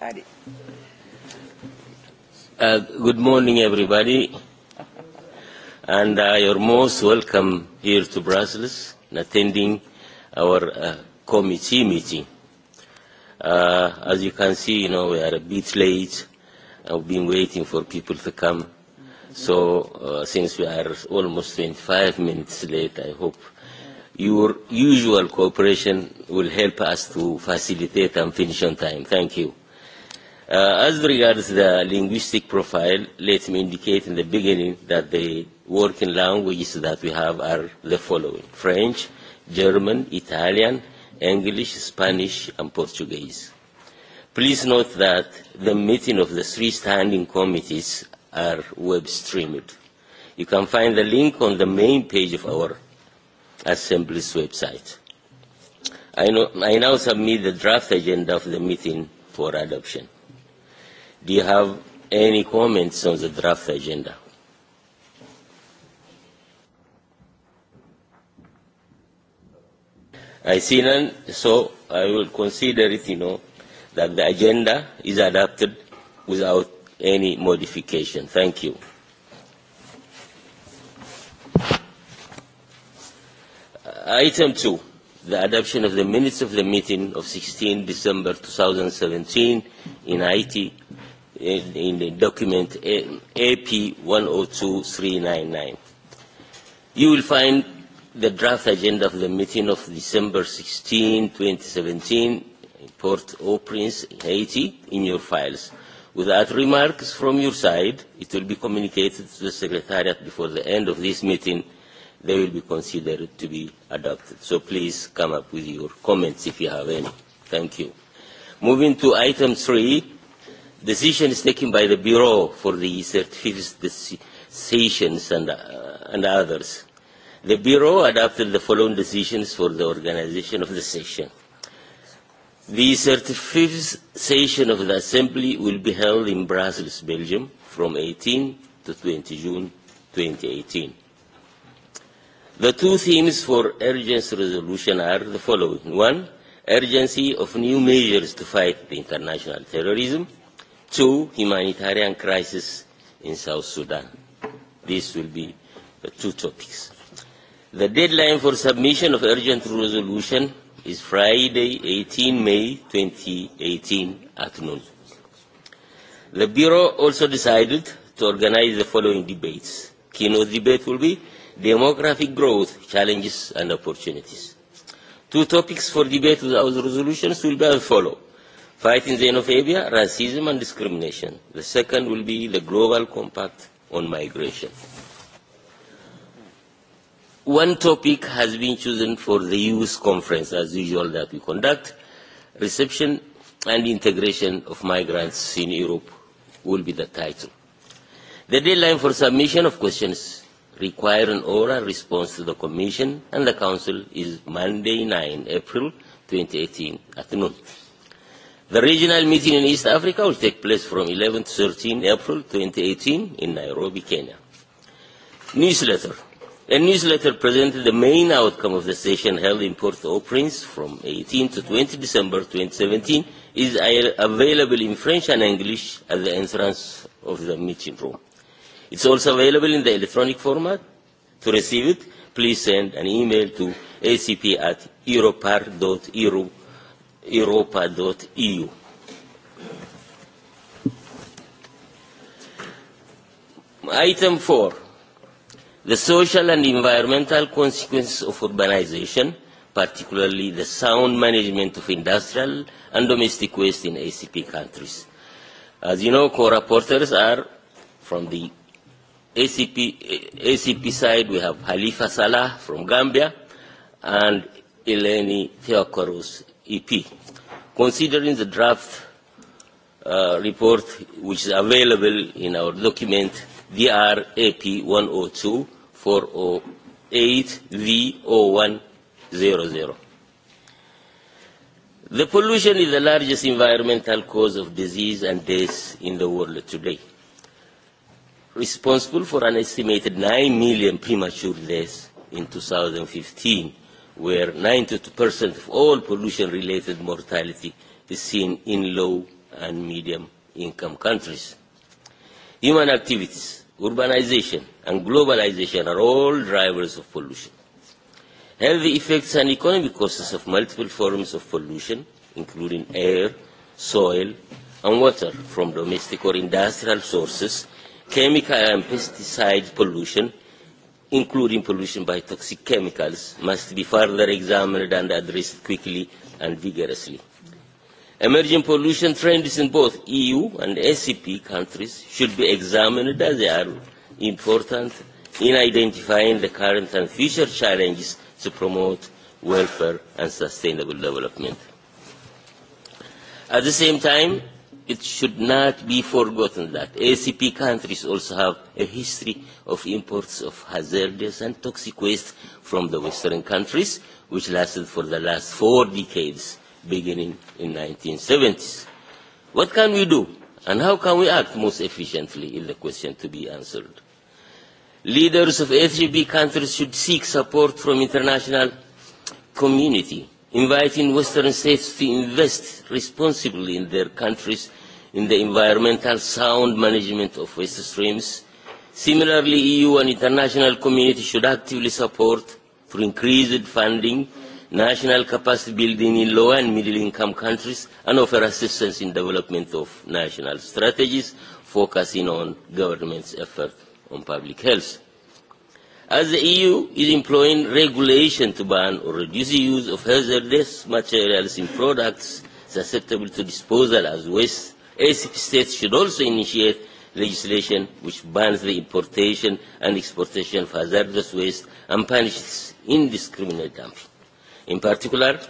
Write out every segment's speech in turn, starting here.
Allez. Uh, good morning, everybody. And uh, you're most welcome here to Brussels and attending our uh, committee meeting. Uh, as you can see, you know, we are a bit late. I've been waiting for people to come. So uh, since we are almost 25 minutes late, I hope your usual cooperation will help us to facilitate and finish on time. Thank you. Uh, as regards the linguistic profile, let me indicate in the beginning that the working languages that we have are the following. French, German, Italian, English, Spanish, and Portuguese. Please note that the meeting of the three standing committees are web streamed. You can find the link on the main page of our Assembly's website. I, know, I now submit the draft agenda of the meeting for adoption. Do you have any comments on the draft agenda? I see none, so I will consider it, you know, that the agenda is adopted without any modification. Thank you. Item 2, the adoption of the minutes of the meeting of 16 December 2017 in Haiti in, in the document AP 102399. You will find the draft agenda of the meeting of December 16, 2017, Port-au-Prince, Haiti, in your files. Without remarks from your side, it will be communicated to the Secretariat before the end of this meeting. They will be considered to be adopted. So please come up with your comments if you have any. Thank you. Moving to item three, decision is taken by the Bureau for the certifications and, uh, and others. The Bureau adopted the following decisions for the organization of the session. The 35th session of the Assembly will be held in Brussels, Belgium, from 18 to 20 June 2018. The two themes for urgency resolution are the following. One, urgency of new measures to fight the international terrorism – two humanitarian crises in South Sudan. These will be the two topics. The deadline for submission of urgent resolution is Friday, 18 May 2018 at noon. The Bureau also decided to organize the following debates. Keynote debate will be Demographic Growth, Challenges and Opportunities. Two topics for debate without resolutions will be as follows fighting xenophobia, racism and discrimination. The second will be the Global Compact on Migration. One topic has been chosen for the youth conference, as usual, that we conduct. Reception and integration of migrants in Europe will be the title. The deadline for submission of questions require an oral response to the Commission and the Council is Monday 9 April 2018 at noon. The regional meeting in East Africa will take place from 11 to 13 April 2018 in Nairobi, Kenya. Newsletter. A newsletter presented the main outcome of the session held in Port-au-Prince from 18 to 20 December 2017 is available in French and English at the entrance of the meeting room. It's also available in the electronic format. To receive it, please send an email to acp at europar.eu europa.eu. Item 4. The social and environmental consequences of urbanization, particularly the sound management of industrial and domestic waste in ACP countries. As you know, co rapporters are from the ACP, ACP side, we have Halifa Salah from Gambia and Eleni Theokoros EP. Considering the draft uh, report which is available in our document DRAP 102408 V0100. The pollution is the largest environmental cause of disease and death in the world today, responsible for an estimated 9 million premature deaths in 2015 where 92% of all pollution-related mortality is seen in low and medium-income countries. Human activities, urbanization, and globalization are all drivers of pollution. Health effects and economic causes of multiple forms of pollution, including air, soil, and water from domestic or industrial sources, chemical and pesticide pollution, including pollution by toxic chemicals, must be further examined and addressed quickly and vigorously. Emerging pollution trends in both EU and ACP countries should be examined as they are important in identifying the current and future challenges to promote welfare and sustainable development. At the same time, it should not be forgotten that ACP countries also have a history of imports of hazardous and toxic waste from the Western countries, which lasted for the last four decades, beginning in 1970s. What can we do, and how can we act most efficiently is the question to be answered. Leaders of ACP countries should seek support from international community, inviting Western states to invest responsibly in their countries in the environmental sound management of waste streams. Similarly, EU and international community should actively support through increased funding national capacity building in low and middle income countries and offer assistance in development of national strategies focusing on government's effort on public health. As the EU is employing regulation to ban or reduce the use of hazardous materials in products susceptible to disposal as waste, as states should also initiate legislation which bans the importation and exportation of hazardous waste and punishes indiscriminate dumping. In particular,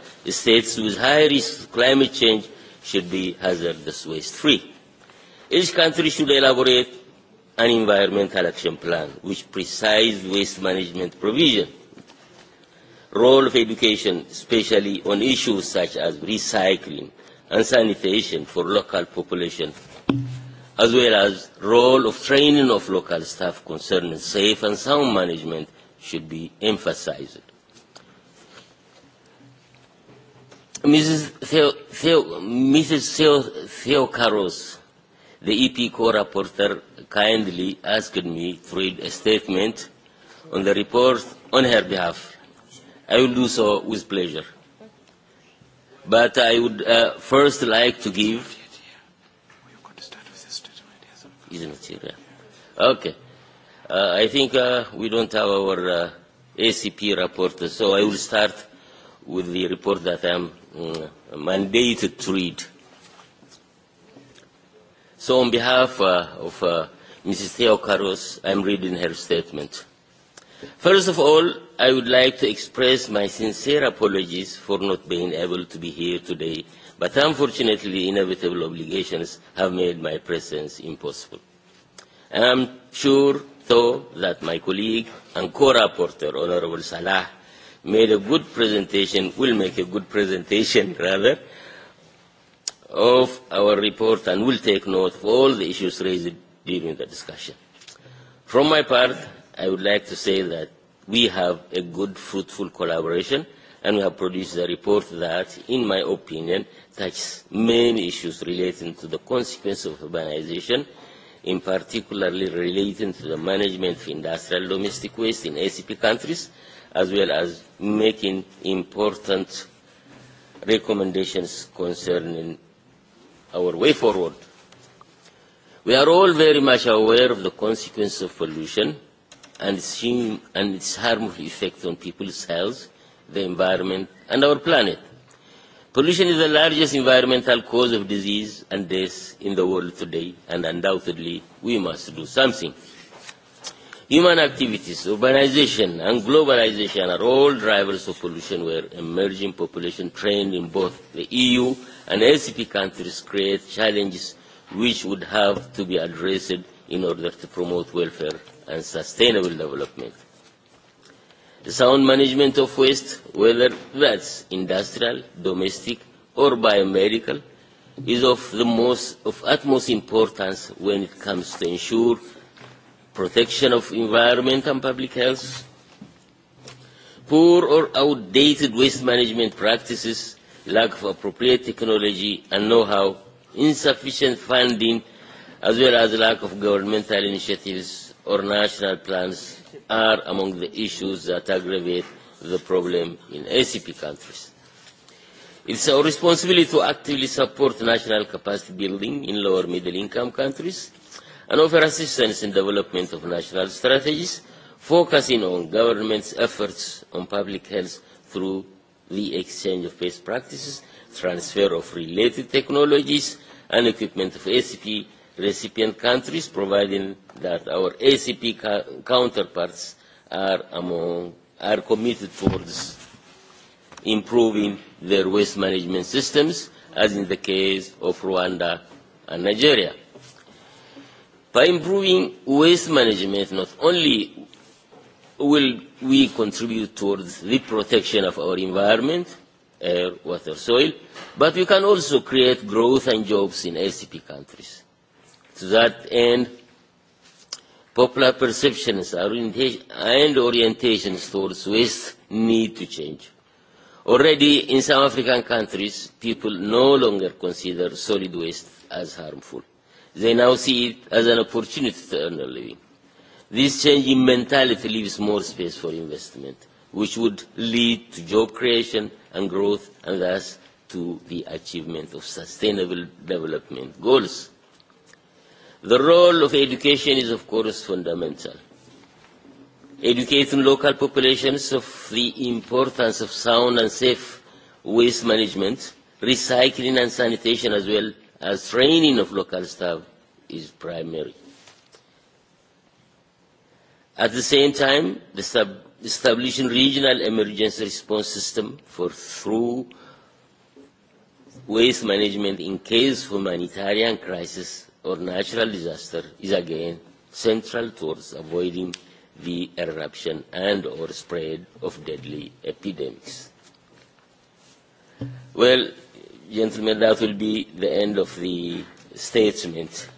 states with high risk of climate change should be hazardous waste free. Each country should elaborate an environmental action plan which precise waste management provision. Role of education, especially on issues such as recycling, and sanitation for local population, as well as role of training of local staff concerning safe and sound management should be emphasized. Mrs. Theo, Theo, Mrs. Theo, Theo Carlos, the EP co-rapporteur, kindly asked me to read a statement on the report on her behalf. I will do so with pleasure but I would uh, first like to give. Isn't it? Okay. Uh, I think uh, we don't have our uh, ACP report, so I will start with the report that I'm um, mandated to read. So on behalf uh, of uh, Mrs. Theo Karos, I'm reading her statement. First of all, I would like to express my sincere apologies for not being able to be here today, but unfortunately inevitable obligations have made my presence impossible. I am sure, though, that my colleague and co-rapporteur, Honorable Salah, made a good presentation, will make a good presentation, rather, of our report and will take note of all the issues raised during the discussion. From my part, I would like to say that we have a good, fruitful collaboration, and we have produced a report that, in my opinion, touches many issues relating to the consequence of urbanization, in particularly relating to the management of industrial domestic waste in ACP countries, as well as making important recommendations concerning our way forward. We are all very much aware of the consequences of pollution and its, hum- and its harmful effects on people's health, the environment, and our planet. Pollution is the largest environmental cause of disease and death in the world today, and undoubtedly we must do something. Human activities, urbanization, and globalization are all drivers of pollution where emerging population trained in both the EU and ACP countries create challenges which would have to be addressed in order to promote welfare and sustainable development. The sound management of waste, whether that's industrial, domestic, or biomedical, is of the most of utmost importance when it comes to ensure protection of environment and public health. Poor or outdated waste management practices, lack of appropriate technology and know-how, insufficient funding, as well as lack of governmental initiatives or national plans are among the issues that aggravate the problem in ACP countries. It's our responsibility to actively support national capacity building in lower middle income countries and offer assistance in development of national strategies focusing on government's efforts on public health through the exchange of best practices, transfer of related technologies and equipment of ACP recipient countries, providing that our ACP counterparts are, among, are committed towards improving their waste management systems, as in the case of Rwanda and Nigeria. By improving waste management, not only will we contribute towards the protection of our environment, air, water, soil, but we can also create growth and jobs in ACP countries. To that end, popular perceptions and orientations towards waste need to change. Already in some African countries, people no longer consider solid waste as harmful. They now see it as an opportunity to earn a living. This change in mentality leaves more space for investment, which would lead to job creation and growth and thus to the achievement of sustainable development goals. The role of education is, of course, fundamental. Educating local populations of the importance of sound and safe waste management, recycling and sanitation, as well as training of local staff, is primary. At the same time, the establishing regional emergency response system for through waste management in case of humanitarian crisis or natural disaster is again central towards avoiding the eruption and or spread of deadly epidemics. Well, gentlemen, that will be the end of the statement.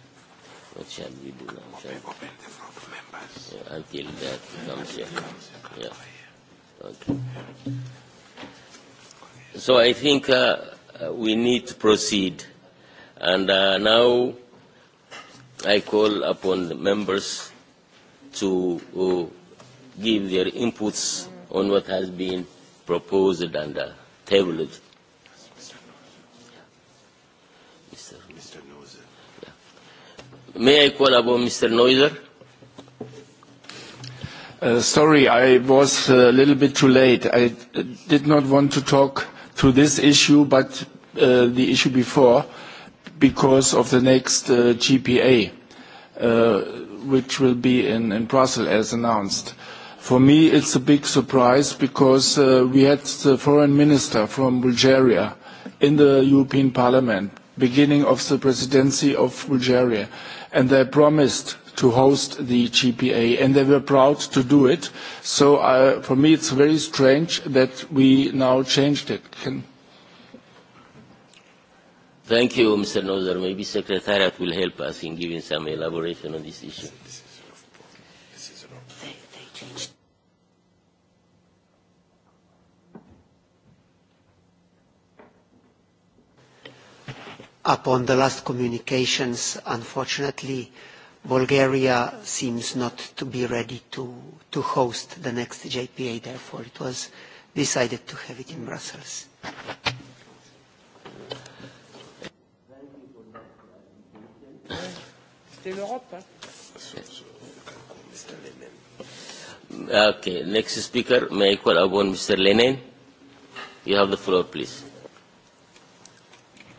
What shall we do now? Shall yeah, until that comes here. Yeah. Okay. So I think uh, we need to proceed. And uh, now I call upon the members to uh, give their inputs on what has been proposed and uh, tabled. May I call upon Mr. Neuser? Uh, sorry, I was a little bit too late. I did not want to talk to this issue, but uh, the issue before because of the next uh, GPA, uh, which will be in, in Brussels as announced. For me, it's a big surprise because uh, we had the foreign minister from Bulgaria in the European Parliament, beginning of the presidency of Bulgaria, and they promised to host the GPA, and they were proud to do it. So uh, for me, it's very strange that we now changed it. Can, Thank you, Mr. Nozer. Maybe Secretariat will help us in giving some elaboration on this issue. Upon the last communications, unfortunately, Bulgaria seems not to be ready to, to host the next JPA. Therefore, it was decided to have it in Brussels. C'était l'Europe. Hein. Okay, next speaker, may I call upon Mr. Lenin? You have the floor, please.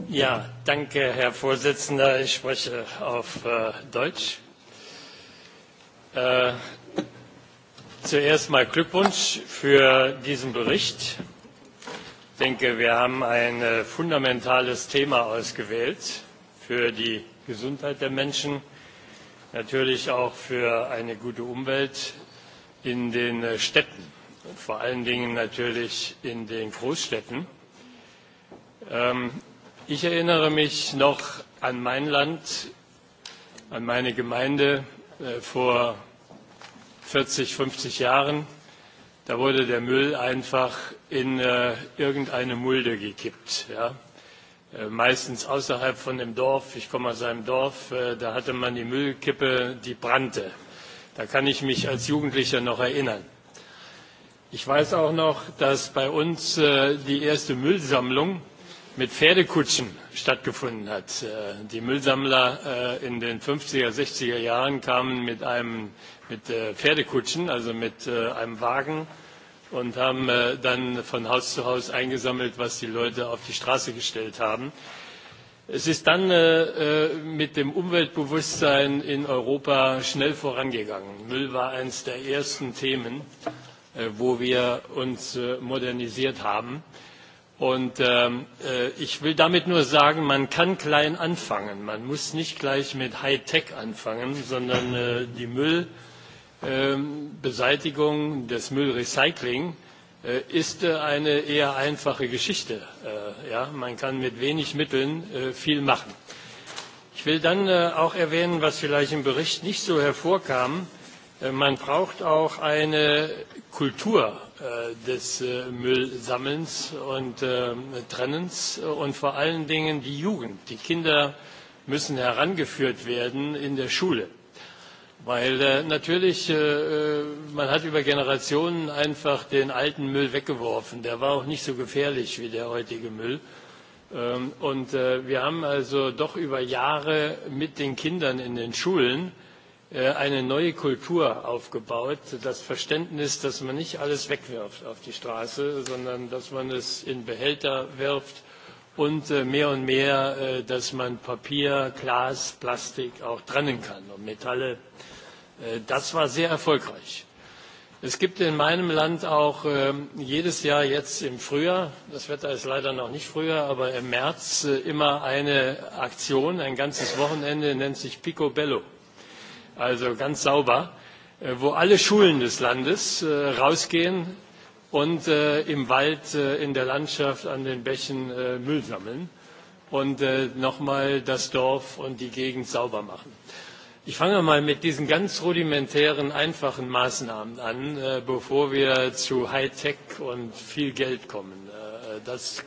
Ja, danke, Herr Vorsitzender. Ich spreche auf äh, Deutsch. Äh, zuerst mal Glückwunsch für diesen Bericht. Ich denke, wir haben ein fundamentales Thema ausgewählt für die Gesundheit der Menschen, natürlich auch für eine gute Umwelt in den Städten, vor allen Dingen natürlich in den Großstädten. Ich erinnere mich noch an mein Land, an meine Gemeinde vor 40, 50 Jahren. Da wurde der Müll einfach in irgendeine Mulde gekippt. Ja? meistens außerhalb von dem Dorf. Ich komme aus einem Dorf, da hatte man die Müllkippe, die brannte. Da kann ich mich als Jugendlicher noch erinnern. Ich weiß auch noch, dass bei uns die erste Müllsammlung mit Pferdekutschen stattgefunden hat. Die Müllsammler in den 50er, 60er Jahren kamen mit, einem, mit Pferdekutschen, also mit einem Wagen und haben dann von Haus zu Haus eingesammelt, was die Leute auf die Straße gestellt haben. Es ist dann mit dem Umweltbewusstsein in Europa schnell vorangegangen. Müll war eines der ersten Themen, wo wir uns modernisiert haben. Und ich will damit nur sagen, man kann klein anfangen. Man muss nicht gleich mit Hightech anfangen, sondern die Müll- Beseitigung des Müllrecycling ist eine eher einfache Geschichte. man kann mit wenig Mitteln viel machen. Ich will dann auch erwähnen, was vielleicht im Bericht nicht so hervorkam. Man braucht auch eine Kultur des Müllsammelns und Trennens und vor allen Dingen die Jugend. Die Kinder müssen herangeführt werden in der Schule Weil natürlich, man hat über Generationen einfach den alten Müll weggeworfen. Der war auch nicht so gefährlich wie der heutige Müll. Und wir haben also doch über Jahre mit den Kindern in den Schulen eine neue Kultur aufgebaut, das Verständnis, dass man nicht alles wegwirft auf die Straße, sondern dass man es in Behälter wirft und mehr und mehr, dass man Papier, Glas, Plastik auch trennen kann und Metalle. Das war sehr erfolgreich. Es gibt in meinem Land auch jedes Jahr jetzt im Frühjahr, das Wetter ist leider noch nicht früher, aber im März immer eine Aktion, ein ganzes Wochenende, nennt sich Picobello, also ganz sauber, wo alle Schulen des Landes rausgehen und im Wald, in der Landschaft, an den Bächen Müll sammeln und nochmal das Dorf und die Gegend sauber machen. Ich fange mal mit diesen ganz rudimentären, einfachen Maßnahmen an, bevor wir zu Hightech und viel Geld kommen. Das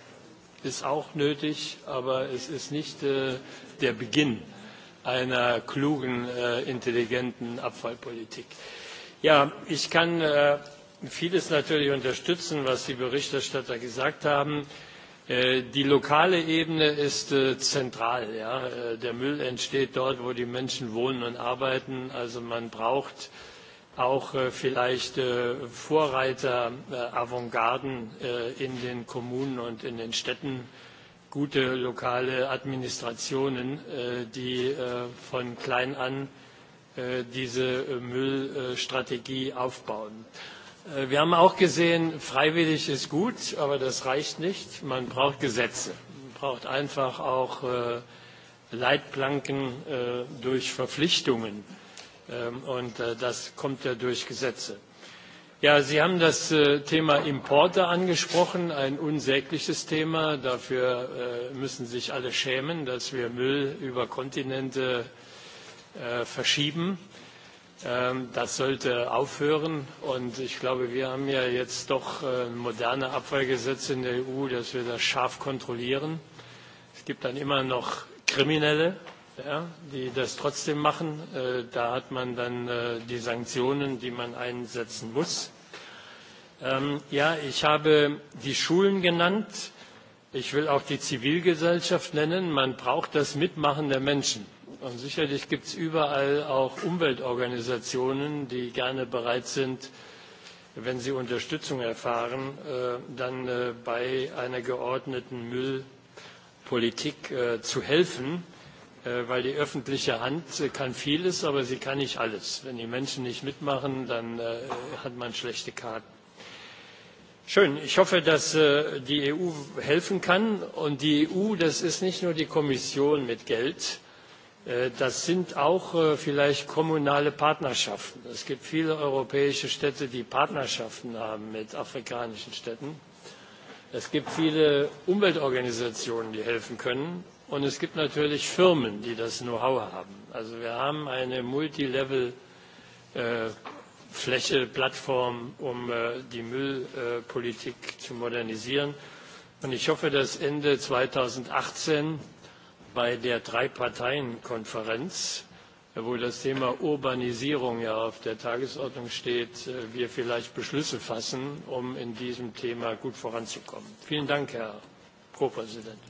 ist auch nötig, aber es ist nicht der Beginn einer klugen, intelligenten Abfallpolitik. Ja, ich kann vieles natürlich unterstützen, was die Berichterstatter gesagt haben Die lokale Ebene ist zentral. Der Müll entsteht dort, wo die Menschen wohnen und arbeiten. Also man braucht auch vielleicht Vorreiter, Avantgarden in den Kommunen und in den Städten, gute lokale Administrationen, die von klein an diese Müllstrategie aufbauen. Wir haben auch gesehen, freiwillig ist gut, aber das reicht nicht. Man braucht Gesetze. Man braucht einfach auch Leitplanken durch Verpflichtungen. Und das kommt ja durch Gesetze. Ja, Sie haben das Thema Importe angesprochen, ein unsägliches Thema. Dafür müssen sich alle schämen, dass wir Müll über Kontinente verschieben Das sollte aufhören. Und ich glaube, wir haben ja jetzt doch moderne Abfallgesetze in der EU, dass wir das scharf kontrollieren. Es gibt dann immer noch Kriminelle, die das trotzdem machen. Da hat man dann die Sanktionen, die man einsetzen muss. Ja, ich habe die Schulen genannt. Ich will auch die Zivilgesellschaft nennen. Man braucht das Mitmachen der Menschen Und sicherlich gibt es überall auch Umweltorganisationen, die gerne bereit sind, wenn sie Unterstützung erfahren, dann bei einer geordneten Müllpolitik zu helfen, weil die öffentliche Hand kann vieles, aber sie kann nicht alles. Wenn die Menschen nicht mitmachen, dann hat man schlechte Karten. Schön. Ich hoffe, dass die EU helfen kann. Und die EU, das ist nicht nur die Kommission mit Geld, Das sind auch vielleicht kommunale Partnerschaften. Es gibt viele europäische Städte, die Partnerschaften haben mit afrikanischen Städten. Es gibt viele Umweltorganisationen, die helfen können. Und es gibt natürlich Firmen, die das Know-how haben. Also wir haben eine Multilevel-Fläche, Plattform, um die Müllpolitik zu modernisieren. Und ich hoffe, dass Ende zweitausendachtzehn bei der Dreiparteienkonferenz, wo das Thema Urbanisierung ja auf der Tagesordnung steht, wir vielleicht Beschlüsse fassen, um in diesem Thema gut voranzukommen. Vielen Dank, Herr Co-Präsident.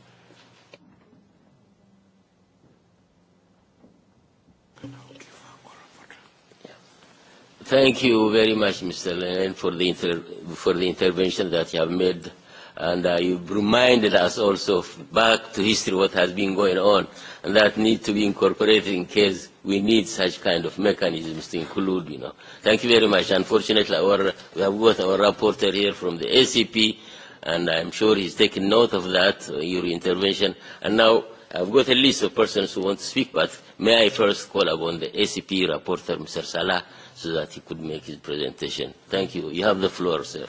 Thank you very much, Mr. Lenin, for the, inter for the intervention that you have made And uh, you reminded us also back to history what has been going on, and that needs to be incorporated in case we need such kind of mechanisms to include, you know. Thank you very much. Unfortunately, our, we have got our rapporteur here from the ACP, and I'm sure he's taking note of that, uh, your intervention. And now I've got a list of persons who want to speak, but may I first call upon the ACP reporter, Mr. Salah, so that he could make his presentation. Thank you. You have the floor, sir.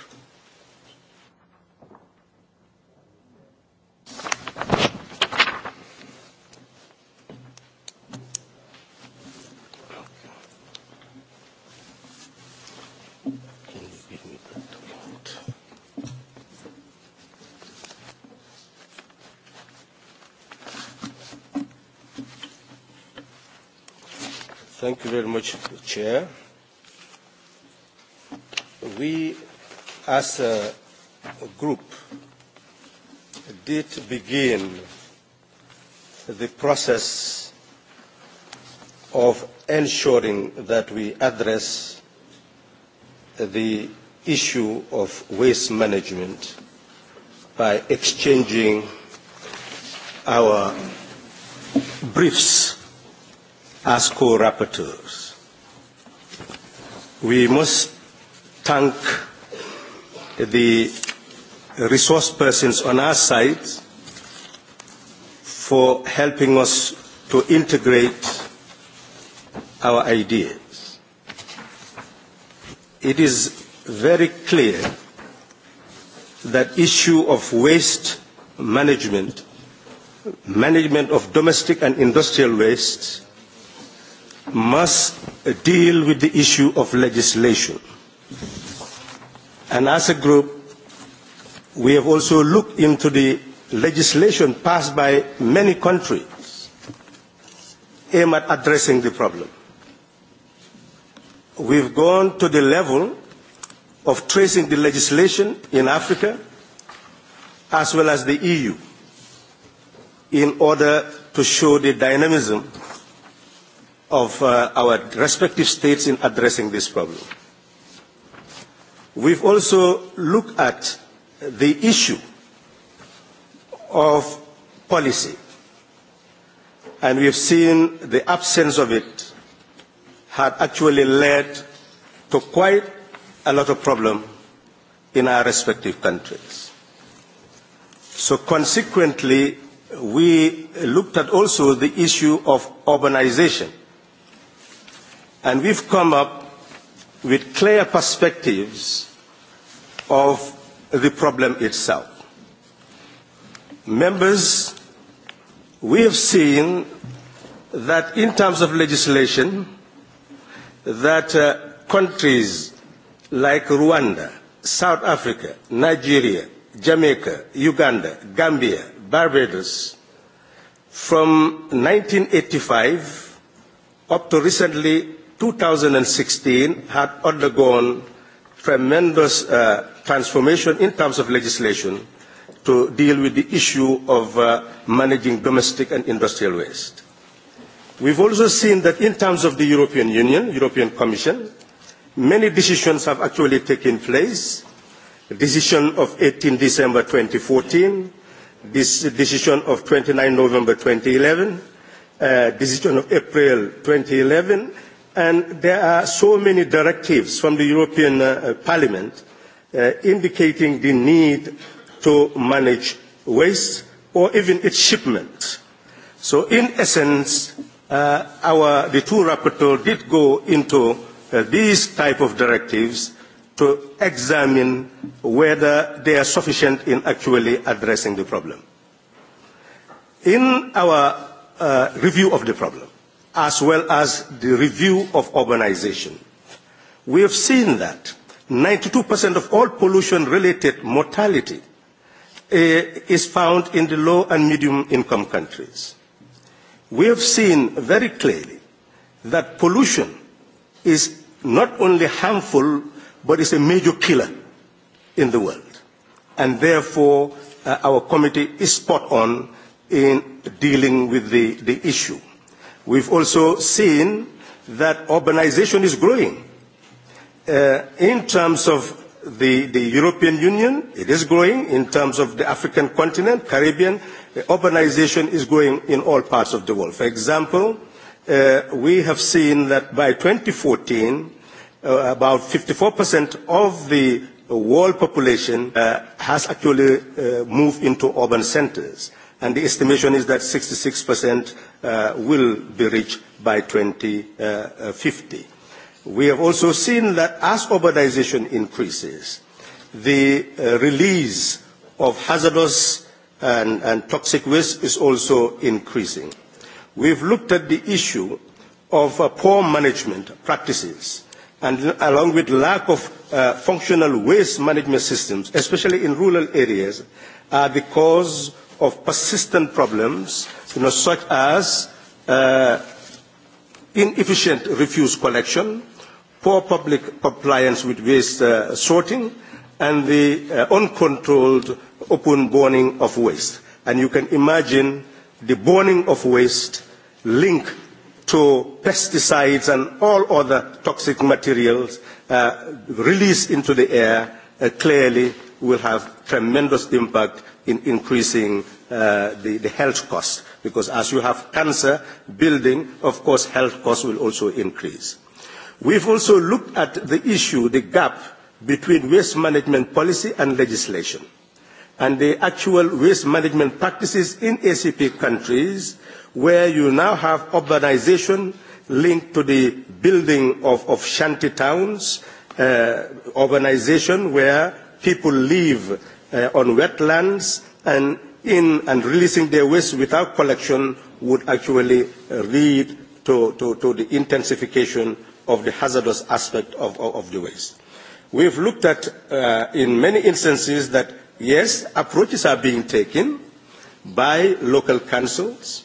Thank you very much, Chair. We, as a group, did begin the process of ensuring that we address the issue of waste management by exchanging our briefs as co-rapporteurs. We must thank the resource persons on our side for helping us to integrate our ideas. It is very clear that issue of waste management, management of domestic and industrial waste, must deal with the issue of legislation. And as a group, We have also looked into the legislation passed by many countries aimed at addressing the problem. We've gone to the level of tracing the legislation in Africa as well as the EU in order to show the dynamism of uh, our respective states in addressing this problem. We've also looked at the issue of policy, and we have seen the absence of it had actually led to quite a lot of problem in our respective countries. So consequently, we looked at also the issue of urbanization. And we've come up with clear perspectives of the problem itself. Members, we have seen that in terms of legislation, that uh, countries like Rwanda, South Africa, Nigeria, Jamaica, Uganda, Gambia, Barbados, from 1985 up to recently 2016 had undergone tremendous uh, transformation in terms of legislation to deal with the issue of uh, managing domestic and industrial waste. We've also seen that in terms of the European Union, European Commission, many decisions have actually taken place. The decision of 18 December 2014, this decision of 29 November 2011, uh, decision of April 2011, and there are so many directives from the European uh, Parliament uh, indicating the need to manage waste or even its shipment. So in essence, uh, our, the two rapporteurs did go into uh, these type of directives to examine whether they are sufficient in actually addressing the problem. In our uh, review of the problem, as well as the review of urbanization, we have seen that 92% of all pollution-related mortality is found in the low and medium-income countries. We have seen very clearly that pollution is not only harmful, but is a major killer in the world. And therefore, uh, our committee is spot on in dealing with the, the issue. We've also seen that urbanization is growing uh, in terms of the, the European Union, it is growing. In terms of the African continent, Caribbean, urbanization is growing in all parts of the world. For example, uh, we have seen that by 2014, uh, about 54% of the world population uh, has actually uh, moved into urban centers. And the estimation is that 66% uh, will be reached by 2050. We have also seen that as urbanization increases, the uh, release of hazardous and, and toxic waste is also increasing. We've looked at the issue of uh, poor management practices and along with lack of uh, functional waste management systems, especially in rural areas, are the cause of persistent problems you know, such as uh, inefficient refuse collection, poor public compliance with waste uh, sorting, and the uh, uncontrolled open burning of waste. And you can imagine the burning of waste linked to pesticides and all other toxic materials uh, released into the air uh, clearly will have tremendous impact in increasing uh, the, the health costs because as you have cancer building, of course health costs will also increase. We've also looked at the issue, the gap between waste management policy and legislation, and the actual waste management practices in ACP countries, where you now have urbanization linked to the building of, of shanty towns, uh, urbanization where people live uh, on wetlands and in and releasing their waste without collection would actually lead to, to, to the intensification of the hazardous aspect of, of, of the waste. We've looked at, uh, in many instances, that yes, approaches are being taken by local councils,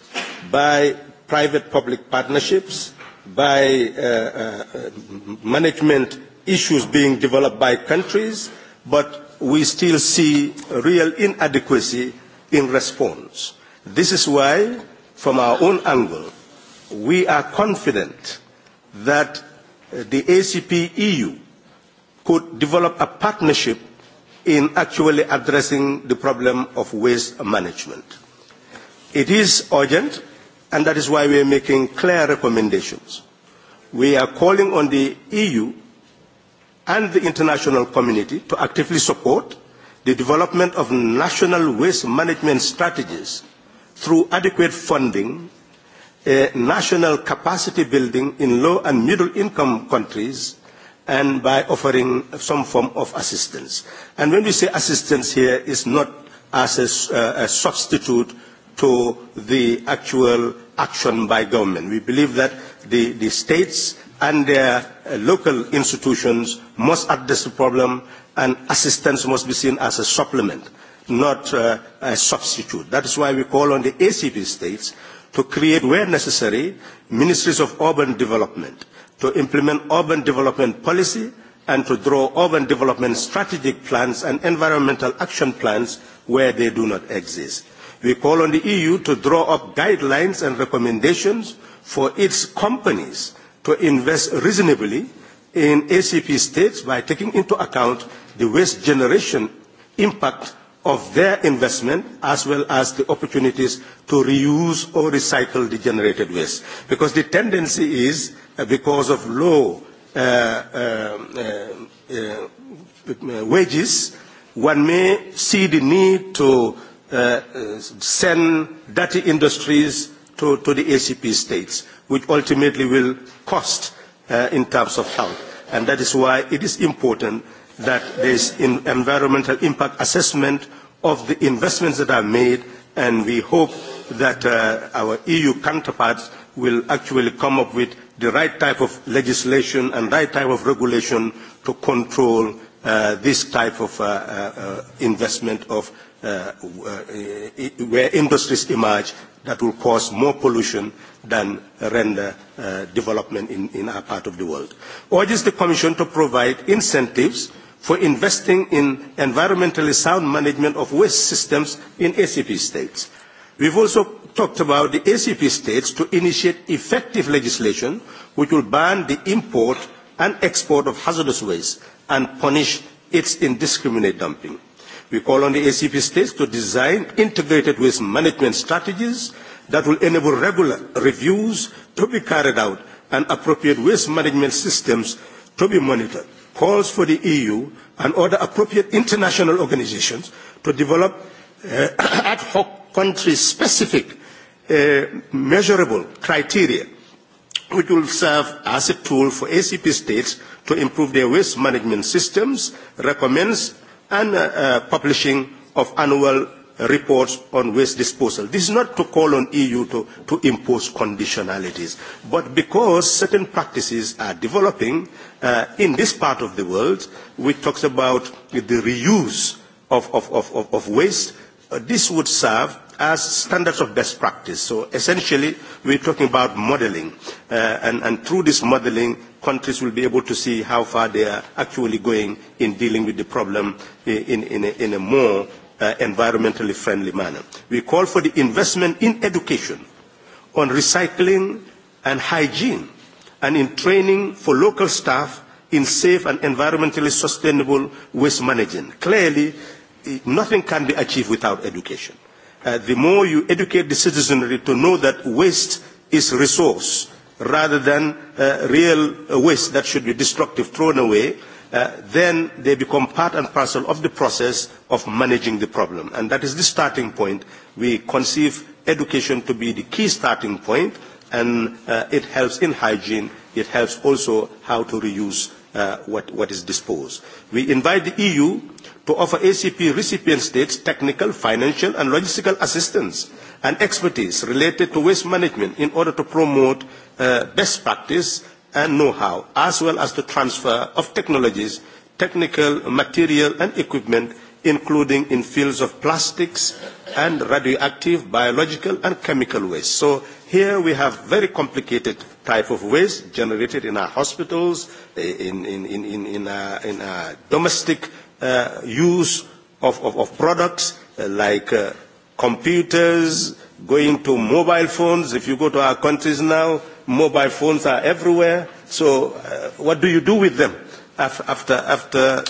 by private-public partnerships, by uh, uh, management issues being developed by countries, but we still see real inadequacy in response. This is why, from our own angle, we are confident that the ACP EU could develop a partnership in actually addressing the problem of waste management. It is urgent, and that is why we are making clear recommendations. We are calling on the EU and the international community to actively support the development of national waste management strategies through adequate funding a national capacity building in low and middle income countries and by offering some form of assistance. And when we say assistance here, it's not as a, uh, a substitute to the actual action by government. We believe that the, the states and their uh, local institutions must address the problem and assistance must be seen as a supplement, not uh, a substitute. That is why we call on the ACP states to create, where necessary, ministries of urban development, to implement urban development policy, and to draw urban development strategic plans and environmental action plans where they do not exist. We call on the EU to draw up guidelines and recommendations for its companies to invest reasonably in ACP states by taking into account the waste generation impact of their investment as well as the opportunities to reuse or recycle the generated waste. Because the tendency is, uh, because of low uh, uh, uh, wages, one may see the need to uh, send dirty industries to, to the ACP states, which ultimately will cost uh, in terms of health. And that is why it is important that there is an environmental impact assessment of the investments that are made, and we hope that uh, our EU counterparts will actually come up with the right type of legislation and right type of regulation to control uh, this type of uh, uh, investment of uh, where industries emerge that will cause more pollution than render uh, development in, in our part of the world. Urges the Commission to provide incentives for investing in environmentally sound management of waste systems in ACP states. We've also talked about the ACP states to initiate effective legislation which will ban the import and export of hazardous waste and punish its indiscriminate dumping. We call on the ACP states to design integrated waste management strategies that will enable regular reviews to be carried out and appropriate waste management systems to be monitored calls for the EU and other appropriate international organizations to develop uh, ad hoc country-specific uh, measurable criteria which will serve as a tool for ACP states to improve their waste management systems, recommends and uh, uh, publishing of annual reports on waste disposal. This is not to call on EU to, to impose conditionalities, but because certain practices are developing uh, in this part of the world, which talks about the reuse of, of, of, of, of waste, uh, this would serve as standards of best practice. So essentially, we're talking about modeling. Uh, and, and through this modeling, countries will be able to see how far they are actually going in dealing with the problem in, in, a, in a more uh, environmentally friendly manner. We call for the investment in education, on recycling and hygiene, and in training for local staff in safe and environmentally sustainable waste management. Clearly, nothing can be achieved without education. Uh, the more you educate the citizenry to know that waste is resource rather than uh, real waste that should be destructive, thrown away, uh, then they become part and parcel of the process of managing the problem. And that is the starting point. We conceive education to be the key starting point, and uh, it helps in hygiene. It helps also how to reuse uh, what, what is disposed. We invite the EU to offer ACP recipient states technical, financial, and logistical assistance and expertise related to waste management in order to promote uh, best practice and know-how, as well as the transfer of technologies, technical material and equipment, including in fields of plastics and radioactive, biological and chemical waste. So here we have very complicated type of waste generated in our hospitals, in, in, in, in, in, our, in our domestic uh, use of, of, of products uh, like uh, computers, going to mobile phones. If you go to our countries now, Mobile phones are everywhere. So uh, what do you do with them? after, after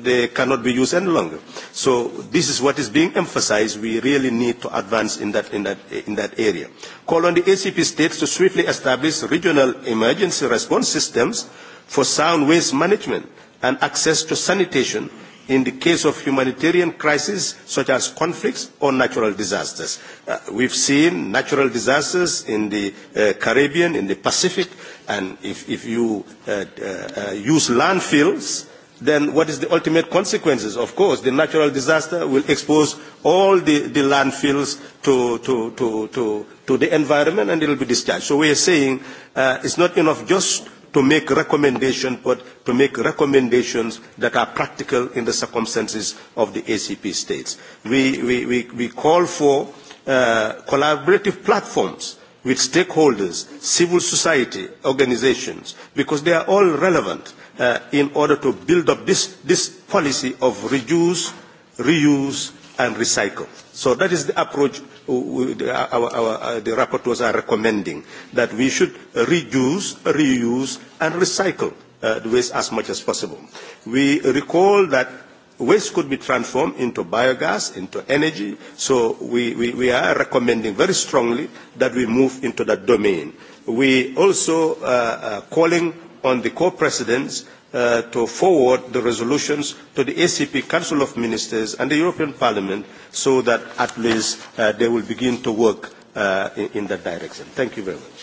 they cannot be used any longer. So this is what is being emphasized. We really need to advance in that, in that, in that area. Call on the ACP states to swiftly establish regional emergency response systems for sound waste management and access to sanitation in the case of humanitarian crises such as conflicts or natural disasters. Uh, we've seen natural disasters in the uh, Caribbean, in the Pacific, and if, if you uh, uh, use landfills, then what is the ultimate consequences? Of course, the natural disaster will expose all the, the landfills to, to, to, to, to the environment and it will be discharged. So we are saying uh, it's not enough just to make recommendation but to make recommendations that are practical in the circumstances of the ACP states. We, we, we, we call for uh, collaborative platforms with stakeholders, civil society organizations, because they are all relevant uh, in order to build up this, this policy of reduce, reuse, and recycle. So that is the approach our, our, uh, the rapporteurs are recommending, that we should reduce, reuse, and recycle uh, the waste as much as possible. We recall that waste could be transformed into biogas, into energy, so we, we, we are recommending very strongly that we move into that domain. We also uh, are calling on the co-presidents uh, to forward the resolutions to the ACP Council of Ministers and the European Parliament so that at least uh, they will begin to work uh, in, in that direction. Thank you very much.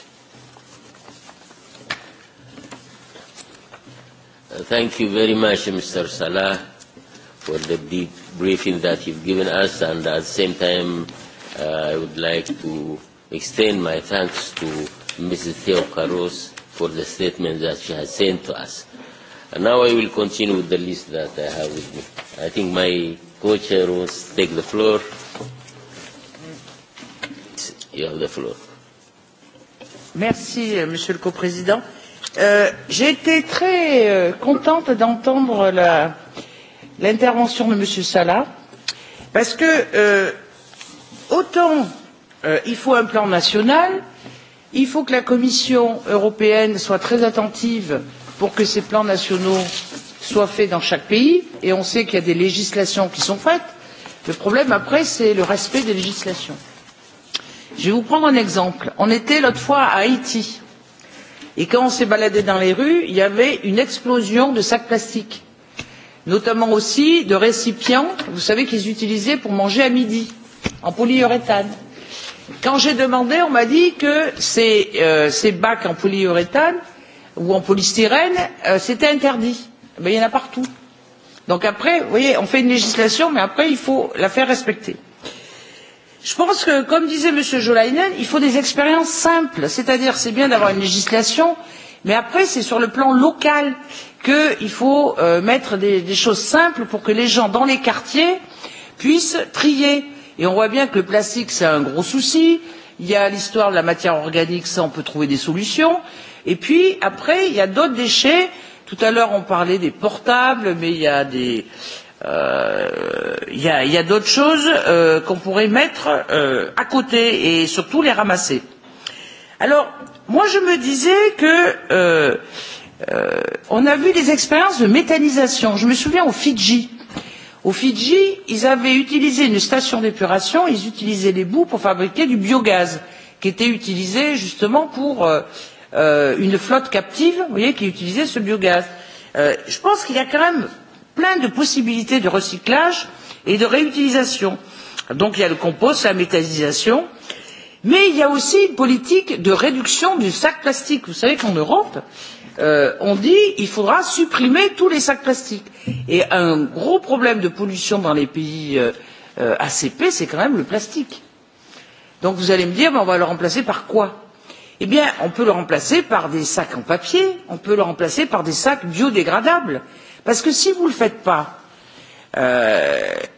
Thank you very much, Mr. Salah, for the deep briefing that you've given us, and at the same time, uh, I would like to extend my thanks to Mrs. Theo Caros for the statement that she has sent to us. And now I will continue with the list that I have with me. I think my co-chair will take the floor. You have the floor. Merci, Monsieur le Co-président. Euh, J'ai été très euh, contente d'entendre l'intervention de Monsieur Salah, parce que euh, autant euh, il faut un plan national, il faut que la Commission européenne soit très attentive euh, pour que ces plans nationaux soient faits dans chaque pays et on sait qu'il y a des législations qui sont faites. Le problème après, c'est le respect des législations. Je vais vous prendre un exemple. On était l'autre fois à Haïti et quand on s'est baladé dans les rues, il y avait une explosion de sacs plastiques, notamment aussi de récipients, vous savez, qu'ils utilisaient pour manger à midi, en polyuréthane. Quand j'ai demandé, on m'a dit que ces, bacs en polyuréthane ou en polystyrène, c'était interdit. il y en a partout. Donc après, vous voyez, on fait une législation, mais après, il faut la faire respecter. Je pense que, comme disait M. Jolainen, il faut des expériences simples. C'est-à-dire, c'est bien d'avoir une législation, mais après, c'est sur le plan local qu'il faut mettre des, choses simples pour que les gens dans les quartiers puissent trier. Et on voit bien que le plastique, c'est un gros souci. Il y a l'histoire de la matière organique, ça, on peut trouver des solutions Et puis, après, il y a d'autres déchets. Tout à l'heure, on parlait des portables, mais il y a des. Euh, y a, y a d'autres choses euh, qu'on pourrait mettre euh, à côté et surtout les ramasser. Alors, moi, je me disais que euh, euh, on a vu des expériences de méthanisation. Je me souviens aux Fidji. Au Fidji, ils avaient utilisé une station d'épuration, ils utilisaient les boues pour fabriquer du biogaz qui était utilisé justement pour euh, euh, une flotte captive vous voyez, qui utilisait ce biogaz. Euh, je pense qu'il y a quand même plein de possibilités de recyclage et de réutilisation. Donc il y a le compost, la méthanisation, mais il y a aussi une politique de réduction du sac plastique. Vous savez qu'en Europe, euh, on dit qu'il faudra supprimer tous les sacs plastiques. Et un gros problème de pollution dans les pays euh, euh, ACP, c'est quand même le plastique. Donc vous allez me dire, ben, on va le remplacer par quoi eh bien, on peut le remplacer par des sacs en papier, on peut le remplacer par des sacs biodégradables. Parce que si vous ne le faites pas,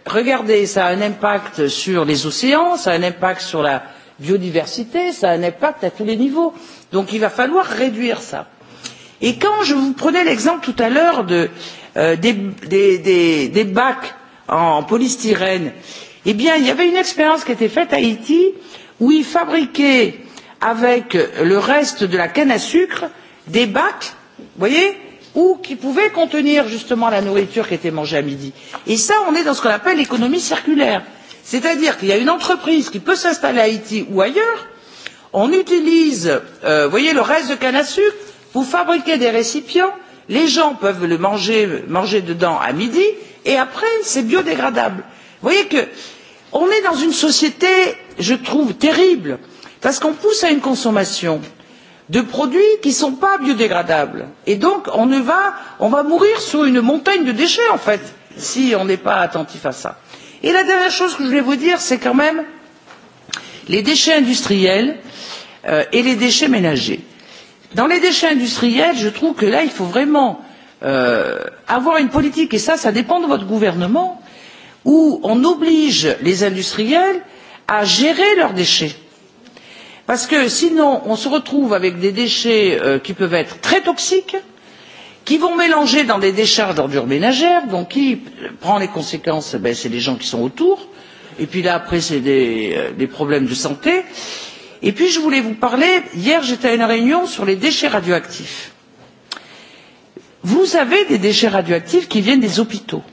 regardez, ça a un impact sur les océans, ça a un impact sur la biodiversité, ça a un impact à tous les niveaux. Donc il va falloir réduire ça. Et quand je vous prenais l'exemple tout à l'heure de, euh, des, des, des, des bacs en polystyrène, eh bien, il y avait une expérience qui était faite à Haïti où ils fabriquaient avec le reste de la canne à sucre des bacs, vous voyez, ou qui pouvaient contenir justement la nourriture qui était mangée à midi. Et ça, on est dans ce qu'on appelle l'économie circulaire. C'est-à-dire qu'il y a une entreprise qui peut s'installer à Haïti ou ailleurs, on utilise, euh, voyez, le reste de canne à sucre, pour fabriquer des récipients, les gens peuvent le manger, manger dedans à midi, et après, c'est biodégradable. Vous voyez que on est dans une société, je trouve, terrible parce qu'on pousse à une consommation de produits qui ne sont pas biodégradables et donc on va mourir sous une montagne de déchets en fait si on n'est pas attentif à cela. et la dernière chose que je voulais vous dire c'est quand même les déchets industriels et les déchets ménagers. dans les déchets industriels je trouve que là il faut vraiment avoir une politique et cela dépend de votre gouvernement où on oblige les industriels à gérer leurs déchets Parce que sinon, on se retrouve avec des déchets qui peuvent être très toxiques, qui vont mélanger dans des décharges d'ordures ménagères, donc qui prend les conséquences ben, C'est les gens qui sont autour. Et puis là, après, c'est des, des problèmes de santé. Et puis, je voulais vous parler. Hier, j'étais à une réunion sur les déchets radioactifs. Vous avez des déchets radioactifs qui viennent des hôpitaux.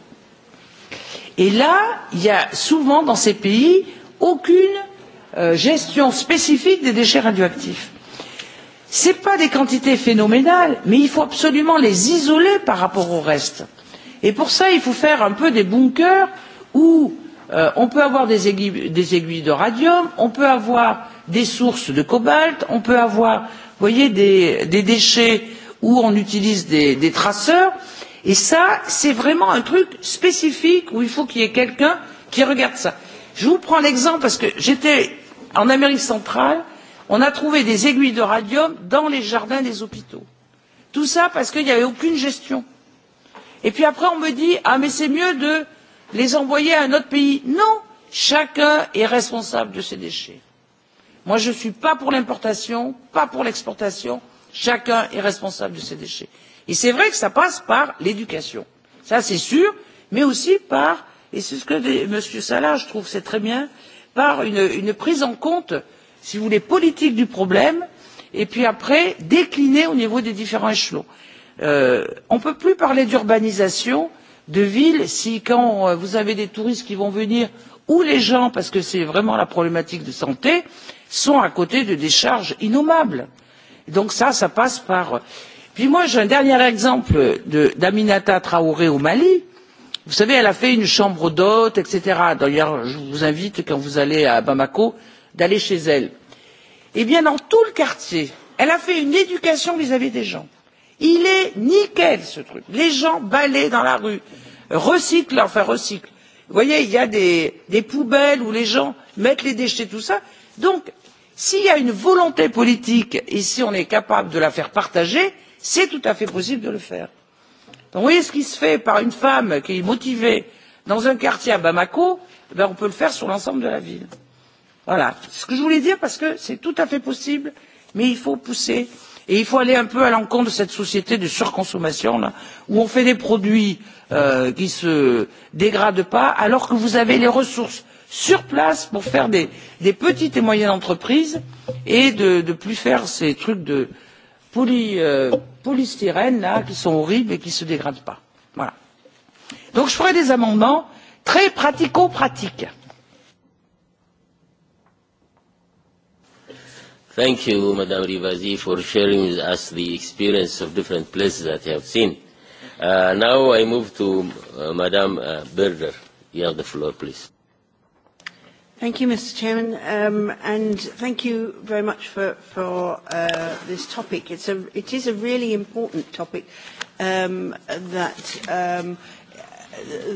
Et là, il y a souvent dans ces pays aucune gestion spécifique des déchets radioactifs. Ce ne sont pas des quantités phénoménales, mais il faut absolument les isoler par rapport au reste. Et pour cela, il faut faire un peu des bunkers où on peut avoir des aiguilles, de radium, on peut avoir des sources de cobalt, on peut avoir, vous voyez, des, des déchets où on utilise des, des traceurs. Et ça, c'est vraiment un truc spécifique où il faut qu'il y ait quelqu'un qui regarde ça. Je vous prends l'exemple parce que j'étais en amérique centrale on a trouvé des aiguilles de radium dans les jardins des hôpitaux. tout cela parce qu'il n'y avait aucune gestion. et puis après on me dit ah mais c'est mieux de les envoyer à un autre pays. non chacun est responsable de ses déchets. moi je ne suis pas pour l'importation pas pour l'exportation chacun est responsable de ses déchets. et c'est vrai que cela passe par l'éducation ça c'est sûr mais aussi par et c'est ce que dit m. salah je trouve c'est très bien par une prise en compte si vous voulez politique du problème et puis après déclinée au niveau des différents échelons. on ne peut plus parler d'urbanisation de ville si quand vous avez des touristes qui vont venir ou les gens parce que c'est vraiment la problématique de santé sont à côté de décharges innommables. donc ça ça passe par. puis moi j'ai un dernier exemple d'aminata traoré au mali Vous savez, elle a fait une chambre d'hôte, etc. D'ailleurs, je vous invite, quand vous allez à Bamako, d'aller chez elle. Eh bien, dans tout le quartier, elle a fait une éducation vis-à-vis des gens. Il est nickel, ce truc. Les gens balaient dans la rue, recyclent, enfin recyclent. Vous voyez, il y a des, des poubelles où les gens mettent les déchets, tout ça. Donc, s'il y a une volonté politique, et si on est capable de la faire partager, c'est tout à fait possible de le faire vous voyez ce qui se fait par une femme qui est motivée dans un quartier à Bamako, on peut le faire sur l'ensemble de la ville. Voilà ce que je voulais dire parce que c'est tout à fait possible, mais il faut pousser et il faut aller un peu à l'encontre de cette société de surconsommation là, où on fait des produits euh, qui se dégradent pas alors que vous avez les ressources sur place pour faire des, des petites et moyennes entreprises et de ne plus faire ces trucs de, polystyrène là, qui sont horribles et qui ne se dégradent pas. Voilà. Donc je ferai des amendements très pratico pratiques. Thank you, Madame Rivasi, for sharing with us the experience of different places that you have seen. Uh, now I move to uh, Madame uh, Berger. You have the floor, please. Thank you, Mr. Chairman, um, and thank you very much for, for uh, this topic. It's a, it is a really important topic um, that um,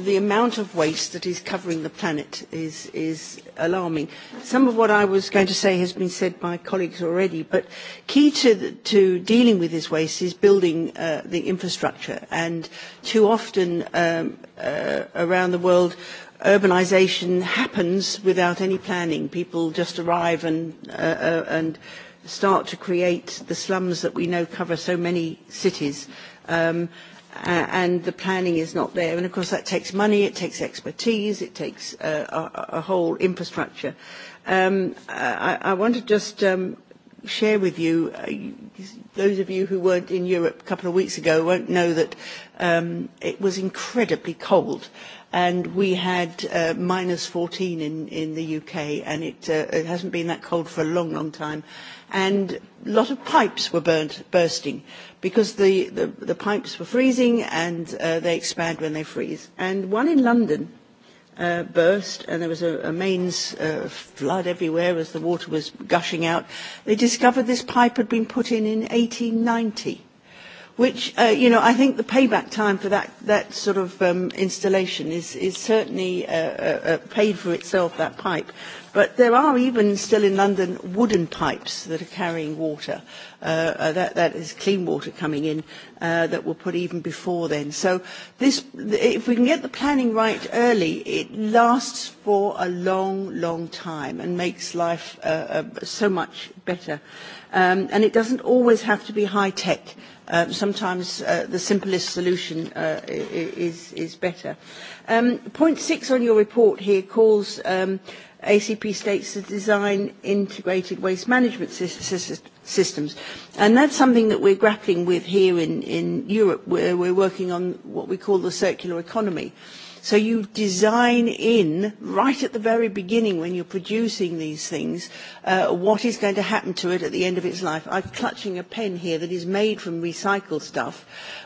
the amount of waste that is covering the planet is, is alarming. Some of what I was going to say has been said by colleagues already, but key to, the, to dealing with this waste is building uh, the infrastructure. And too often um, uh, around the world, urbanisation happens without any planning. People just arrive and, uh, uh, and start to create the slums that we know cover so many cities. Um, and the planning is not there. And of course, that takes money, it takes expertise, it takes uh, a, a whole infrastructure. Um, I, I want to just um, share with you, uh, those of you who weren't in Europe a couple of weeks ago won't know that um, it was incredibly cold and we had uh, minus 14 in, in the UK, and it, uh, it hasn't been that cold for a long, long time. And a lot of pipes were burnt, bursting because the, the, the pipes were freezing and uh, they expand when they freeze. And one in London uh, burst, and there was a, a mains uh, flood everywhere as the water was gushing out. They discovered this pipe had been put in in 1890 which, uh, you know, I think the payback time for that, that sort of um, installation is, is certainly uh, uh, paid for itself, that pipe. But there are even still in London wooden pipes that are carrying water. Uh, that, that is clean water coming in uh, that were put even before then. So this, if we can get the planning right early, it lasts for a long, long time and makes life uh, uh, so much better. Uh, Um, and it doesn't always have to be high tech. sometimes uh, the simplest solution uh, is, is better. Um, point six on your report here calls um, ACP states to design integrated waste management systems. And that's something that we're grappling with here in, in Europe, where we're working on what we call the circular economy. Uh, So you design in, right at the very beginning when you're producing these things, uh, what is going to happen to it at the end of its life. I'm clutching a pen here that is made from recycled stuff,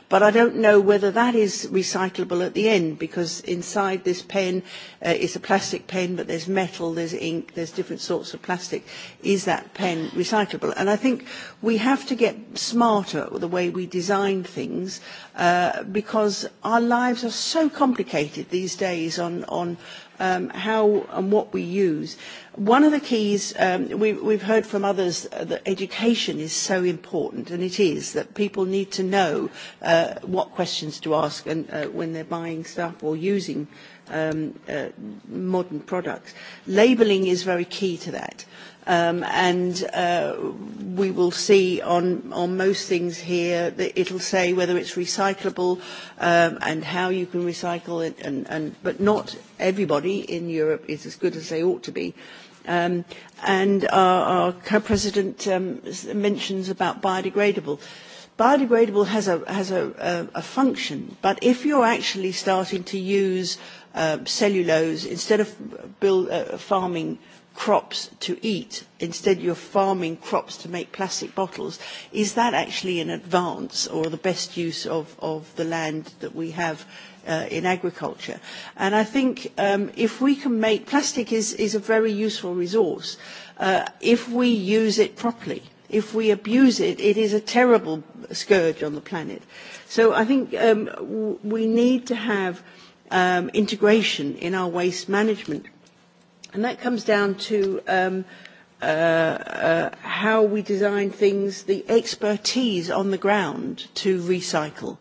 but I don't know whether that is recyclable at the end because inside this pen uh, is a plastic pen, but there's metal, there's ink, there's different sorts of plastic. Is that pen recyclable? And I think we have to get smarter with the way we design things uh, because our lives are so complicated debated these days on, on um, how and what we use. One of the keys, um, we, we've heard from others that education is so important, and it is, that people need to know uh, what questions to ask and, uh, when they're buying stuff or using um, uh, modern products. Labelling is very key to that and we will see on, on most things here that it'll say whether it's recyclable and how you can recycle it, and, and, but not everybody in Europe is as good as they ought to be. Um, and our, our co-president um, mentions about biodegradable biodegradable has a has a, a, a function, but if you're actually starting to use uh, cellulose instead of build, uh, farming crops to eat. Instead, you're farming crops to make plastic bottles. Is that actually an advance or the best use of, of the land that we have uh, in agriculture? And I think um, if we can make plastic is, is a very useful resource uh, if we use it properly. If we abuse it, it is a terrible scourge on the planet. So I think um, w- we need to have um, integration in our waste management And that comes down to um, uh, uh, how we design things, the expertise on the ground to recycle.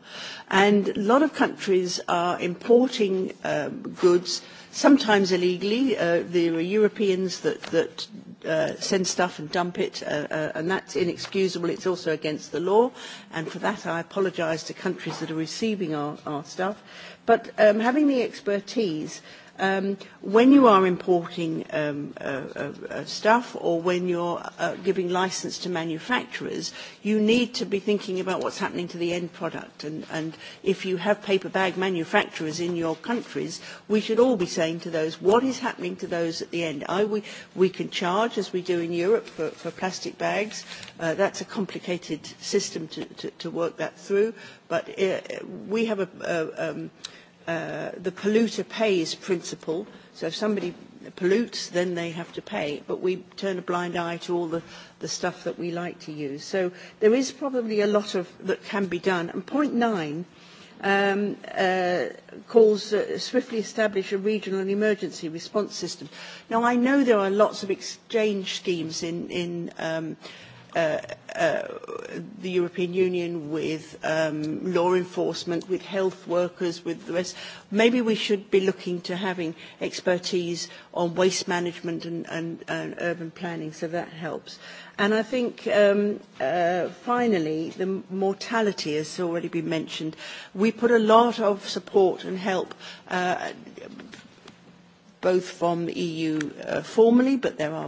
And a lot of countries are importing um, goods, sometimes illegally. Uh, there are Europeans that, that uh, send stuff and dump it, uh, uh, and that's inexcusable. It's also against the law. And for that, I apologise to countries that are receiving our, our stuff. But um, having the expertise, um, when you are importing um, uh, uh, uh, stuff or when you're uh, giving license to manufacturers, you need to be thinking about what's happening to the end product. And, and if you have paper bag manufacturers in your countries, we should all be saying to those, what is happening to those at the end? I, we, we can charge, as we do in Europe, for, for plastic bags. Uh, that's a complicated system to, to, to work that through. But uh, we have a... Uh, um, uh, the polluter pays principle. So if somebody pollutes, then they have to pay. But we turn a blind eye to all the, the stuff that we like to use. So there is probably a lot of that can be done. And point nine um, uh, calls uh, swiftly establish a regional and emergency response system. Now I know there are lots of exchange schemes in, in um, uh, the European Union, with um, law enforcement, with health workers, with the rest. Maybe we should be looking to having expertise on waste management and, and, and urban planning, so that helps. And I think um, uh, finally, the mortality has already been mentioned. We put a lot of support and help uh, both from the EU uh, formally, but there are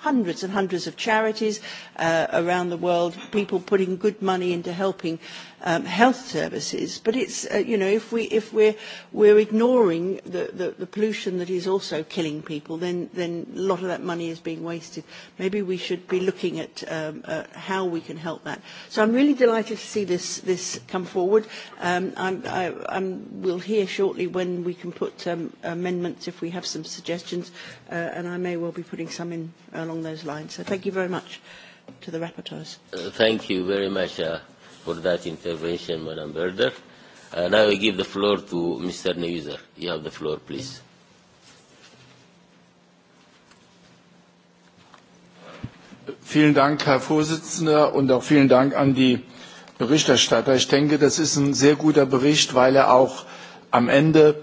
hundreds and hundreds of charities around the world, people putting good money into helping um, health services. But it's, uh, you know, if, we, if we're, we're ignoring the, the, the pollution that is also killing people, then, then a lot of that money is being wasted. Maybe we should be looking at um, uh, how we can help that. So I'm really delighted to see this, this come forward. Um, I'm, I I'm, we'll hear shortly when we can put um, amendments if we have some suggestions, uh, and I may well be putting some in along those lines. So thank you very much to the rapporteurs. Uh, thank you very much. Uh for that intervention, Madam Berder. Uh, now I give the floor to Mr. Neuser. You have the floor, please. Vielen Dank, Herr Vorsitzender, und auch vielen Dank an die Berichterstatter. Ich denke, das ist ein sehr guter Bericht, weil er auch am Ende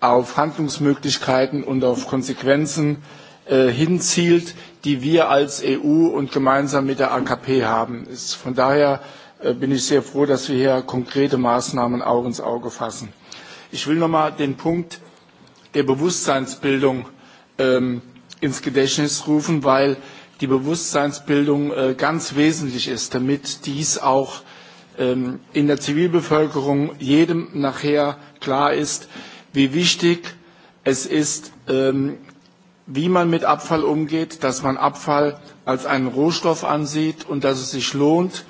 auf Handlungsmöglichkeiten und auf Konsequenzen hinzielt, die wir als EU und gemeinsam mit der AKP haben. Von daher bin ich sehr froh, dass wir hier konkrete Maßnahmen Auge ins Auge fassen. Ich will noch mal den Punkt der Bewusstseinsbildung ins Gedächtnis rufen, weil die Bewusstseinsbildung ganz wesentlich ist, damit dies auch in der Zivilbevölkerung jedem nachher klar ist, wie wichtig es ist, wie man mit Abfall umgeht, dass man Abfall als einen Rohstoff ansieht und dass es sich lohnt,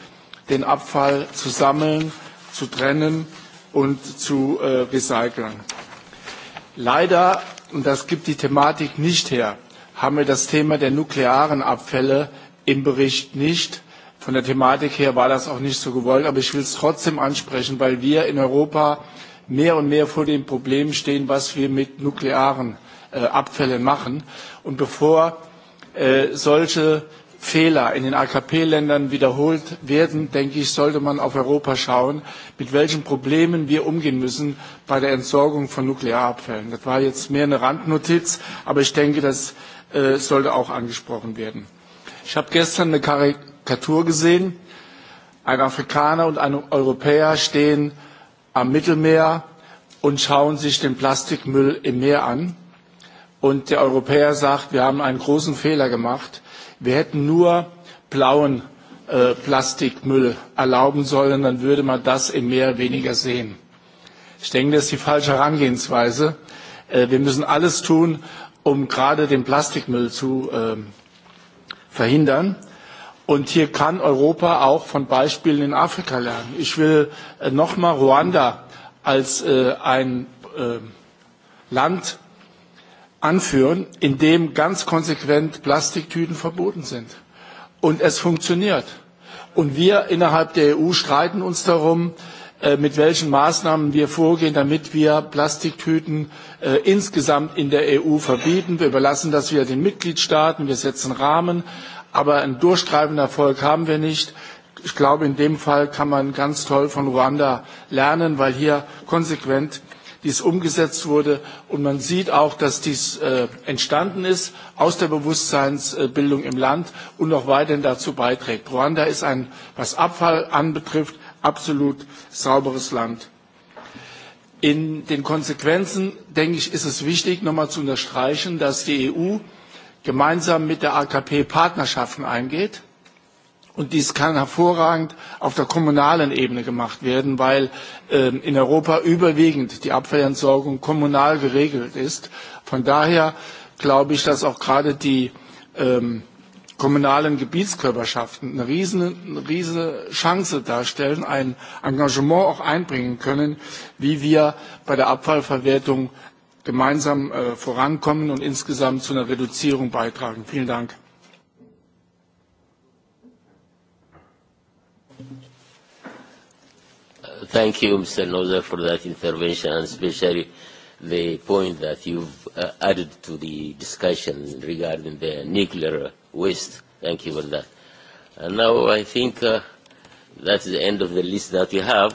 den Abfall zu sammeln, zu trennen und zu recyceln. Leider, und das gibt die Thematik nicht her, haben wir das Thema der nuklearen Abfälle im Bericht nicht. Von der Thematik her war das auch nicht so gewollt, aber ich will es trotzdem ansprechen, weil wir in Europa mehr und mehr vor dem Problem stehen, was wir mit nuklearen Abfällen machen. Und bevor solche Fehler in den AKP-Ländern wiederholt werden, denke ich, sollte man auf Europa schauen, mit welchen Problemen wir umgehen müssen bei der Entsorgung von Nuklearabfällen. Das war jetzt mehr eine Randnotiz, aber ich denke, das sollte auch angesprochen werden. Ich habe gestern eine Karikatur gesehen. Ein Afrikaner und ein Europäer stehen am Mittelmeer und schauen sich den Plastikmüll im Meer an. Und der Europäer sagt, wir haben einen großen Fehler gemacht Wir hätten nur blauen Plastikmüll erlauben sollen, dann würde man das im Meer weniger sehen. Ich denke, das ist die falsche Herangehensweise. Wir müssen alles tun, um gerade den Plastikmüll zu verhindern. Und hier kann Europa auch von Beispielen in Afrika lernen. Ich will nochmal Ruanda als ein Land anführen, in dem ganz konsequent Plastiktüten verboten sind. Und es funktioniert. Und wir innerhalb der EU streiten uns darum, mit welchen Maßnahmen wir vorgehen, damit wir Plastiktüten insgesamt in der EU verbieten. Wir überlassen das wieder den Mitgliedstaaten, wir setzen Rahmen, aber einen durchtreibenden Erfolg haben wir nicht. Ich glaube, in dem Fall kann man ganz toll von Ruanda lernen, weil hier konsequent dies umgesetzt wurde. Und man sieht auch, dass dies entstanden ist aus der Bewusstseinsbildung im Land und noch weiterhin dazu beiträgt. Ruanda ist ein, was Abfall anbetrifft, absolut sauberes Land. In den Konsequenzen, denke ich, ist es wichtig, nochmal zu unterstreichen, dass die EU gemeinsam mit der AKP Partnerschaften eingeht Und dies kann hervorragend auf der kommunalen Ebene gemacht werden, weil in Europa überwiegend die Abfallentsorgung kommunal geregelt ist. Von daher glaube ich, dass auch gerade die kommunalen Gebietskörperschaften eine riesige Chance darstellen, ein Engagement auch einbringen können, wie wir bei der Abfallverwertung gemeinsam vorankommen und insgesamt zu einer Reduzierung beitragen. Vielen Dank. thank you, Mr. Noza, for that intervention, and especially the point that you've uh, added to the discussion regarding the nuclear waste. Thank you for that. And now I think uh, that's the end of the list that we have.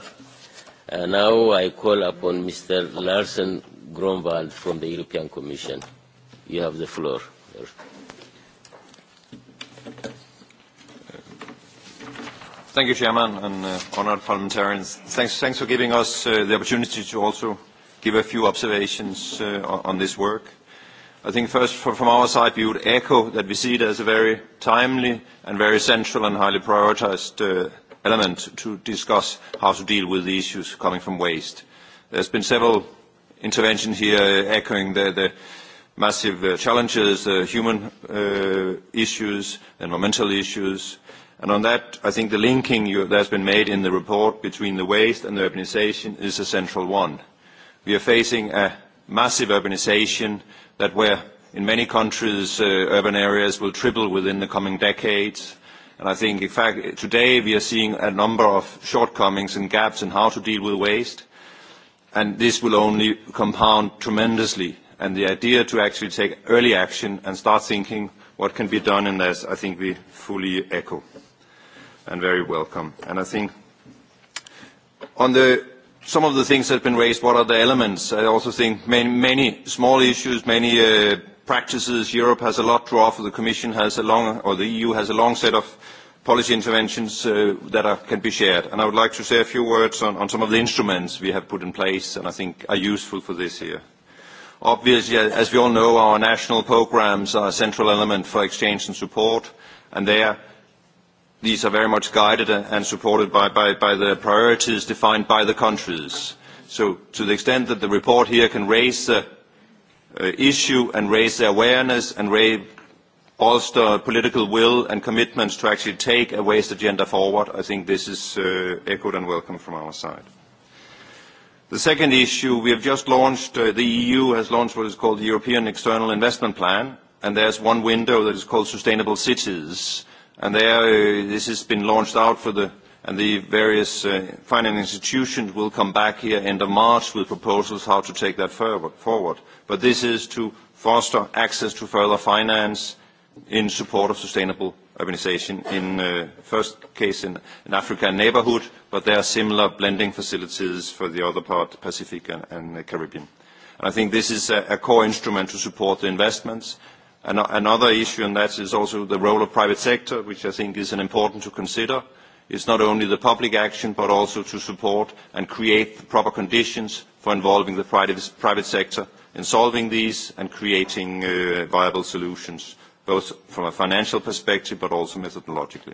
Uh, now I call upon Mr. Larsen Gromwald from the European Commission. You have the floor. Thank you, Chairman, and uh, honored parliamentarians. Thanks, thanks for giving us uh, the opportunity to also give a few observations uh, on this work. I think first from our side, we would echo that we see it as a very timely and very central and highly prioritized element to discuss how to deal with the issues coming from waste. There's been several interventions here echoing the massive challenges, the human issues, environmental issues, And on that, I think the linking that that's been made in the report between the waste and the urbanization is a central one. We are facing a massive urbanization that where in many countries urban areas will triple within the coming decades. And I think, in fact, today we are seeing a number of shortcomings and gaps in how to deal with waste. And this will only compound tremendously. And the idea to actually take early action and start thinking what can be done in this, I think we fully echo and very welcome. And I think on the some of the things that have been raised, what are the elements? I also think many, many small issues, many uh, practices. Europe has a lot to offer. The Commission has a long, or the EU has a long set of policy interventions uh, that are, can be shared. And I would like to say a few words on, on some of the instruments we have put in place and I think are useful for this year. Obviously, as we all know, our national programs are a central element for exchange and support, and there These are very much guided and supported by, by, by the priorities defined by the countries. So to the extent that the report here can raise the issue and raise the awareness and raise, bolster political will and commitments to actually take a waste agenda forward, I think this is uh, echoed and welcome from our side. The second issue, we have just launched, uh, the EU has launched what is called the European External Investment Plan, and there's one window that is called Sustainable Cities, and there, this has been launched out for the and the various uh, financial institutions will come back here end of March with proposals how to take that forward. But this is to foster access to further finance in support of sustainable urbanization in uh, first case in, an Africa neighborhood, but there are similar blending facilities for the other part, Pacific and, and the Caribbean. And I think this is a, a core instrument to support the investments Another issue and that is also the role of private sector, which I think is important to consider. It's not only the public action, but also to support and create the proper conditions for involving the private sector in solving these and creating viable solutions, both from a financial perspective, but also methodologically.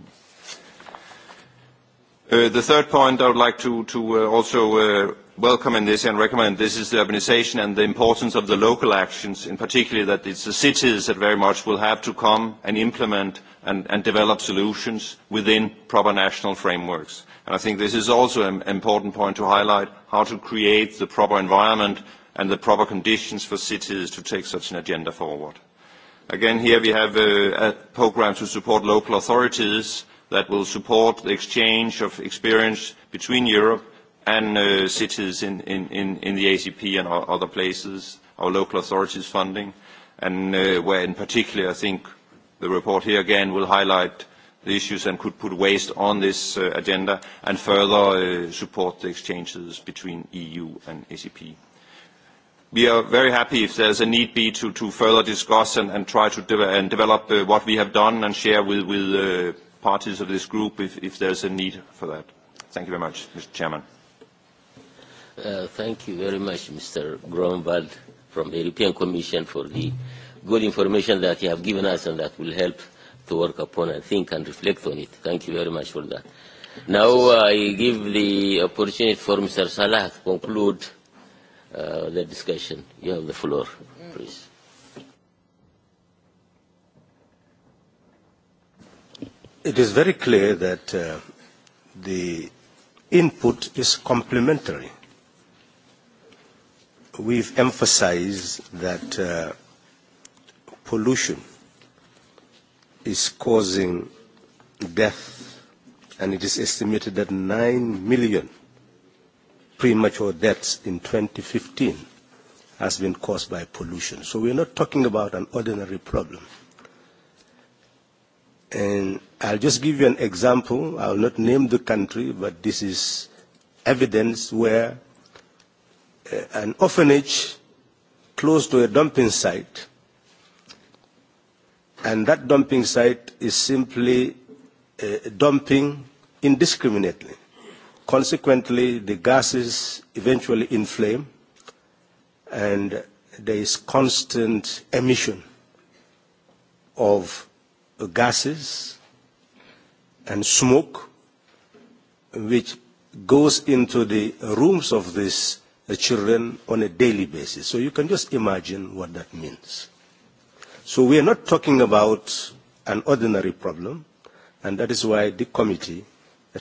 The third point I would like to also welcome in this and recommend this is the urbanization and the importance of the local actions, in particular that it's the cities that very much will have to come and implement and, and develop solutions within proper national frameworks. And I think this is also an important point to highlight, how to create the proper environment and the proper conditions for cities to take such an agenda forward. Again, here we have a, a program to support local authorities that will support the exchange of experience between Europe and uh, cities in, in, in, in the ACP and other places, our local authorities funding, and uh, where in particular I think the report here again will highlight the issues and could put waste on this uh, agenda and further uh, support the exchanges between EU and ACP. We are very happy if there's a need be to, to further discuss and, and try to de and develop uh, what we have done and share with, with uh, parties of this group if, if there's a need for that. Thank you very much, Mr. Chairman. Uh, thank you very much, Mr. Grombard from the European Commission for the good information that you have given us and that will help to work upon and think and reflect on it. Thank you very much for that. Now I give the opportunity for Mr. Salah to conclude uh, the discussion. You have the floor, please. It is very clear that uh, the input is complementary we've emphasized that uh, pollution is causing death, and it is estimated that 9 million premature deaths in 2015 has been caused by pollution. So we're not talking about an ordinary problem. And I'll just give you an example. I'll not name the country, but this is evidence where an orphanage close to a dumping site, and that dumping site is simply uh, dumping indiscriminately. Consequently, the gases eventually inflame, and there is constant emission of gases and smoke, which goes into the rooms of these children on a daily basis. So you can just imagine what that means. So we are not talking about an ordinary problem, and that is why the committee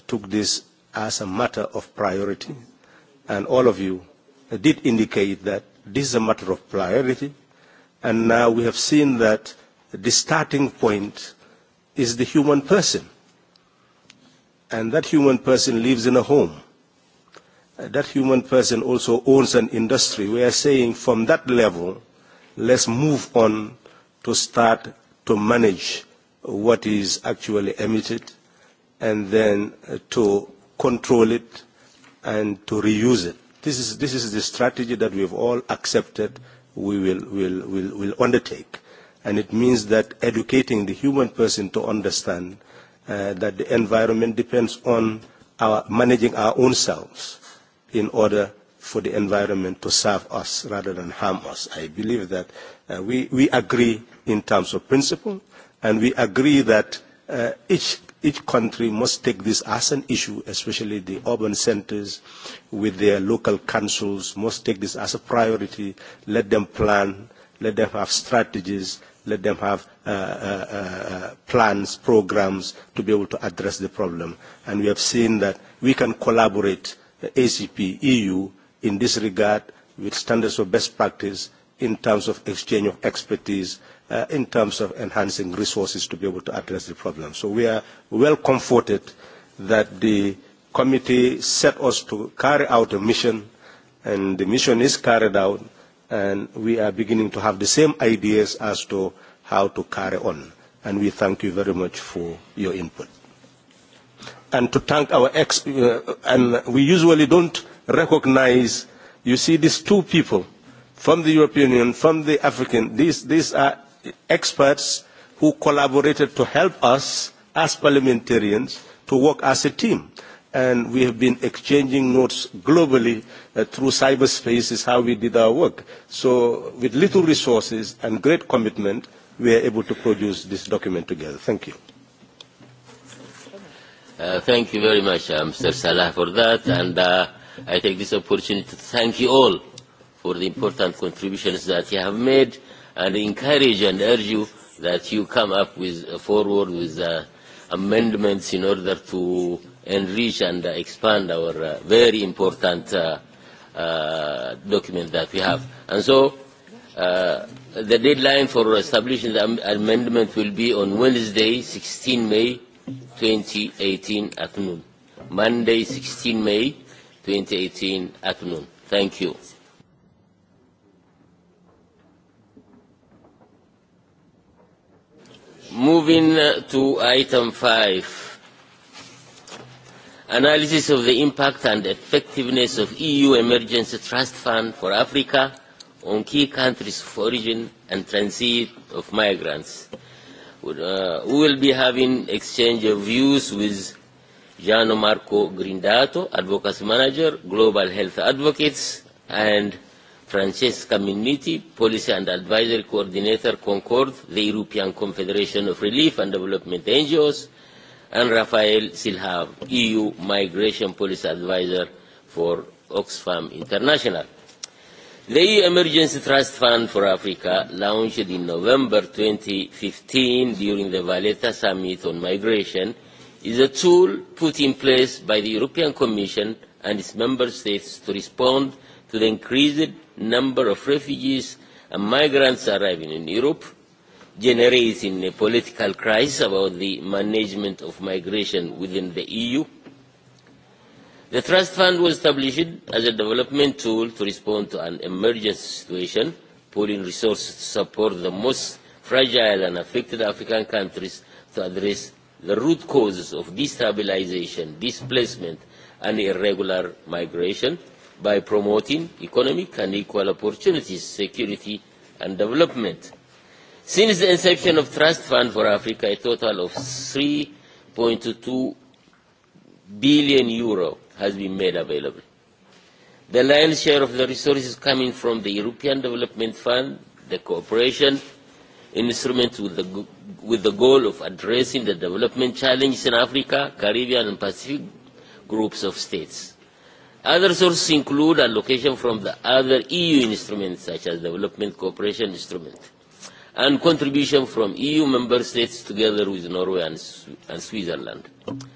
took this as a matter of priority, and all of you did indicate that this is a matter of priority, and now we have seen that the starting point is the human person, and that human person lives in a home that human person also owns an industry. We are saying from that level, let's move on to start to manage what is actually emitted and then to control it and to reuse it. This is, this is the strategy that we've all accepted we will, will, will, will undertake. And it means that educating the human person to understand uh, that the environment depends on our managing our own selves in order for the environment to serve us rather than harm us. I believe that uh, we, we agree in terms of principle, and we agree that uh, each, each country must take this as an issue, especially the urban centers with their local councils must take this as a priority, let them plan, let them have strategies, let them have uh, uh, plans, programs to be able to address the problem. And we have seen that we can collaborate ACP EU in this regard with standards of best practice in terms of exchange of expertise, uh, in terms of enhancing resources to be able to address the problem. So we are well comforted that the committee set us to carry out a mission, and the mission is carried out, and we are beginning to have the same ideas as to how to carry on. And we thank you very much for your input and to thank our ex. Uh, and we usually don't recognize, you see, these two people from the European Union, from the African, these, these are experts who collaborated to help us as parliamentarians to work as a team. And we have been exchanging notes globally uh, through cyberspace is how we did our work. So with little resources and great commitment, we are able to produce this document together. Thank you. Uh, thank you very much, uh, Mr. Salah, for that. And uh, I take this opportunity to thank you all for the important contributions that you have made and encourage and urge you that you come up with uh, forward with uh, amendments in order to enrich and uh, expand our uh, very important uh, uh, document that we have. And so uh, the deadline for establishing the am amendment will be on Wednesday, 16 May 2018 at noon. Monday, 16 May 2018 at noon. Thank you. Moving to item five. Analysis of the impact and effectiveness of EU Emergency Trust Fund for Africa on key countries of origin and transit of migrants uh, we will be having exchange of views with Gianno Marco Grindato, Advocacy Manager, Global Health Advocates, and Francesca Minniti, Policy and Advisory Coordinator, Concord, the European Confederation of Relief and Development NGOs, and Rafael Silhav, EU Migration Policy Advisor for Oxfam International. The EU Emergency Trust Fund for Africa, launched in November 2015 during the Valletta Summit on Migration, is a tool put in place by the European Commission and its member states to respond to the increased number of refugees and migrants arriving in Europe, generating a political crisis about the management of migration within the EU, The Trust Fund was established as a development tool to respond to an emergency situation, pooling resources to support the most fragile and affected African countries to address the root causes of destabilization, displacement, and irregular migration by promoting economic and equal opportunities, security, and development. Since the inception of Trust Fund for Africa, a total of 3.2 billion euro has been made available. The lion's share of the resources coming from the European Development Fund, the cooperation instruments with the, with the goal of addressing the development challenges in Africa, Caribbean and Pacific groups of states. Other sources include allocation from the other EU instruments such as development cooperation instrument and contribution from EU member states together with Norway and, and Switzerland. Okay.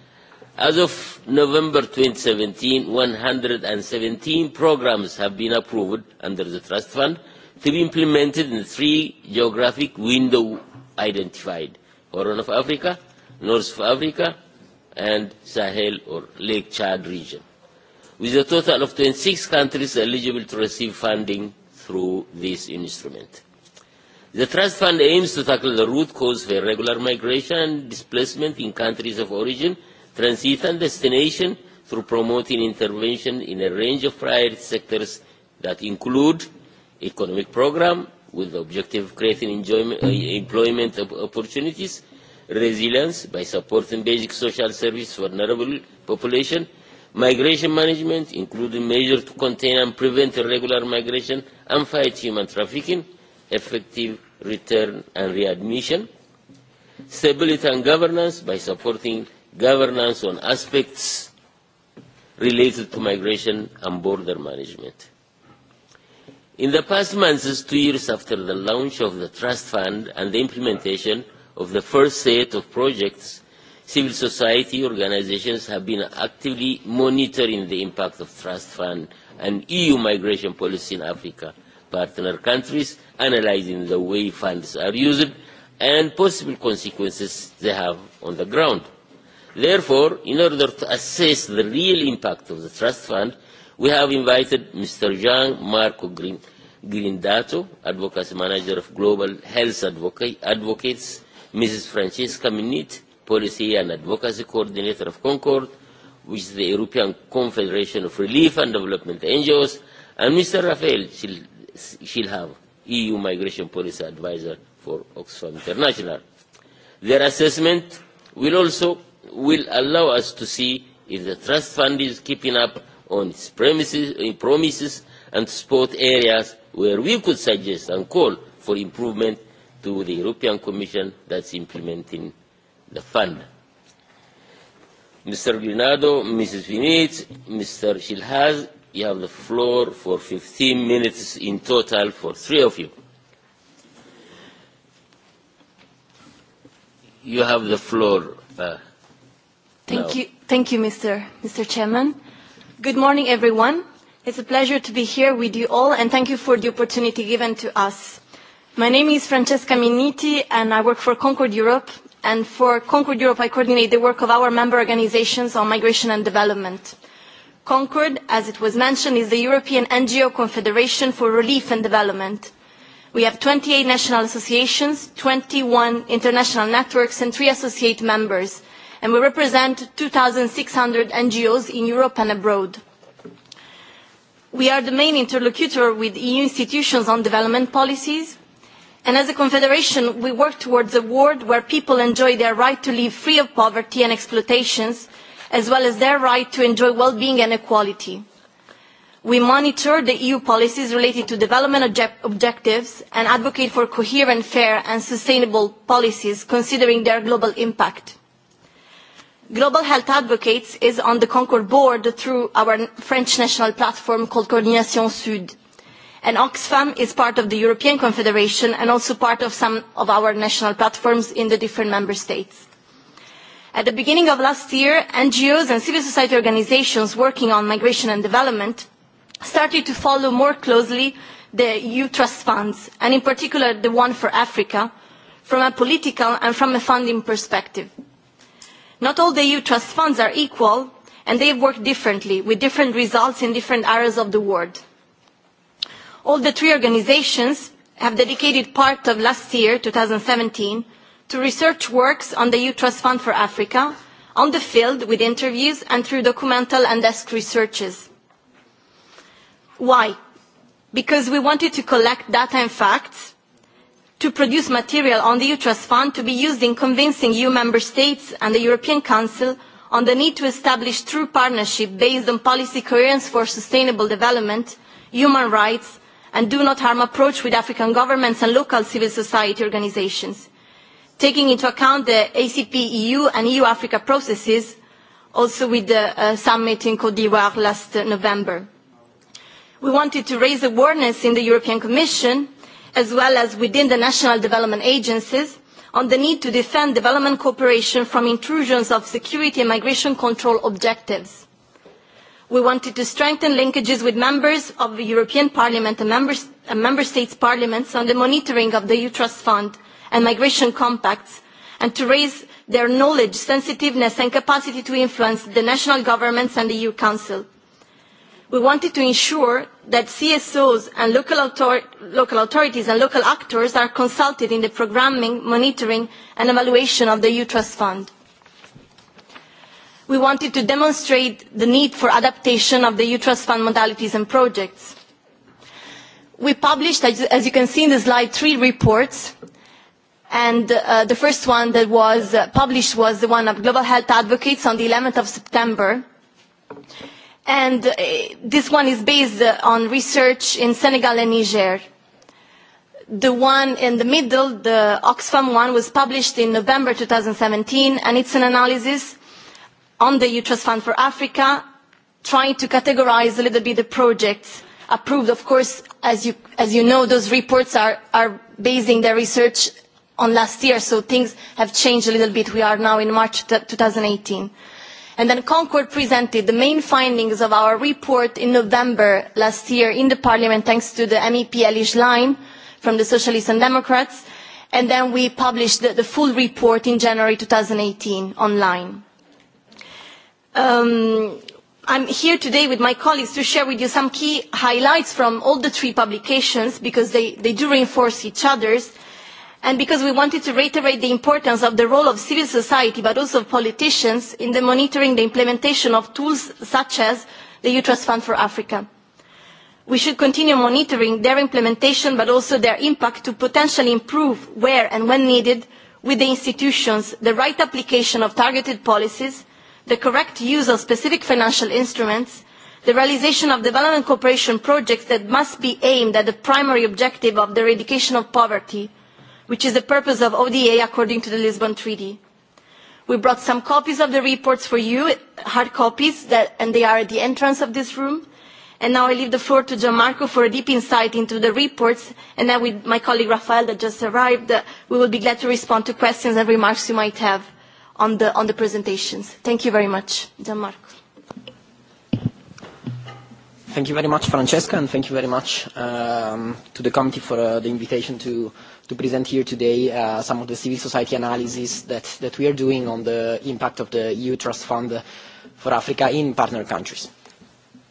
As of November 2017, 117 programs have been approved under the Trust Fund to be implemented in three geographic window identified, Horn of Africa, North of Africa, and Sahel or Lake Chad region, with a total of 26 countries eligible to receive funding through this instrument. The Trust Fund aims to tackle the root cause for irregular migration and displacement in countries of origin – Transit and destination through promoting intervention in a range of priority sectors that include economic program with the objective of creating enjoyment, uh, employment opportunities, resilience by supporting basic social services for vulnerable population, migration management, including measures to contain and prevent irregular migration and fight human trafficking, effective return and readmission, stability and governance by supporting governance on aspects related to migration and border management. In the past months, two years after the launch of the Trust Fund and the implementation of the first set of projects, civil society organizations have been actively monitoring the impact of Trust Fund and EU migration policy in Africa partner countries, analyzing the way funds are used and possible consequences they have on the ground. Therefore, in order to assess the real impact of the trust fund, we have invited Mr. Jean Marco Green, Grindato, Advocacy Manager of Global Health Advocate, Advocates, Mrs. Francesca Minit, Policy and Advocacy Coordinator of Concord, which is the European Confederation of Relief and Development NGOs, and Mr. Rafael Shilhav, EU Migration Policy Advisor for Oxfam International. Their assessment will also will allow us to see if the trust fund is keeping up on its premises, promises and support areas where we could suggest and call for improvement to the European Commission that's implementing the fund. Mr. Grinado, Mrs. Vinit, Mr. Shilhaz, you have the floor for 15 minutes in total for three of you. You have the floor. Uh, Thank you, thank you Mr. Mr. Chairman. Good morning, everyone. It's a pleasure to be here with you all, and thank you for the opportunity given to us. My name is Francesca Minniti, and I work for Concord Europe. And for Concord Europe, I coordinate the work of our member organizations on migration and development. Concord, as it was mentioned, is the European NGO Confederation for Relief and Development. We have 28 national associations, 21 international networks, and three associate members – and we represent two six hundred ngos in europe and abroad. we are the main interlocutor with eu institutions on development policies and as a confederation we work towards a world where people enjoy their right to live free of poverty and exploitations as well as their right to enjoy well-being and equality. We monitor the EU policies related to development object objectives and advocate for coherent, fair and sustainable policies considering their global impact. Global Health Advocates is on the Concord board through our French national platform called Coordination Sud. And Oxfam is part of the European Confederation and also part of some of our national platforms in the different member states. At the beginning of last year, NGOs and civil society organizations working on migration and development started to follow more closely the EU trust funds, and in particular the one for Africa, from a political and from a funding perspective. Not all the EU trust funds are equal, and they work differently, with different results in different areas of the world. All the three organizations have dedicated part of last year, 2017, to research works on the EU Trust Fund for Africa, on the field with interviews and through documental and desk researches. Why? Because we wanted to collect data and facts to produce material on the UTRAS fund to be used in convincing EU member states and the European Council on the need to establish true partnership based on policy coherence for sustainable development, human rights, and do not harm approach with African governments and local civil society organisations. Taking into account the ACP EU and EU Africa processes, also with the uh, summit in Cote d'Ivoire last uh, November. We wanted to raise awareness in the European Commission as well as within the national development agencies, on the need to defend development cooperation from intrusions of security and migration control objectives. We wanted to strengthen linkages with members of the European Parliament and member, and member states' parliaments on the monitoring of the EU Trust Fund and migration compacts, and to raise their knowledge, sensitiveness and capacity to influence the national governments and the EU Council. We wanted to ensure that CSOs and local, author local authorities and local actors are consulted in the programming, monitoring and evaluation of the EU trust Fund. We wanted to demonstrate the need for adaptation of the EU trust Fund modalities and projects. We published, as you can see in the slide, three reports and uh, the first one that was uh, published was the one of Global Health Advocates on the 11th of September and uh, this one is based uh, on research in Senegal and Niger. The one in the middle, the Oxfam one, was published in November 2017, and it's an analysis on the EU Trust Fund for Africa, trying to categorize a little bit the projects approved. Of course, as you, as you know, those reports are, are basing their research on last year, so things have changed a little bit. We are now in March 2018 then Concord presented the main findings of our report in November last year in Parliament thanks to the MEP Elish Line from the Socialists and Democrats. And then we published the, the full report in January eighteen online. Um, I'm here today with my colleagues to share with you some key highlights from all the three publications because they, they do reinforce each other's and because we wanted to reiterate the importance of the role of civil society but also of politicians in the monitoring the implementation of tools such as the EU Trust Fund for Africa. We should continue monitoring their implementation but also their impact to potentially improve where and when needed with the institutions the right application of targeted policies, the correct use of specific financial instruments, the realisation of development cooperation projects that must be aimed at the primary objective of the eradication of poverty which is the purpose of ODA according to the Lisbon Treaty. We brought some copies of the reports for you, hard copies, that, and they are at the entrance of this room. And now I leave the floor to Gianmarco for a deep insight into the reports, and then with my colleague Rafael that just arrived, uh, we will be glad to respond to questions and remarks you might have on the, on the presentations. Thank you very much, Gianmarco. Thank you very much, Francesca, and thank you very much um, to the committee for uh, the invitation to to present here today uh, some of the civil society analysis that, that we are doing on the impact of the EU Trust Fund for Africa in partner countries.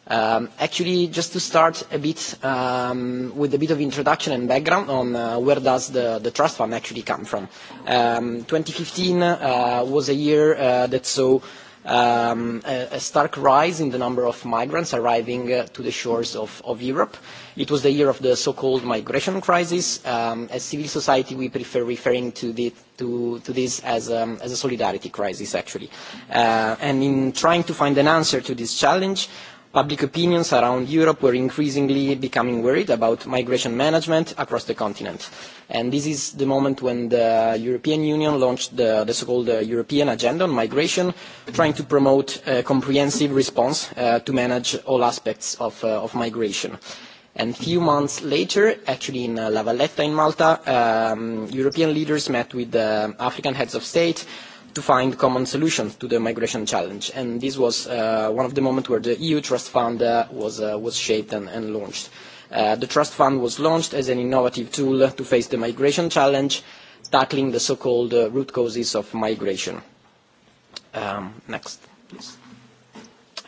Um, actually, just to start a bit um, with a bit of introduction and background on uh, where does the, the trust fund actually come from. Um, 2015 uh, was a year uh, that saw um, a, a stark rise in the number of migrants arriving uh, to the shores of, of Europe. It was the year of the so-called migration crisis. Um, as civil society, we prefer referring to, the, to, to this as, um, as a solidarity crisis, actually. Uh, and in trying to find an answer to this challenge, Public opinions around Europe were increasingly becoming worried about migration management across the continent. And this is the moment when the European Union launched the, the so-called European Agenda on Migration, trying to promote a comprehensive response uh, to manage all aspects of, uh, of migration. And a few months later, actually in La Valletta in Malta, um, European leaders met with the African heads of state to find common solutions to the migration challenge. And this was uh, one of the moments where the EU Trust Fund uh, was, uh, was shaped and, and launched. Uh, the Trust Fund was launched as an innovative tool to face the migration challenge, tackling the so-called uh, root causes of migration. Um, next, please.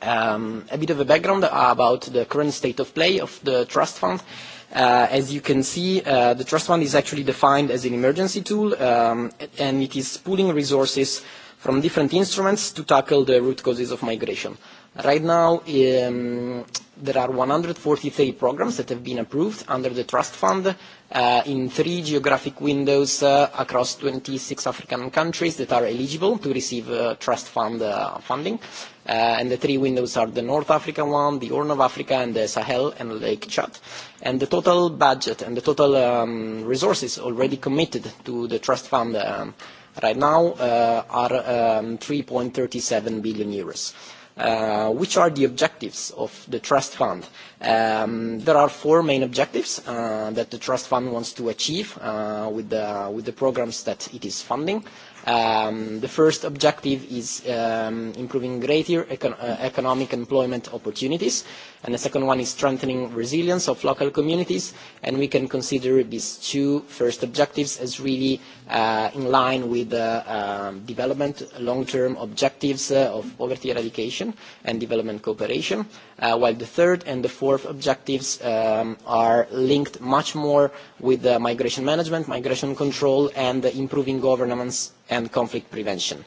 Um, a bit of a background about the current state of play of the Trust Fund. Uh, Uh, as you can see, uh, the trust fund is actually defined as an emergency tool, um, and it is pooling resources from different instruments to tackle the root causes of migration. Right now, um, there are 143 programs that have been approved under the Trust Fund uh, in three geographic windows uh, across 26 African countries that are eligible to receive uh, Trust Fund uh, funding. Uh, and the three windows are the North African one, the Horn of Africa, and the Sahel and Lake Chad. And the total budget and the total um, resources already committed to the Trust Fund um, right now uh, are um, 3.37 billion euros Uh, which are the objectives of the trust fund? Um, there are four main objectives uh, that the trust fund wants to achieve uh, with, the, with the programs that it is funding. Um, the first objective is um, improving greater econ uh, economic employment opportunities. And the second one is strengthening resilience of local communities. And we can consider these two first objectives as really uh, in line with the um, development long-term objectives uh, of poverty eradication and development cooperation, uh, while the third and the fourth objectives um, are linked much more with the migration management, migration control, and improving governance and conflict prevention.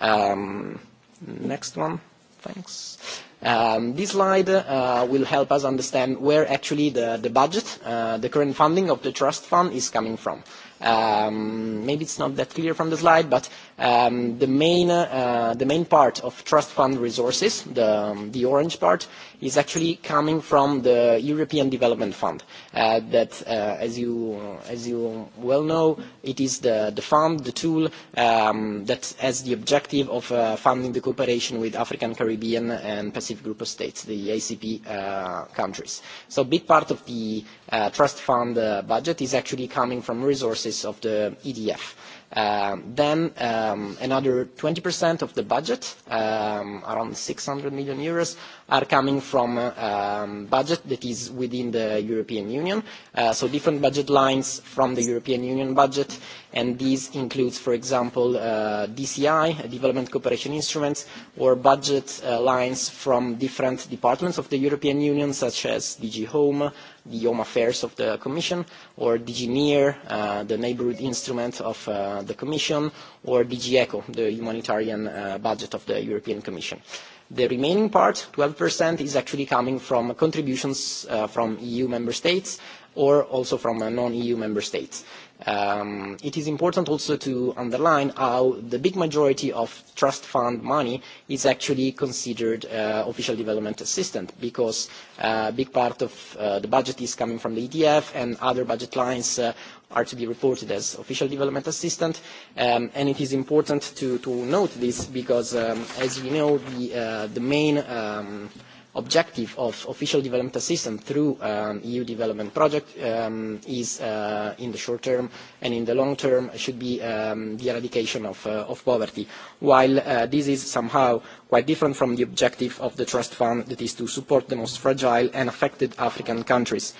Um, next one, thanks. Um, this slide uh, will help us understand where actually the, the budget, uh, the current funding of the trust fund is coming from. Um, maybe it's not that clear from the slide, but um, the, main, uh, the main part of trust fund resources, the, the orange part, is actually coming from the European Development Fund. Uh, that, uh, as you uh, as you well know, it is the the fund, the tool um, that has the objective of uh, funding the cooperation with African, Caribbean, and Pacific Group of States, the ACP uh, countries. So, a big part of the uh, trust fund uh, budget is actually coming from resources of the EDF Then another 20% of the budget, around 600 million euros, are coming from budget that is within the European Union. So different budget lines from the European Union budget, and these includes, for example, DCI, Development Cooperation Instruments, or budget lines from different departments of the European Union, such as DG Home, the Home Affairs of the Commission, or DigiNear, uh, the neighborhood instrument of uh, the Commission, or DGECO, the humanitarian uh, budget of the European Commission. The remaining part, 12%, is actually coming from contributions uh, from EU member states or also from non-EU member states. Um, it is important also to underline how the big majority of trust fund money is actually considered uh, official development assistance because a big part of uh, the budget is coming from the EDF and other budget lines uh, are to be reported as official development assistant. Um, and it is important to, to note this because, um, as you know, the, uh, the main um, – objective of official development assistance through um, EU development project um, is uh, in the short term and in the long term should be um, the eradication of, uh, of poverty, while uh, this is somehow quite different from the objective of the trust fund that is to support the most fragile and affected African countries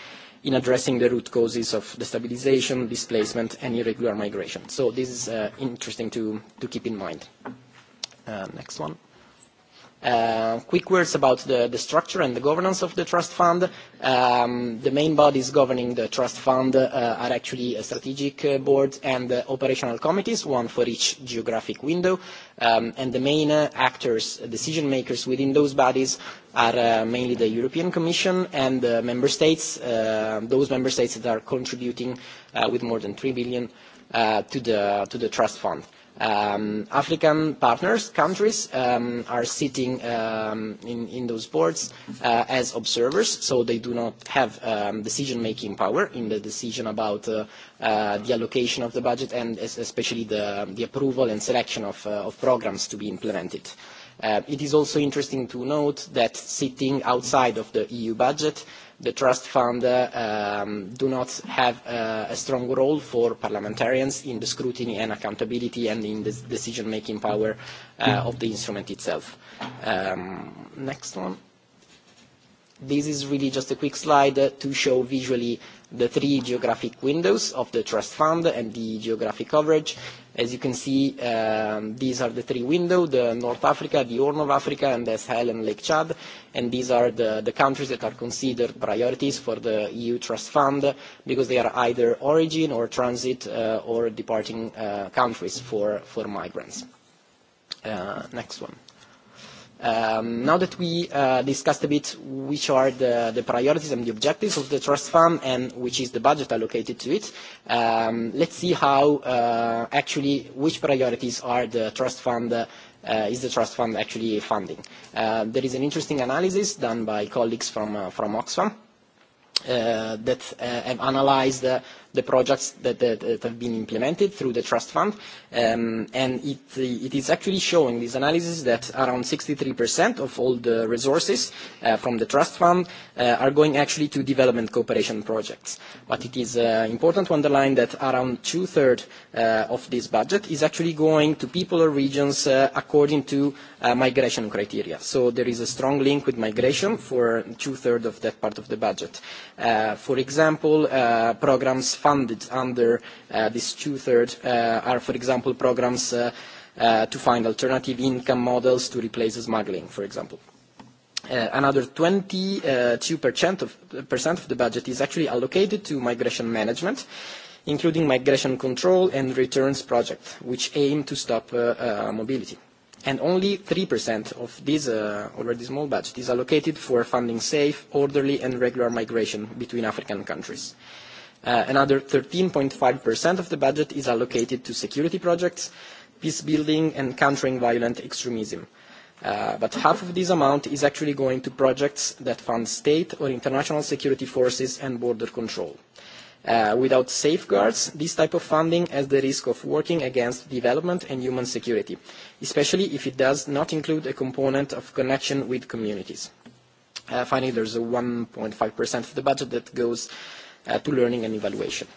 in addressing the root causes of destabilization, displacement, and irregular migration. So this is uh, interesting to, to keep in mind. Uh, next one. Quick words about the structure and the governance of the trust fund. The main bodies governing the trust fund are actually a strategic board and operational committees, one for each geographic window. And the main actors, decision-makers within those bodies are mainly the European Commission and the member states, those member states that are contributing with more than 3 billion to the trust fund Um, African partners, countries, um, are sitting um, in, in those boards uh, as observers, so they do not have um, decision-making power in the decision about uh, uh, the allocation of the budget and especially the, the approval and selection of, uh, of programs to be implemented. Uh, it is also interesting to note that sitting outside of the EU budget, the trust fund do not have a strong role for parliamentarians in the scrutiny and accountability and in the decision-making power of the instrument itself. next one. This is really just a quick slide to show visually the three geographic windows of the trust fund and the geographic coverage. As you can see, these are the three windows, the North Africa, the Horn of Africa, and the Sahel and Lake Chad. And these are the, the countries that are considered priorities for the EU Trust Fund because they are either origin or transit uh, or departing uh, countries for, for migrants. Uh, next one. Now that we discussed a bit which are the priorities and the objectives of the trust fund and which is the budget allocated to it, let's see how actually which priorities are the trust fund is the trust fund actually funding. There is an interesting analysis done by colleagues from Oxfam that have analyzed the projects that, that, that have been implemented through the trust fund. Um, and it, it is actually showing this analysis that around 63% of all the resources uh, from the trust fund uh, are going actually to development cooperation projects. But it is uh, important to underline that around two-thirds uh, of this budget is actually going to people or regions uh, according to uh, migration criteria. So there is a strong link with migration for two-thirds of that part of the budget. Uh, for example, uh, programs funded under this two-thirds are, for example, programmes to find alternative income models to replace smuggling, for example. Another 22% of the budget is actually allocated to migration management, including migration control and returns project, which aim to stop mobility. And Only 3% of this already small budget is allocated for funding safe, orderly, and regular migration between African countries another 13.5% of the budget is allocated to security projects, peace building, and countering violent extremism. but half of this amount is actually going to projects that fund state or international security forces and border control. without safeguards, this type of funding has the risk of working against development and human security, especially if it does not include a component of connection with communities. finally, there is a 1.5% of the budget that goes uh, uh, to learning and evaluation.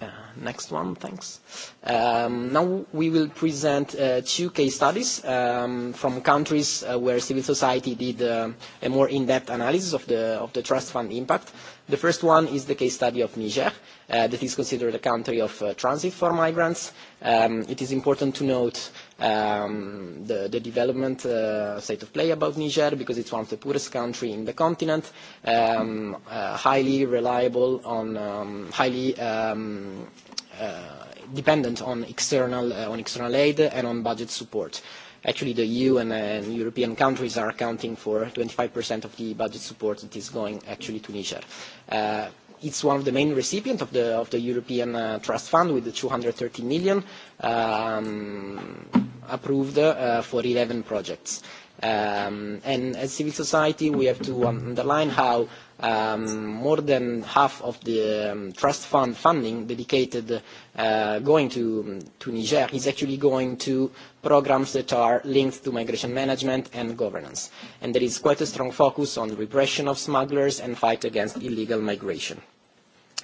Uh, next one, thanks. Um, now we will present uh, two case studies um, from countries uh, where civil society did uh, a more in-depth analysis of the, of the trust fund impact. The first one is the case study of Niger, uh, that is considered a country of uh, transit for migrants. Um, it is important to note uh, um, the, the development uh, state of play about Niger because it's one of the poorest countries in the continent, um, uh, highly reliable on, um, highly um, uh, dependent on external, uh, on external aid and on budget support. Actually, the EU and, and European countries are accounting for 25% of the budget support that is going actually to Niger. Uh, it's one of the main recipients of the, of the European uh, Trust Fund with the 230 million um, approved uh, for 11 projects. Um, and as civil society, we have to underline how um, more than half of the um, trust fund funding dedicated uh, going to, to Niger is actually going to programs that are linked to migration management and governance. And there is quite a strong focus on repression of smugglers and fight against illegal migration.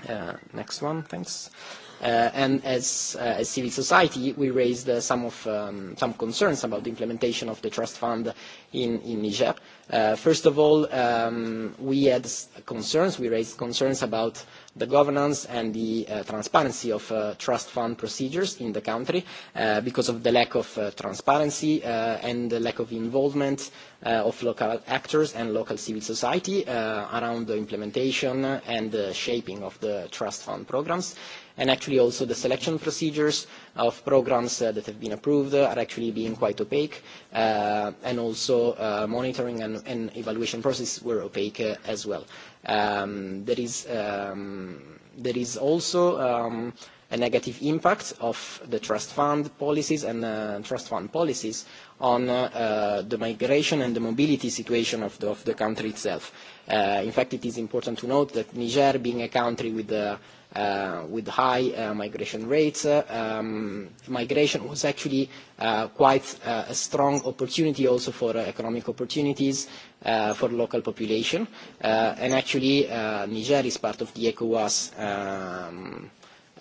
Uh, next one, thanks. Uh, and as, uh, as civil society, we raised uh, some, of, um, some concerns about the implementation of the trust fund in, in Niger. Uh, first of all, um, we had concerns, we raised concerns about the governance and the uh, transparency of uh, trust fund procedures in the country uh, because of the lack of uh, transparency uh, and the lack of involvement uh, of local actors and local civil society uh, around the implementation and the shaping of the trust fund programs and actually also the selection procedures of programs uh, that have been approved are actually being quite opaque, uh, and also uh, monitoring and, and evaluation process were opaque uh, as well. Um, there, is, um, there is also um, a negative impact of the trust fund policies and uh, trust fund policies on uh, uh, the migration and the mobility situation of the, of the country itself Uh, in fact, it is important to note that Niger, being a country with, uh, uh, with high uh, migration rates, uh, um, migration was actually uh, quite uh, a strong opportunity also for uh, economic opportunities uh, for local population. Uh, and actually, uh, Niger is part of the ECOWAS um,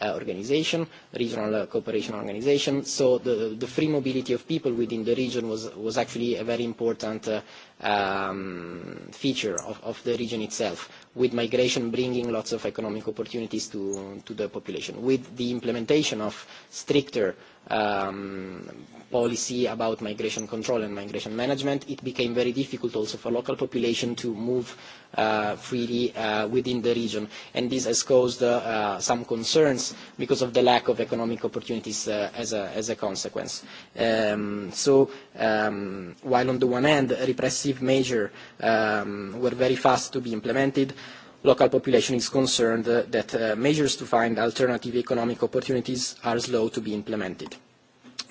uh, organization, regional uh, cooperation organization. So the, the free mobility of people within the region was, was actually a very important uh, um, feature of, of the region itself, with migration bringing lots of economic opportunities to, to the population. With the implementation of stricter uh, um, policy about migration control and migration management, it became very difficult also for local population to move uh, freely uh, within the region. And this has caused uh, uh, some concerns because of the lack of economic opportunities uh, as, a, as a consequence. Um, so um, while on the one hand, repressive measures um, were very fast to be implemented, uh, local population is concerned that measures to find alternative economic opportunities are slow to be implemented.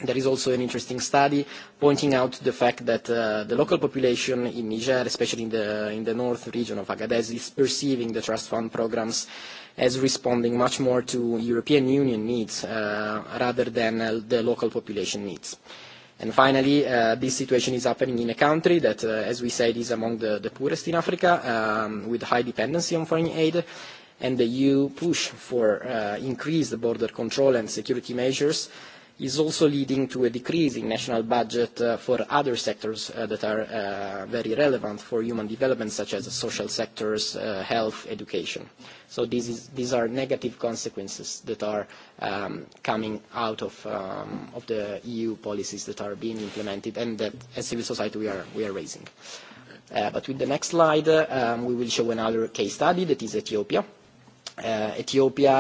There is also an interesting study pointing out the fact that uh, the local population in Niger, especially in the, in the north region of Agadez, is perceiving the trust fund programs as responding much more to European Union needs uh, rather than uh, the local population needs. Uh, And finally, uh, this situation is happening in a country that, uh, as we said, is among the, the poorest in Africa, um, with high dependency on foreign aid, and the EU push for uh, increased border control and security measures is also leading to a decrease in national budget uh, for other sectors uh, that are uh, very relevant for human development, such as social sectors, uh, health, education. So this is, these are negative consequences that are um, coming out of, um, of the EU policies that are being implemented and that, as civil society, we are, we are raising. Uh, but with the next slide, uh, um, we will show another case study that is Ethiopia uh, Ethiopia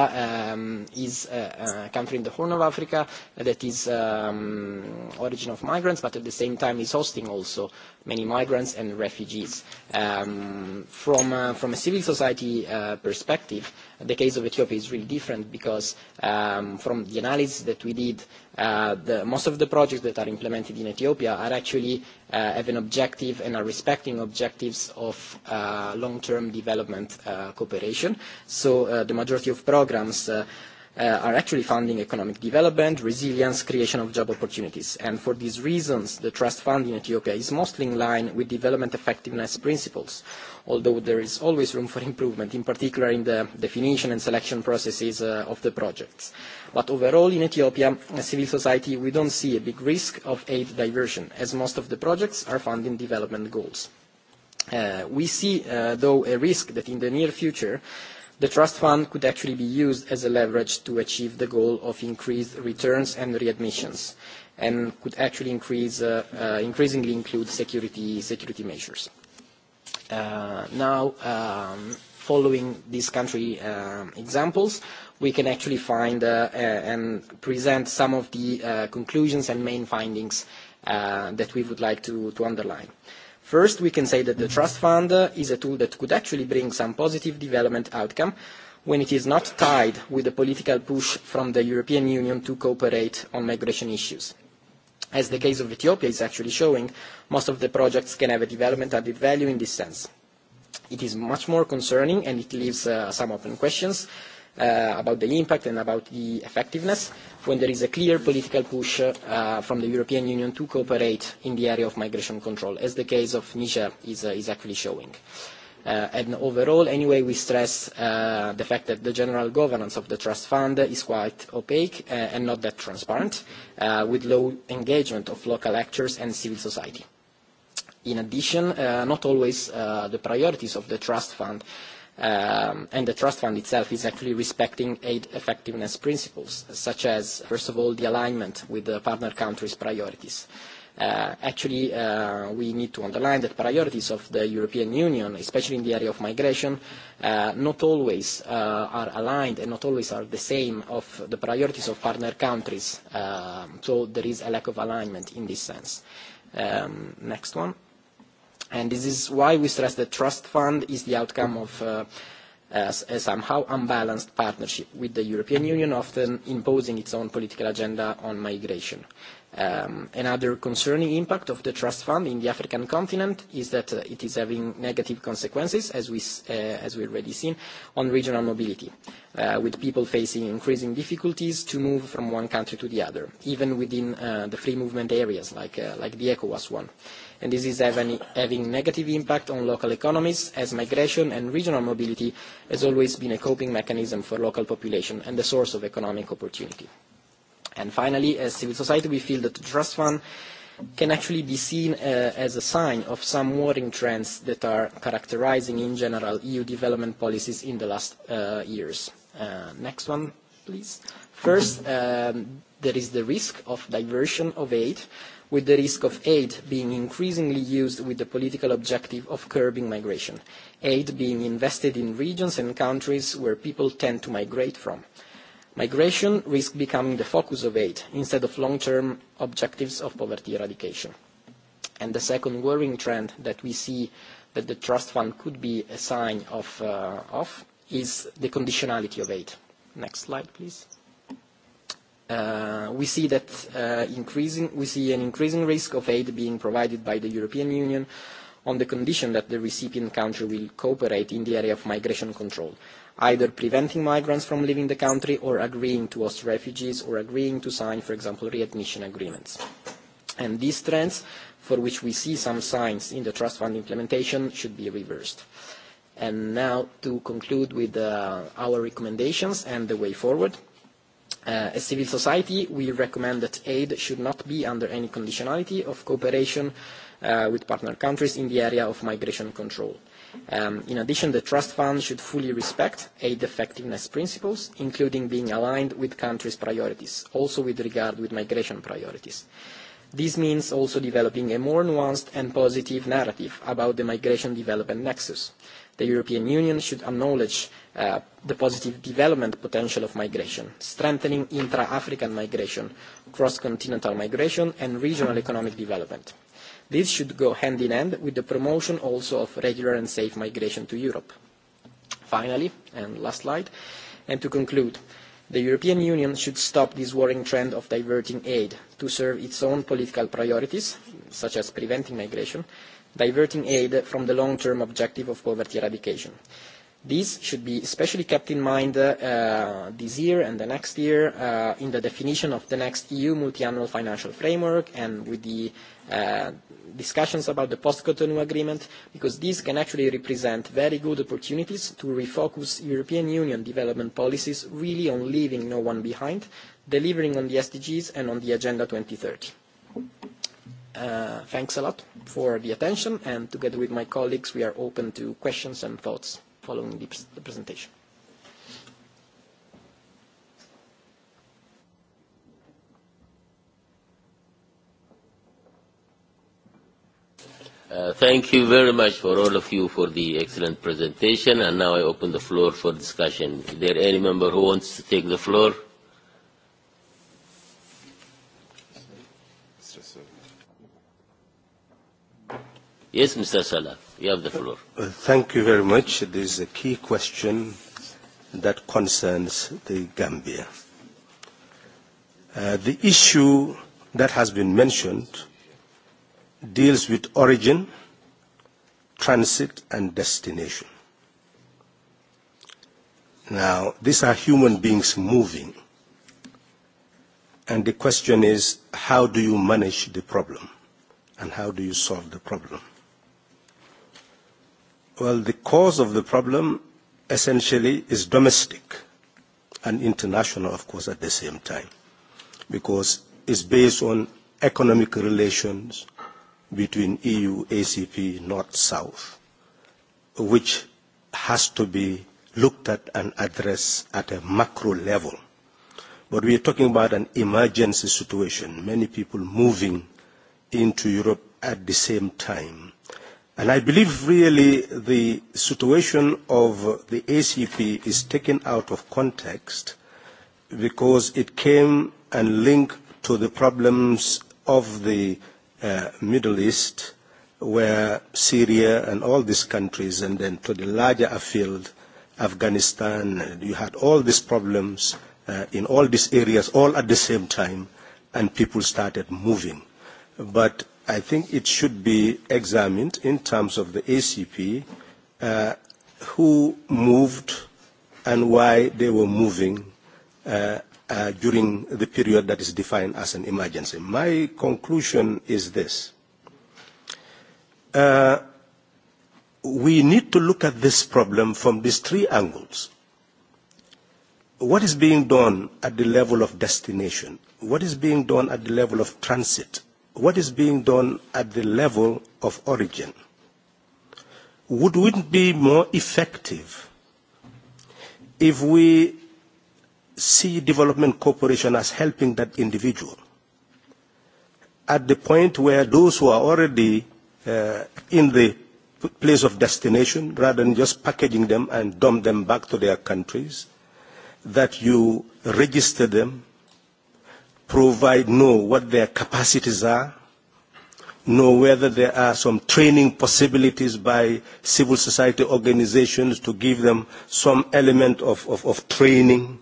um, is a, a country in the Horn of Africa that is um, origin of migrants, but at the same time is hosting also many migrants and refugees. Um, from, uh, from a civil society uh, perspective, the case of Ethiopia is really different because um, from the analysis that we did, uh, the, most of the projects that are implemented in Ethiopia are actually uh, have an objective and are respecting objectives of uh, long-term development uh, cooperation. So uh, the majority of programs uh, are actually funding economic development, resilience, creation of job opportunities. And for these reasons, the trust fund in Ethiopia is mostly in line with development effectiveness principles, although there is always room for improvement, in particular in the definition and selection processes of the projects. But overall, in Ethiopia, as civil society, we don't see a big risk of aid diversion, as most of the projects are funding development goals. we see, though, a risk that in the near future, The trust fund could actually be used as a leverage to achieve the goal of increased returns and readmissions, and could actually increase, uh, uh, increasingly include security, security measures. Uh, now, um, following these country uh, examples, we can actually find uh, and present some of the uh, conclusions and main findings uh, that we would like to, to underline. Uh, First, we can say that the trust fund is a tool that could actually bring some positive development outcome when it is not tied with the political push from the European Union to cooperate on migration issues. As the case of Ethiopia is actually showing, most of the projects can have a development added value in this sense. It is much more concerning and it leaves uh, some open questions uh, about the impact and about the effectiveness when there is a clear political push uh, from the European Union to cooperate in the area of migration control, as the case of Niger is, uh, is actually showing. Uh, and overall, anyway, we stress uh, the fact that the general governance of the trust fund is quite opaque uh, and not that transparent, uh, with low engagement of local actors and civil society. In addition, uh, not always uh, the priorities of the trust fund and the trust fund itself is actually respecting aid effectiveness principles, such as, first of all, the alignment with the partner countries' priorities. Uh, actually, uh, we need to underline that priorities of the European Union, especially in the area of migration, uh, not always uh, are aligned and not always are the same of the priorities of partner countries. Uh, so there is a lack of alignment in this sense. Um, next one And this is why we stress that trust fund is the outcome of uh, a somehow unbalanced partnership with the European Union, often imposing its own political agenda on migration. Um, another concerning impact of the trust fund in the African continent is that uh, it is having negative consequences, as, we, uh, as we already seen, on regional mobility, uh, with people facing increasing difficulties to move from one country to the other, even within uh, the free movement areas like, uh, like the ECOWAS one. Uh, and this is having, having negative impact on local economies as migration and regional mobility has always been a coping mechanism for local population and a source of economic opportunity. And finally, as civil society, we feel that the trust fund can actually be seen uh, as a sign of some worrying trends that are characterizing in general EU development policies in the last uh, years. Uh, next one, please. First, um, there is the risk of diversion of aid with the risk of aid being increasingly used with the political objective of curbing migration, aid being invested in regions and countries where people tend to migrate from. Migration risks becoming the focus of aid instead of long-term objectives of poverty eradication. And the second worrying trend that we see that the trust fund could be a sign of, uh, of is the conditionality of aid. Next slide, please we see that increasing, we see an increasing risk of aid being provided by the European Union on the condition that the recipient country will cooperate in the area of migration control, either preventing migrants from leaving the country or agreeing to host refugees or agreeing to sign, for example, readmission agreements. And these trends, for which we see some signs in the trust fund implementation, should be reversed. And now to conclude with uh, our recommendations and the way forward – Uh, as civil society, we recommend that aid should not be under any conditionality of cooperation uh, with partner countries in the area of migration control. Um, in addition, the Trust Fund should fully respect aid effectiveness principles, including being aligned with countries' priorities, also with regard with migration priorities. This means also developing a more nuanced and positive narrative about the migration development nexus the European Union should acknowledge the positive development potential of migration, strengthening intra-African migration, cross-continental migration, and regional economic development. This should go hand in hand with the promotion also of regular and safe migration to Europe. Finally, and last slide, and to conclude, the European Union should stop this worrying trend of diverting aid to serve its own political priorities, such as preventing migration, diverting aid from the long-term objective of poverty eradication. This should be especially kept in mind uh, this year and the next year uh, in the definition of the next EU multiannual financial framework and with the uh, discussions about the post-Cotonou agreement, because these can actually represent very good opportunities to refocus European Union development policies really on leaving no one behind, delivering on the SDGs and on the Agenda 2030. Uh, thanks a lot for the attention, and together with my colleagues, we are open to questions and thoughts following the, the presentation. Uh, thank you very much for all of you for the excellent presentation, and now I open the floor for discussion. Is there any member who wants to take the floor? Yes, Mr. Salah, you have the floor. Thank you very much. This is a key question that concerns the Gambia. Uh, the issue that has been mentioned deals with origin, transit, and destination. Now, these are human beings moving. And the question is, how do you manage the problem? And how do you solve the problem? Well, the cause of the problem essentially is domestic and international, of course, at the same time, because it's based on economic relations between EU, ACP, North, South, which has to be looked at and addressed at a macro level. But we are talking about an emergency situation, many people moving into Europe at the same time And I believe really the situation of the ACP is taken out of context because it came and linked to the problems of the uh, Middle East where Syria and all these countries and then to the larger field, Afghanistan, you had all these problems uh, in all these areas all at the same time and people started moving. But I think it should be examined in terms of the ACP, uh, who moved and why they were moving uh, uh, during the period that is defined as an emergency. My conclusion is this. Uh, we need to look at this problem from these three angles. What is being done at the level of destination? What is being done at the level of transit? what is being done at the level of origin? Would it be more effective if we see development cooperation as helping that individual at the point where those who are already uh, in the place of destination, rather than just packaging them and dump them back to their countries, that you register them, provide, know what their capacities are, know whether there are some training possibilities by civil society organizations to give them some element of, of, of training,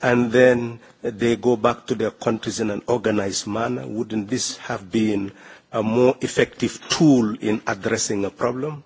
and then they go back to their countries in an organized manner. Wouldn't this have been a more effective tool in addressing a problem?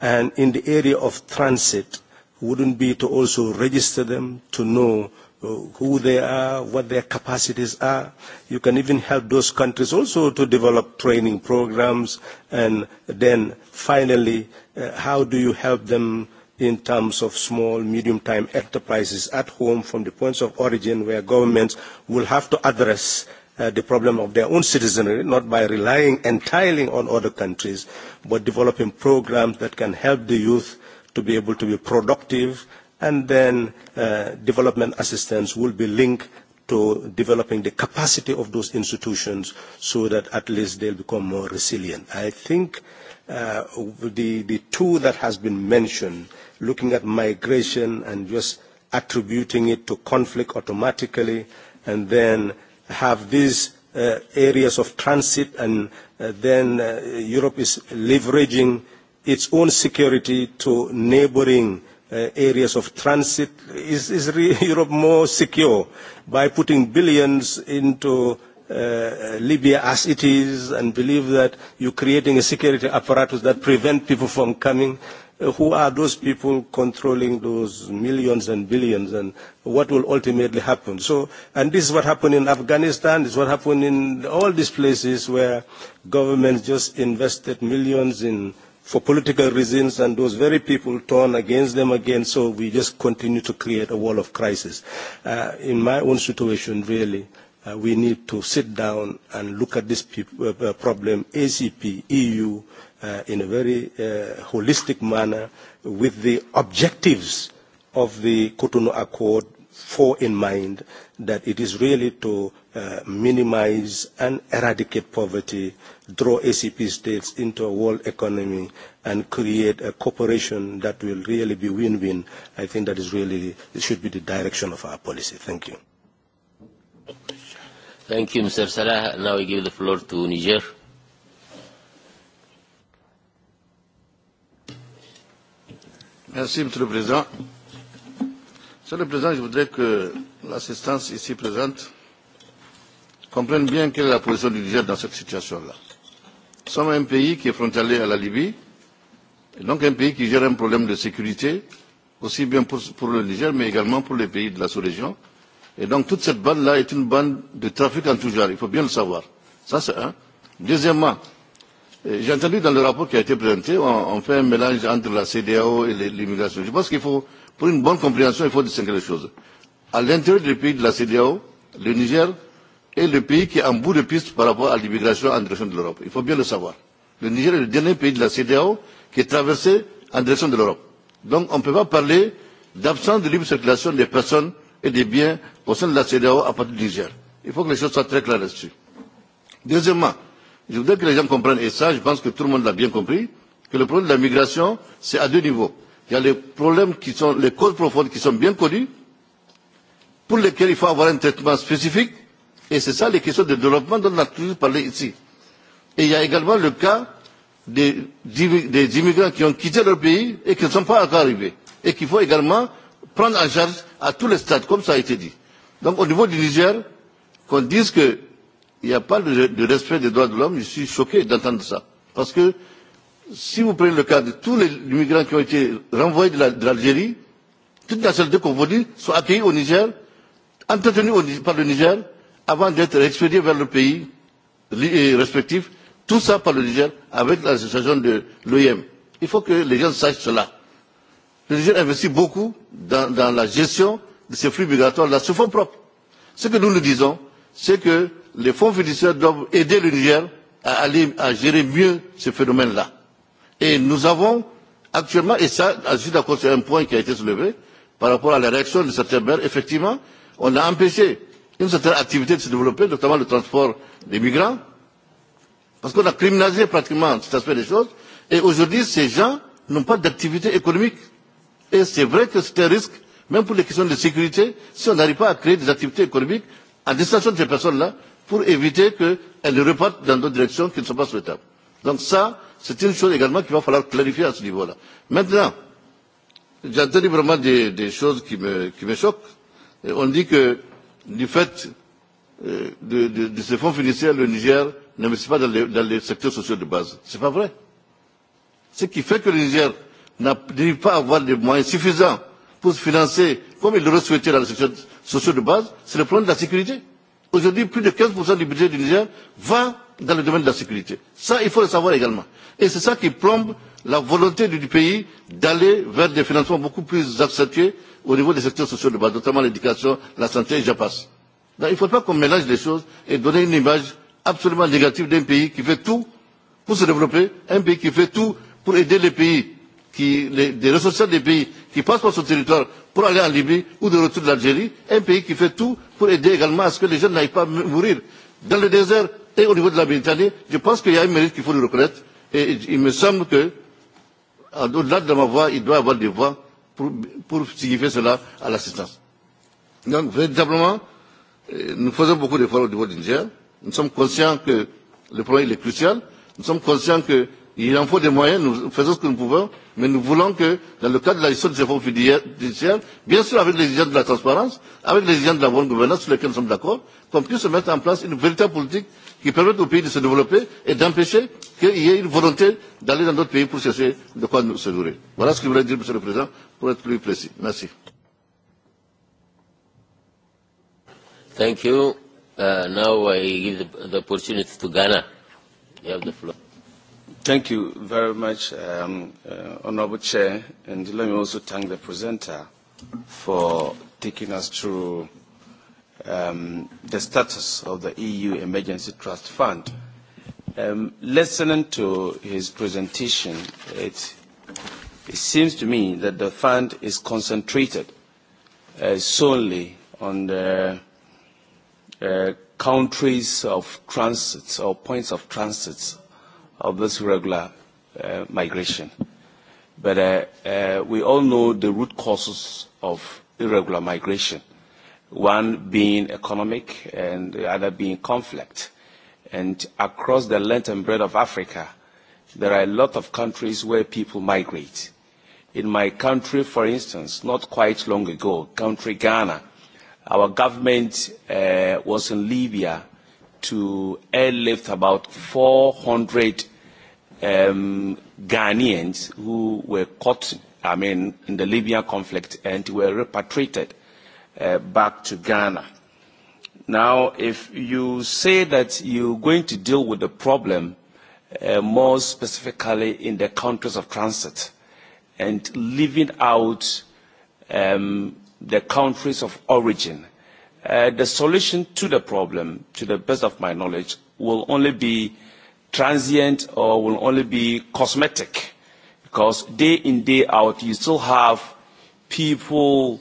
And in the area of transit, wouldn't be to also register them to know who they are, what their capacities are. You can even help those countries also to develop training programs. And then finally, uh, how do you help them in terms of small, medium-time enterprises at home from the points of origin where governments will have to address uh, the problem of their own citizenry, not by relying entirely on other countries, but developing programs that can help the youth to be able to be productive and then uh, development assistance will be linked to developing the capacity of those institutions so that at least they'll become more resilient. I think uh, the, the two that has been mentioned, looking at migration and just attributing it to conflict automatically, and then have these uh, areas of transit, and uh, then uh, Europe is leveraging its own security to neighboring areas of transit? Is, is Europe more secure by putting billions into uh, Libya as it is and believe that you're creating a security apparatus that prevents people from coming? who are those people controlling those millions and billions and what will ultimately happen. So, and this is what happened in Afghanistan, this is what happened in all these places where governments just invested millions in for political reasons, and those very people turn against them again, so we just continue to create a wall of crisis. Uh, in my own situation, really, uh, we need to sit down and look at this uh, problem, ACP, EU, uh, in a very uh, holistic manner with the objectives of the Cotonou Accord for in mind that it is really to uh, minimize and eradicate poverty, draw ACP states into a world economy, and create a cooperation that will really be win-win. I think that is really should be the direction of our policy. Thank you. Thank you, Mr. Salah. Now I give the floor to Niger. Merci, Mr. President. Monsieur le Président, je voudrais que l'assistance ici présente comprenne bien quelle est la position du Niger dans cette situation-là. Nous sommes un pays qui est frontalier à la Libye, et donc un pays qui gère un problème de sécurité, aussi bien pour, pour le Niger, mais également pour les pays de la sous-région. Et donc toute cette bande-là est une bande de trafic en tout genre, il faut bien le savoir. Ça, c'est un. Deuxièmement, j'ai entendu dans le rapport qui a été présenté, on, on fait un mélange entre la CDAO et l'immigration. Je pense qu'il faut Pour une bonne compréhension, il faut distinguer les choses. À l'intérieur du pays de la CDAO, le Niger est le pays qui est en bout de piste par rapport à l'immigration en direction de l'Europe. Il faut bien le savoir. Le Niger est le dernier pays de la CDAO qui est traversé en direction de l'Europe. Donc on ne peut pas parler d'absence de libre circulation des personnes et des biens au sein de la CDAO à partir du Niger. Il faut que les choses soient très claires là-dessus. Deuxièmement, je voudrais que les gens comprennent, et ça je pense que tout le monde l'a bien compris, que le problème de la migration, c'est à deux niveaux. Il y a les problèmes qui sont, les causes profondes qui sont bien connues, pour lesquelles il faut avoir un traitement spécifique, et c'est ça les questions de développement dont on a toujours parlé ici. Et il y a également le cas des, des immigrants qui ont quitté leur pays et qui ne sont pas encore arrivés, et qu'il faut également prendre en charge à tous les stades, comme ça a été dit. Donc au niveau du Niger, qu'on dise qu'il n'y a pas de, de respect des droits de l'homme, je suis choqué d'entendre ça. Parce que si vous prenez le cas de tous les migrants qui ont été renvoyés de l'Algérie, toute nationalité qu'on vous dit, sont accueillis au Niger, entretenus au, par le Niger, avant d'être expédiés vers le pays respectif, tout ça par le Niger, avec l'association de l'OIM. Il faut que les gens sachent cela. Le Niger investit beaucoup dans, dans la gestion de ces flux migratoires là sur fonds propres. Ce que nous nous disons, c'est que les fonds fiduciaires doivent aider le Niger à, aller, à gérer mieux ce phénomène-là Et nous avons actuellement, et ça, je suis d'accord sur un point qui a été soulevé, par rapport à la réaction de certains maires, effectivement, on a empêché une certaine activité de se développer, notamment le transport des migrants, parce qu'on a criminalisé pratiquement cet aspect des choses, et aujourd'hui, ces gens n'ont pas d'activité économique. Et c'est vrai que c'est un risque, même pour les questions de sécurité, si on n'arrive pas à créer des activités économiques à destination de ces personnes-là, pour éviter qu'elles ne repartent dans d'autres directions qui ne sont pas souhaitables. Donc ça, C'est une chose également qu'il va falloir clarifier à ce niveau-là. Maintenant, j'entends vraiment des, des choses qui me, qui me choquent. Et on dit que du fait euh, de, de, de ce fonds financier, le Niger n'investit pas dans les, dans les secteurs sociaux de base. Ce n'est pas vrai. Ce qui fait que le Niger n'arrive pas à avoir des moyens suffisants pour se financer comme il l'aurait souhaité dans les secteurs sociaux de base, c'est le problème de la sécurité. Aujourd'hui, plus de 15% du budget du Niger va dans le domaine de la sécurité. Ça, il faut le savoir également. Et c'est ça qui plombe la volonté du pays d'aller vers des financements beaucoup plus accentués au niveau des secteurs sociaux de base, notamment l'éducation, la santé, et j'en passe. Donc, il ne faut pas qu'on mélange les choses et donner une image absolument négative d'un pays qui fait tout pour se développer, un pays qui fait tout pour aider les pays, qui, les, les ressources des pays qui passent par son territoire pour aller en Libye ou de retour de l'Algérie, un pays qui fait tout pour aider également à ce que les jeunes n'aillent pas mourir dans le désert Et au niveau de la Méditerranée, je pense qu'il y a un mérite qu'il faut le reconnaître. Et il me semble que, au-delà de ma voix, il doit y avoir des voix pour, pour signifier cela à l'assistance. Donc, véritablement, nous faisons beaucoup d'efforts au niveau du Niger. Nous sommes conscients que le problème il est crucial. Nous sommes conscients qu'il en faut des moyens. Nous faisons ce que nous pouvons. Mais nous voulons que, dans le cadre de la gestion des efforts judiciaires, bien sûr avec l'exigence de la transparence, avec l'exigence de la bonne gouvernance sur lesquelles nous sommes d'accord, qu'on puisse mettre en place une véritable politique qui permettent au pays de se développer et d'empêcher qu'il y ait une volonté d'aller dans d'autres pays pour chercher de quoi nous se nourrir. Voilà ce que je voulais dire, Monsieur le Président, pour être plus précis. Merci. Thank you. Uh, now I give the, the opportunity to Ghana. You have the floor. Thank you very much, um, uh, Honorable Chair, and let me also thank the presenter for taking us through um, the status of the EU Emergency Trust Fund. Um, listening to his presentation, it, it seems to me that the fund is concentrated uh, solely on the uh, countries of transit or points of transit of this regular uh, migration. But uh, uh, we all know the root causes of irregular migration. Uh, one being economic and the other being conflict. And across the length and breadth of Africa, there are a lot of countries where people migrate. In my country, for instance, not quite long ago, country Ghana, our government uh, was in Libya to airlift about 400 um, Ghanaians who were caught, I mean, in the Libyan conflict and were repatriated back to Ghana. Now, if you say that you're going to deal with the problem uh, more specifically in the countries of transit and leaving out um, the countries of origin, uh, the solution to the problem, to the best of my knowledge, will only be transient or will only be cosmetic because day in, day out, you still have people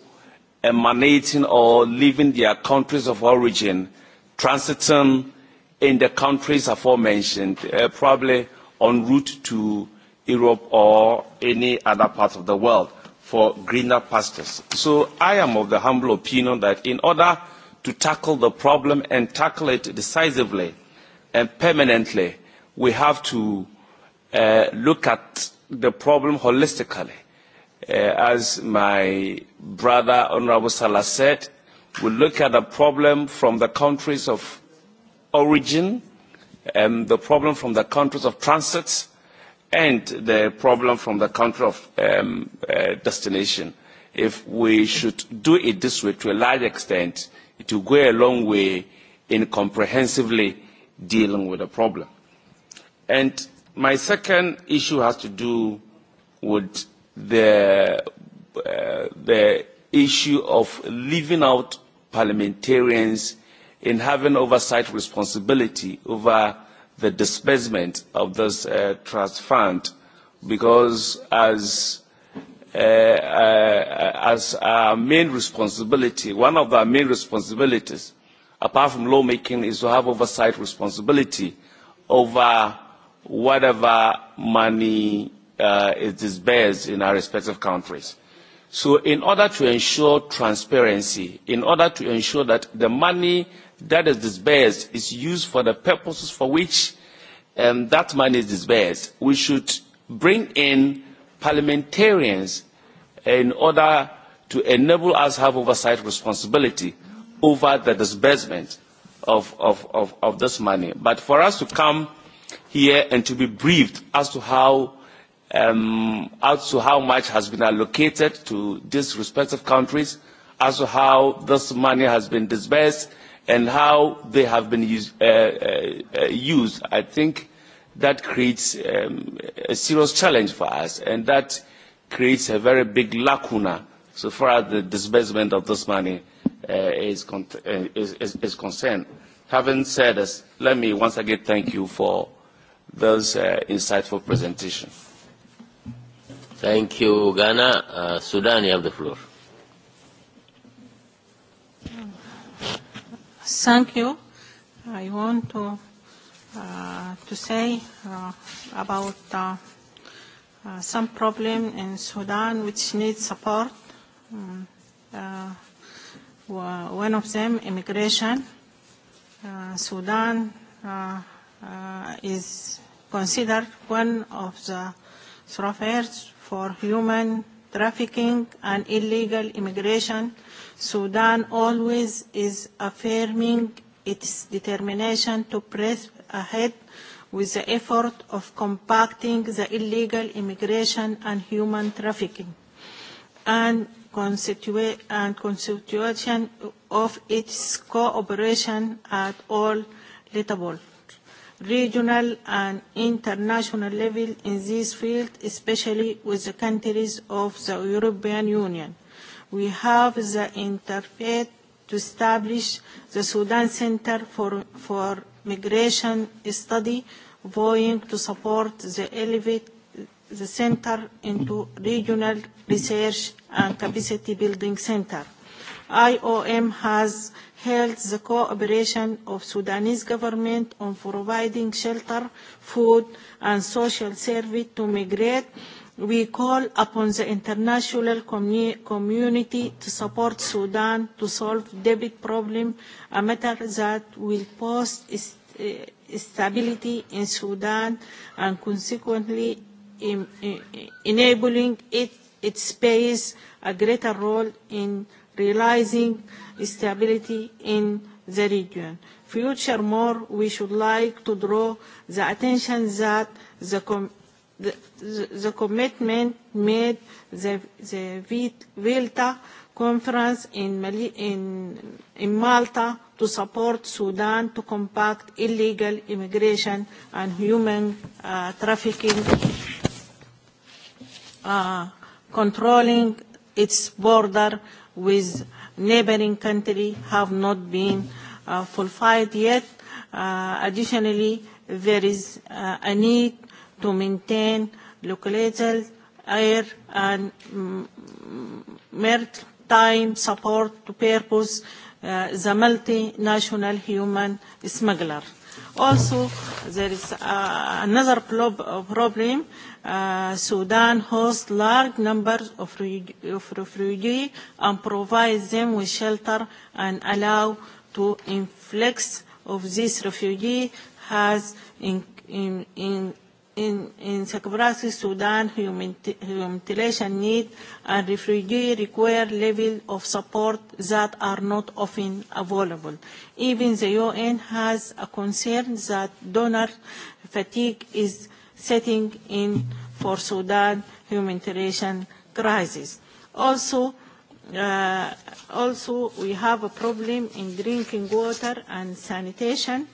emanating or leaving their countries of origin, transiting in the countries aforementioned, uh, probably en route to Europe or any other part of the world for greener pastures. So I am of the humble opinion that in order to tackle the problem and tackle it decisively and permanently, we have to uh, look at the problem holistically as my brother Honorable Salah said, we look at the problem from the countries of origin, um, the problem from the countries of transit, and the problem from the country of um, uh, destination. If we should do it this way to a large extent, it will go a long way in comprehensively dealing with the problem. And my second issue has to do with the, uh, the issue of leaving out parliamentarians in having oversight responsibility over the disbursement of this uh, trust fund because as uh, uh, as our main responsibility, one of our main responsibilities, apart from lawmaking, is to have oversight responsibility over whatever money uh, it is based in our respective countries. So in order to ensure transparency, in order to ensure that the money that is disbursed is used for the purposes for which um, that money is disbursed, we should bring in parliamentarians in order to enable us to have oversight responsibility over the disbursement of, of, of, of this money. But for us to come here and to be briefed as to how um, as to how much has been allocated to these respective countries, as to how this money has been disbursed, and how they have been use, uh, uh, used. I think that creates um, a serious challenge for us, and that creates a very big lacuna so far as the disbursement of this money uh, is, con- uh, is, is, is concerned. Having said this, let me once again thank you for this uh, insightful presentation. Thank you, Ghana. Uh, Sudan, you have the floor. Thank you. I want to uh, to say uh, about uh, uh, some problem in Sudan which needs support. Um, uh, one of them, immigration. Uh, Sudan uh, uh, is considered one of the thoroughfares for human trafficking and illegal immigration, Sudan always is affirming its determination to press ahead with the effort of compacting the illegal immigration and human trafficking and, and constitution of its cooperation at all levels regional and international level in this field, especially with the countries of the European Union. We have the interfaith to establish the Sudan Center for, for Migration Study, going to support the elevate the center into regional research and capacity building center. IOM has held the cooperation of Sudanese government on providing shelter, food, and social service to migrate. We call upon the international community to support Sudan to solve debit problem, a matter that will post stability in Sudan and consequently enabling it, its space a greater role in realizing stability in the region. Furthermore, we should like to draw the attention that the, com the, the commitment made the, the Vilta conference in, Mali in, in Malta to support Sudan to combat illegal immigration and human uh, trafficking, uh, controlling its border with neighboring country have not been uh, fulfilled yet. Uh, additionally, there is uh, a need to maintain local air and maritime support to purpose uh, the multinational human smuggler. Also, there is uh, another problem. Uh, Sudan hosts large numbers of, of refugees and provides them with shelter and allow to influx of these refugees has in, in, in in, in Sacabrasi, Sudan, humanitarian need and refugee require level of support that are not often available. Even the UN has a concern that donor fatigue is setting in for Sudan humanitarian crisis. Also, uh, also we have a problem in drinking water and sanitation.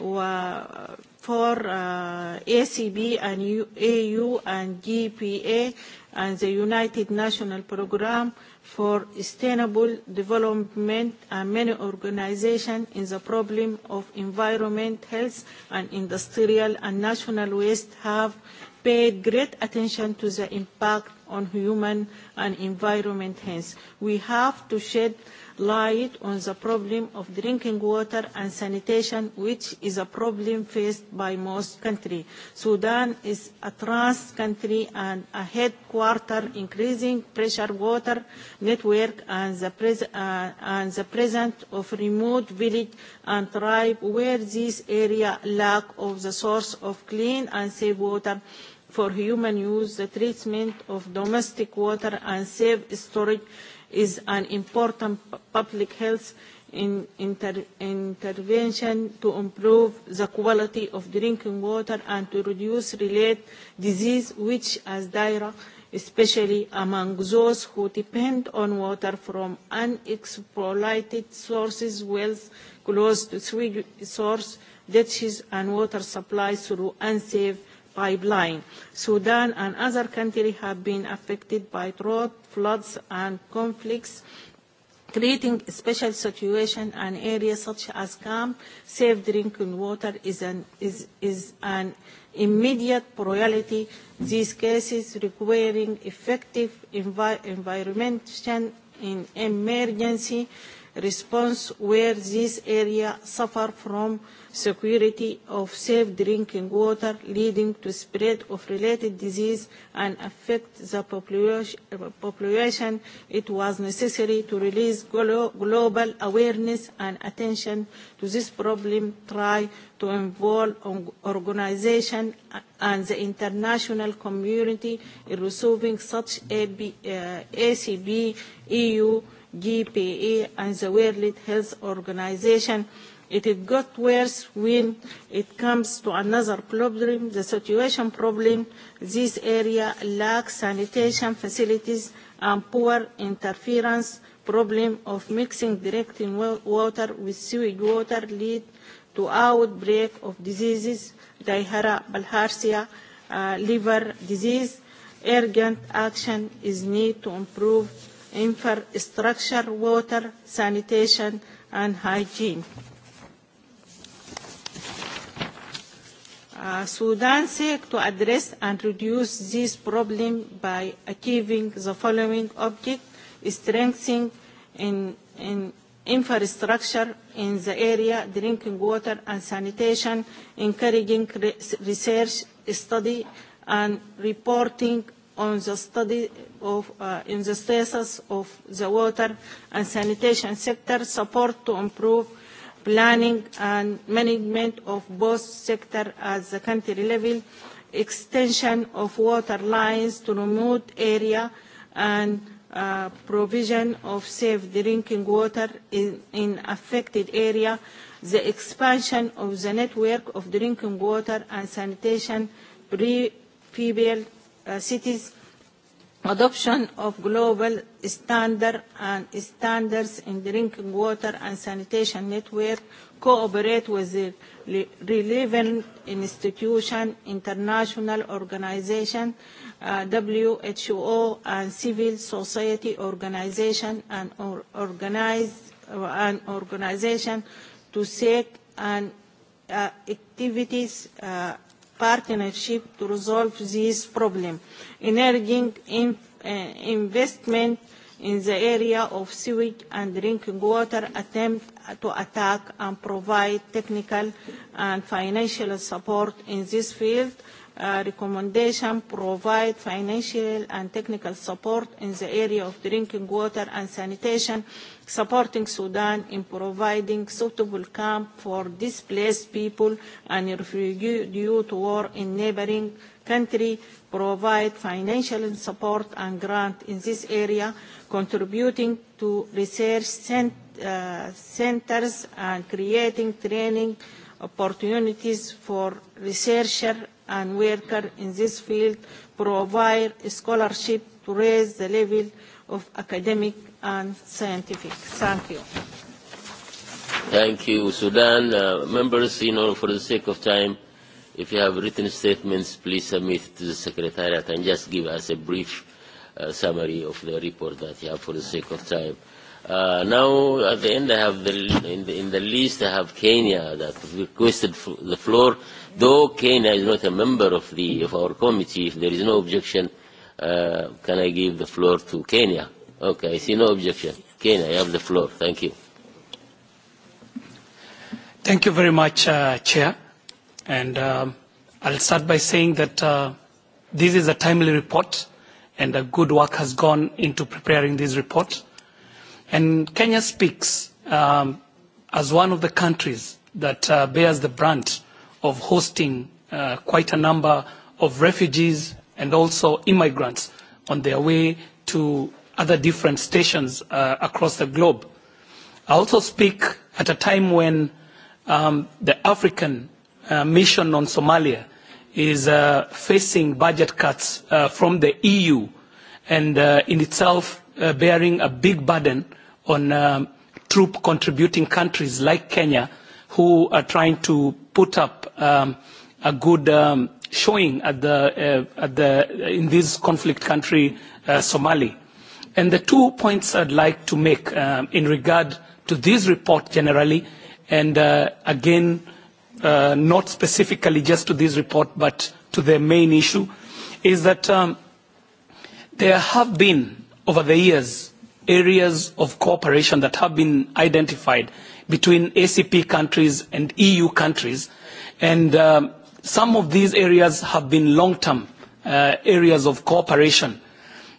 Uh, for uh, ACB and U, AU and GPA and the United National Programme for Sustainable Development and many organizations in the problem of environment, health and industrial and national waste have paid great attention to the impact on human and environment. Hence, we have to shed light on the problem of drinking water and sanitation, which is a problem faced by most countries. Sudan is a trans country and a headquarter increasing pressure water network and the, pres uh, and the presence of remote village and tribe where this area lack of the source of clean and safe water for human use, the treatment of domestic water and safe storage is an important public health in inter intervention to improve the quality of drinking water and to reduce related disease which as direct especially among those who depend on water from unexploited sources, wells close to sewage source, ditches and water supplies through unsafe pipeline. Sudan and other countries have been affected by drought, floods, and conflicts, creating a special situation and areas such as camp, safe drinking water is an, is, is an immediate priority. These cases requiring effective envi environmental in emergency response where this area suffer from security of safe drinking water leading to spread of related disease and affect the population, it was necessary to release global awareness and attention to this problem, try to involve organization and the international community in resolving such ACB, EU GPA, and the World Health Organization. It got worse when it comes to another problem, the situation problem. This area lacks sanitation facilities and poor interference problem of mixing direct water with sewage water lead to outbreak of diseases, dihara, balharsia, uh, liver disease. Urgent action is need to improve infrastructure, water, sanitation, and hygiene. Uh, Sudan seek to address and reduce this problem by achieving the following object, strengthening in, in infrastructure in the area, drinking water and sanitation, encouraging research, study and reporting on the study of, uh, in the status of the water and sanitation sector, support to improve planning and management of both sector at the country level, extension of water lines to remote area, and uh, provision of safe drinking water in, in affected area, the expansion of the network of drinking water and sanitation pre-field cities, adoption of global standard and standards in drinking water and sanitation network, cooperate with the relevant institution, international organization, uh, WHO and civil society organization and or uh, an organization to seek and uh, activities uh, partnership to resolve this problem, encouraging in, uh, investment in the area of sewage and drinking water attempt to attack and provide technical and financial support in this field recommendation provide financial and technical support in the area of drinking water and sanitation, supporting Sudan in providing suitable camp for displaced people and refugees due to war in neighboring country, provide financial support and grant in this area, contributing to research cent uh, centers and creating training opportunities for researchers and workers in this field provide scholarship to raise the level of academic and scientific. Thank you. Thank you, Sudan. Uh, members, you know, for the sake of time, if you have written statements, please submit to the Secretariat and just give us a brief uh, summary of the report that you have for the sake of time. Uh, now, at the end, I have the, in, the, in the list, I have Kenya that requested f the floor. Though Kenya is not a member of, the, of our committee, if there is no objection, uh, can I give the floor to Kenya? Okay, I see no objection. Kenya, you have the floor. Thank you. Thank you very much, uh, Chair. And um, I'll start by saying that uh, this is a timely report, and a good work has gone into preparing this report And Kenya speaks um, as one of the countries that uh, bears the brunt of hosting uh, quite a number of refugees and also immigrants on their way to other different stations uh, across the globe. I also speak at a time when um, the African uh, mission on Somalia is uh, facing budget cuts uh, from the EU and uh, in itself uh, bearing a big burden on um, troop contributing countries like Kenya who are trying to put up um, a good um, showing at the, uh, at the, in this conflict country, uh, Somali. And the two points I'd like to make um, in regard to this report generally, and uh, again, uh, not specifically just to this report, but to the main issue, is that um, there have been over the years areas of cooperation that have been identified between ACP countries and EU countries. And um, some of these areas have been long-term uh, areas of cooperation.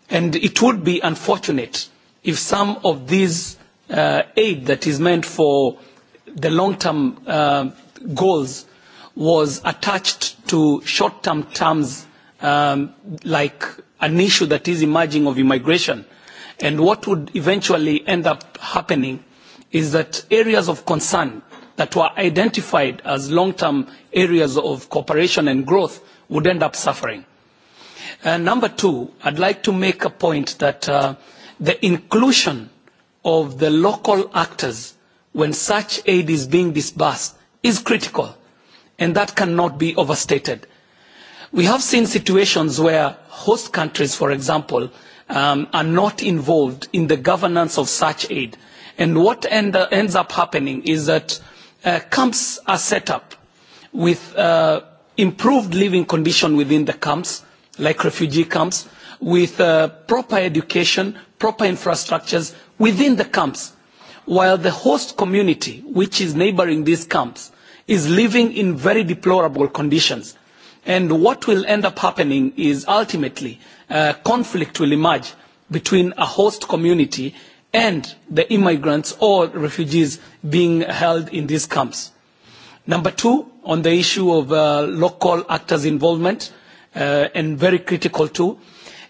And it would be unfortunate if some of these uh, aid that is meant for the long-term uh, goals was attached to short-term terms um, like an issue that is emerging of immigration. And what would eventually end up happening is that areas of concern that were identified as long-term areas of cooperation and growth would end up suffering. And number two, I'd like to make a point that uh, the inclusion of the local actors when such aid is being disbursed is critical, and that cannot be overstated We have seen situations where host countries, for example, um, are not involved in the governance of such aid. And what end, uh, ends up happening is that uh, camps are set up with uh, improved living conditions within the camps, like refugee camps, with uh, proper education, proper infrastructures within the camps, while the host community, which is neighboring these camps, is living in very deplorable conditions And what will end up happening is ultimately uh, conflict will emerge between a host community and the immigrants or refugees being held in these camps. Number two, on the issue of uh, local actors' involvement, uh, and very critical too,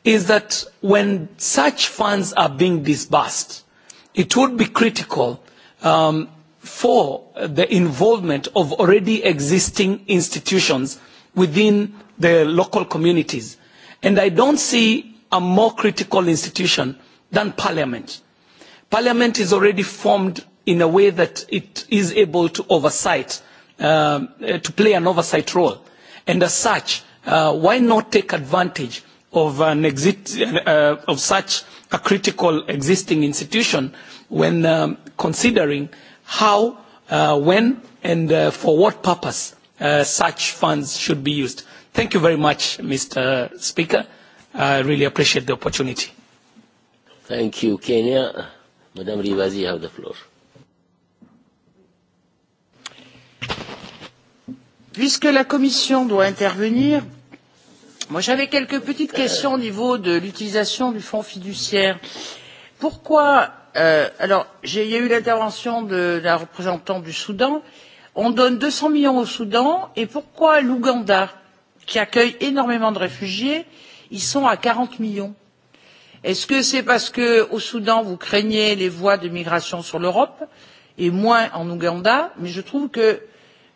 is that when such funds are being disbursed, it would be critical um, for the involvement of already existing institutions within the local communities. And I don't see a more critical institution than Parliament. Parliament is already formed in a way that it is able to oversight, uh, to play an oversight role. And as such, uh, why not take advantage of, an exit, uh, of such a critical existing institution when um, considering how, uh, when, and uh, for what purpose such funds should be used. Thank you very much, Mr. Speaker. I really appreciate the opportunity. Thank you, Kenya. Madam Rivazi, you have the floor. Puisque la Commission doit intervenir, moi j'avais quelques petites questions au niveau de l'utilisation du fonds fiduciaire. Pourquoi euh, alors il y a eu l'intervention de la représentante du Soudan, euh, on donne deux cents millions au soudan et pourquoi l'ouganda qui accueille énormément de réfugiés ils sont à quarante millions? est ce que c'est parce qu'au soudan vous craignez les voies de migration sur l'europe et moins en ouganda? mais je trouve que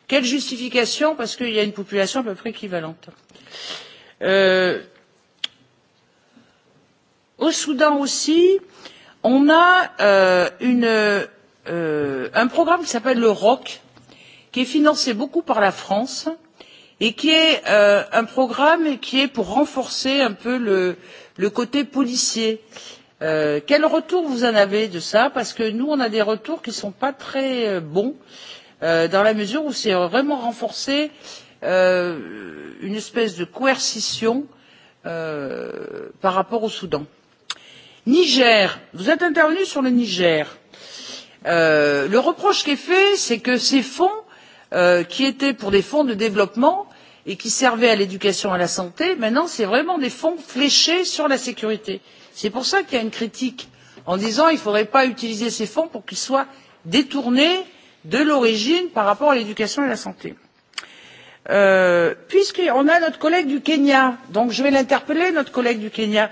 quelle justification parce qu'il y a une population à peu près équivalente. au soudan aussi on a un programme qui s'appelle le roc qui est financé beaucoup par la France et qui est un programme qui est pour renforcer un peu le, côté policier. quel retour vous en avez de cela Parce que nous, on a des retours qui ne sont pas très bons, dans la mesure où c'est vraiment euh, une espèce de coercition par rapport au Soudan. Niger, vous êtes intervenu sur le Niger. le reproche qui est fait, c'est que ces fonds qui étaient pour des fonds de développement et qui servaient à l'éducation et à la santé maintenant c'est vraiment des fonds fléchés sur la sécurité. c'est pour cela qu'il y a une critique en disant qu'il ne faudrait pas utiliser ces fonds pour qu'ils soient détournés de l'origine par rapport à l'éducation et à la santé. puisqu'on a notre collègue du kenya donc je vais l'interpeller notre collègue du kenya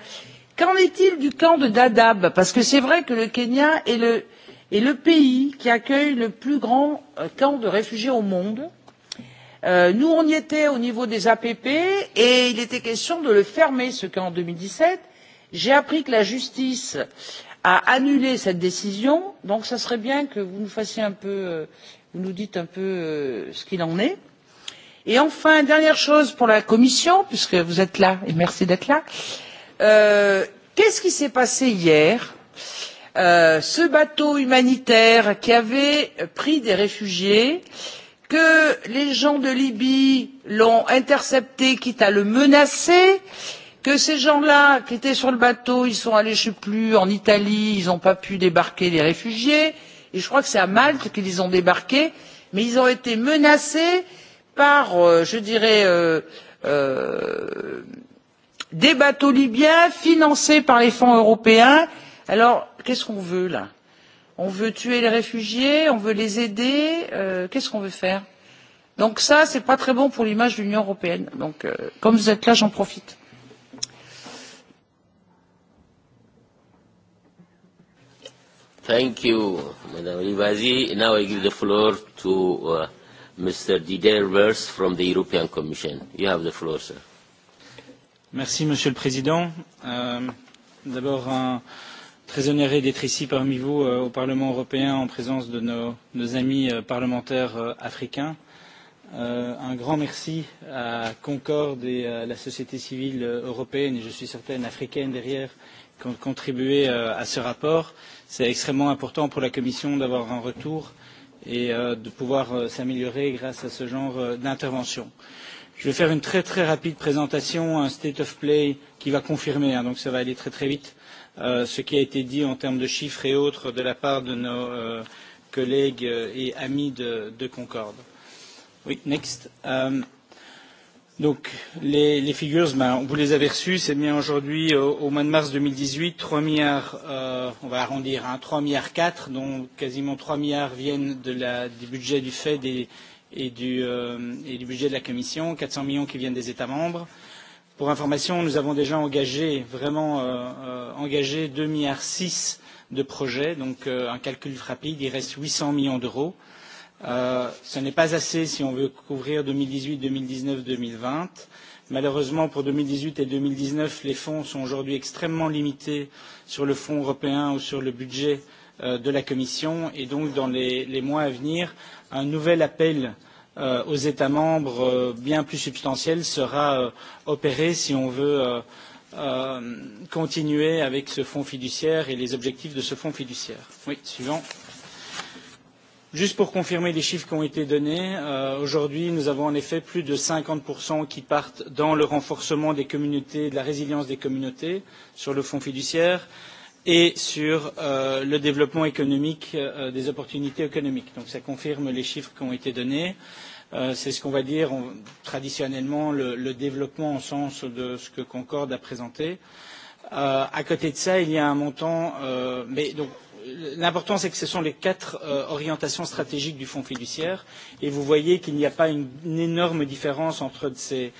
qu'en est il du camp de dadaab parce que c'est vrai que le kenya est le est le pays qui accueille le plus grand camp de réfugiés au monde. nous on y était au niveau des app et il était question de le fermer ce camp en. deux mille dix sept j'ai appris que la justice a annulé cette décision donc ce serait bien que vous nous fassiez un peu vous nous dites un peu ce qu'il en est. Et enfin, dernière chose pour la Commission, puisque vous êtes là et merci d'être là. Euh, Qu'est-ce qui s'est passé hier ce bateau humanitaire qui avait pris des réfugiés que les gens de libye l'ont intercepté quitte à le menacer que ces gens là qui étaient sur le bateau ils sont allés je ne sais plus en italie ils n'ont pas pu débarquer les réfugiés et je crois que c'est à malte qu'ils ont débarqué mais ils ont été menacés par je dirais des bateaux libyens financés par les fonds européens Alors, qu'est-ce qu'on veut là On veut tuer les réfugiés, on veut les aider, euh, qu'est-ce qu'on veut faire Donc ça, c'est pas très bon pour l'image de l'Union européenne. Donc, euh, comme vous êtes là, j'en profite. Thank you, Madame Rivasi. Now I give the floor to uh, Mr. Didier Wers from the European Commission. You have the floor, sir. Merci, Monsieur le Président. Euh, D'abord, un. Uh, très honoré d'être ici parmi vous au Parlement européen en présence de nos, nos amis parlementaires africains. un grand merci à Concorde et à la société civile européenne, et je suis certaine africaine derrière, qui ont contribué à ce rapport. C'est extrêmement important pour la Commission d'avoir un retour et de pouvoir s'améliorer grâce à ce genre d'intervention. Je vais faire une très très rapide présentation, un state of play qui va confirmer, donc ça va aller très très vite ce qui a été dit en termes de chiffres et autres de la part de nos collègues et amis de, Concorde. Oui, next. donc, les, figures, vous les avez reçues, c'est bien aujourd'hui, au, mois de mars deux mille dix huit, trois milliards, on va arrondir, hein, 3 milliards quatre, dont quasiment trois milliards viennent de la, du budget du FED et, et, du, budget de la Commission, quatre cents millions qui viennent des États membres. Pour information, nous avons déjà engagé, vraiment euh, engagé 2,6 milliards de projets, donc euh, un calcul rapide, il reste 800 millions d'euros. Euh, ce n'est pas assez si on veut couvrir 2018, 2019, 2020. Malheureusement, pour 2018 et 2019, les fonds sont aujourd'hui extrêmement limités sur le Fonds européen ou sur le budget de la Commission. Et donc, dans les, mois à venir, un nouvel appel aux États membres bien plus substantielle sera opérée si on veut continuer avec ce fonds fiduciaire et les objectifs de ce fonds fiduciaire. Oui, suivant. Juste pour confirmer les chiffres qui ont été donnés, aujourd'hui nous avons en effet plus de cinquante qui partent dans le renforcement des communautés, de la résilience des communautés sur le fonds fiduciaire et sur le développement économique des opportunités économiques. Donc ça confirme les chiffres qui ont été donnés. Euh, c'est ce qu'on va dire traditionnellement le, développement au sens de ce que Concorde a présenté. à côté de ça, il y a un montant, mais donc l'important c'est que ce sont les quatre orientations stratégiques du fonds fiduciaire et vous voyez qu'il n'y a pas une, énorme différence entre ces,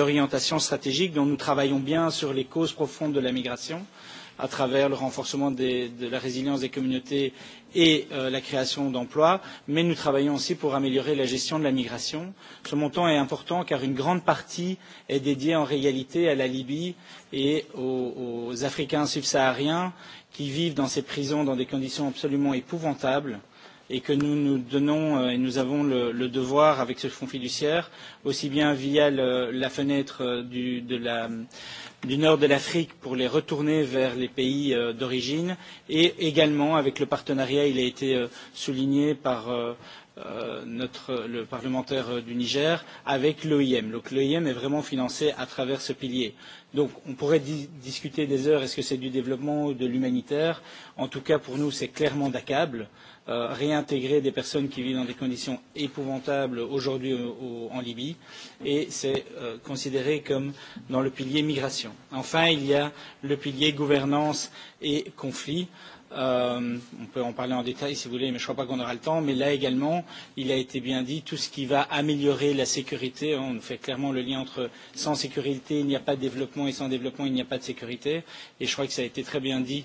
orientations stratégiques dont nous travaillons bien sur les causes profondes de la migration. Euh, à travers le renforcement de la résilience des communautés et la création d'emplois, mais nous travaillons aussi pour améliorer la gestion de la migration. Ce montant est important car une grande partie est dédiée en réalité à la Libye et aux, Africains subsahariens qui vivent dans ces prisons dans des conditions absolument épouvantables et que nous nous donnons et nous avons le, le devoir avec ce fonds fiduciaire, aussi bien via le, la fenêtre du, de la euh, du nord de l'Afrique pour les retourner vers les pays d'origine et également avec le partenariat, il a été souligné par notre, le parlementaire du Niger avec l'OIM. Donc l'OIM est vraiment financé à travers ce pilier. Donc on pourrait discuter des heures, est-ce que c'est du développement ou de l'humanitaire En tout cas, pour nous, c'est clairement d'accable. Euh, réintégrer des personnes qui vivent dans des conditions épouvantables aujourd'hui en Libye, et c'est euh, considéré comme dans le pilier migration. Enfin, il y a le pilier gouvernance et conflit. Euh, on peut en parler en détail si vous voulez, mais je ne crois pas qu'on aura le temps. Mais là également, il a été bien dit, tout ce qui va améliorer la sécurité, on fait clairement le lien entre sans sécurité, il n'y a pas de développement, et sans développement, il n'y a pas de sécurité. Et je crois que ça a été très bien dit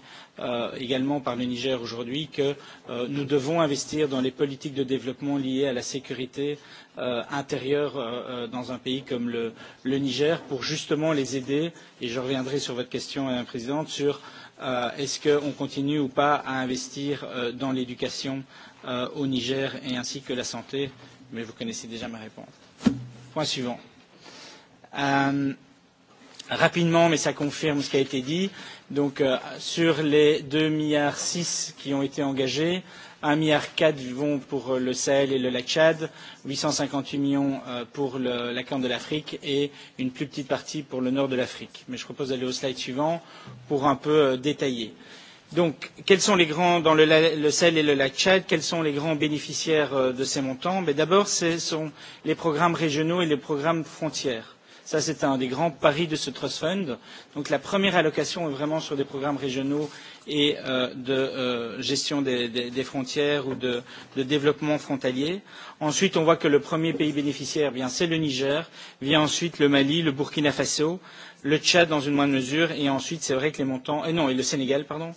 également par le Niger aujourd'hui, que nous devons investir dans les politiques de développement liées à la sécurité intérieure dans un pays comme le, Niger pour justement les aider, et je reviendrai sur votre question, Madame la Présidente, sur euh, est-ce qu'on continue ou pas à investir dans l'éducation au Niger et ainsi que la santé Mais vous connaissez déjà ma réponse. Point suivant. rapidement, mais ça confirme ce qui a été dit. Donc, sur les 2,6 milliards qui ont été engagés, Un milliard vont pour le Sahel et le lac Tchad, 858 millions pour la Corne de l'Afrique et une plus petite partie pour le nord de l'Afrique. Mais je propose d'aller au slide suivant pour un peu détailler. Donc, quels sont les grands dans le, le Sahel et le lac Tchad Quels sont les grands bénéficiaires de ces montants D'abord, ce sont les programmes régionaux et les programmes frontières. Ça, c'est un des grands paris de ce Trust Fund. Donc, la première allocation est vraiment sur des programmes régionaux et de gestion des, frontières ou de, développement frontalier. Ensuite, on voit que le premier pays bénéficiaire, c'est le Niger, vient ensuite le Mali, le Burkina Faso, le Tchad dans une moindre mesure, et ensuite, c'est vrai que les montants, et non, et le Sénégal, pardon,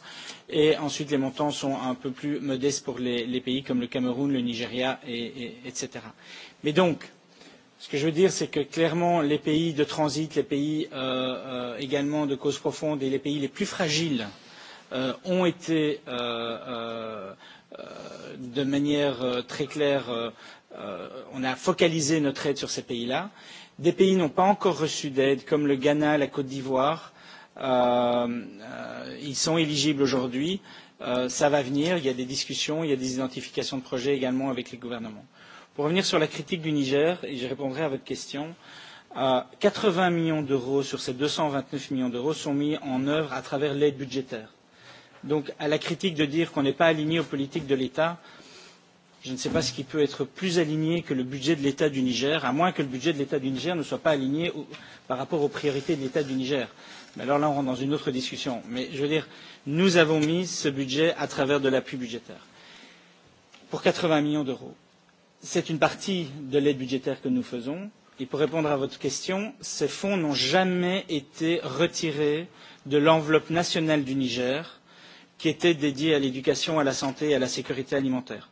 et ensuite les montants sont un peu plus modestes pour les, les pays comme le Cameroun, le Nigeria, et, et, etc. Mais donc, ce que je veux dire, c'est que clairement, les pays de transit, les pays euh, euh, également de cause profonde et les pays les plus fragiles ont été de manière très claire, on a focalisé notre aide sur ces pays-là. Des pays n'ont pas encore reçu d'aide, comme le Ghana, la Côte d'Ivoire. ils sont éligibles aujourd'hui. ça va venir. Il y a des discussions, il y a des identifications de projets également avec les gouvernements. Pour revenir sur la critique du Niger, et je répondrai à votre question, quatre 80 millions d'euros sur ces deux cent vingt neuf millions d'euros sont mis en œuvre à travers l'aide budgétaire donc à la critique de dire qu'on n'est pas aligné aux politiques de l'État, je ne sais pas ce qui peut être plus aligné que le budget de l'État du Niger, à moins que le budget de l'État du Niger ne soit pas aligné par rapport aux priorités de l'État du Niger. Mais alors là, on rentre dans une autre discussion. Mais je veux dire, nous avons mis ce budget à travers de l'appui budgétaire pour 80 millions d'euros. C'est une partie de l'aide budgétaire que nous faisons. Et pour répondre à votre question, ces fonds n'ont jamais été retirés de l'enveloppe nationale du Niger qui étaient dédiés à l'éducation, à la santé et à la sécurité alimentaire.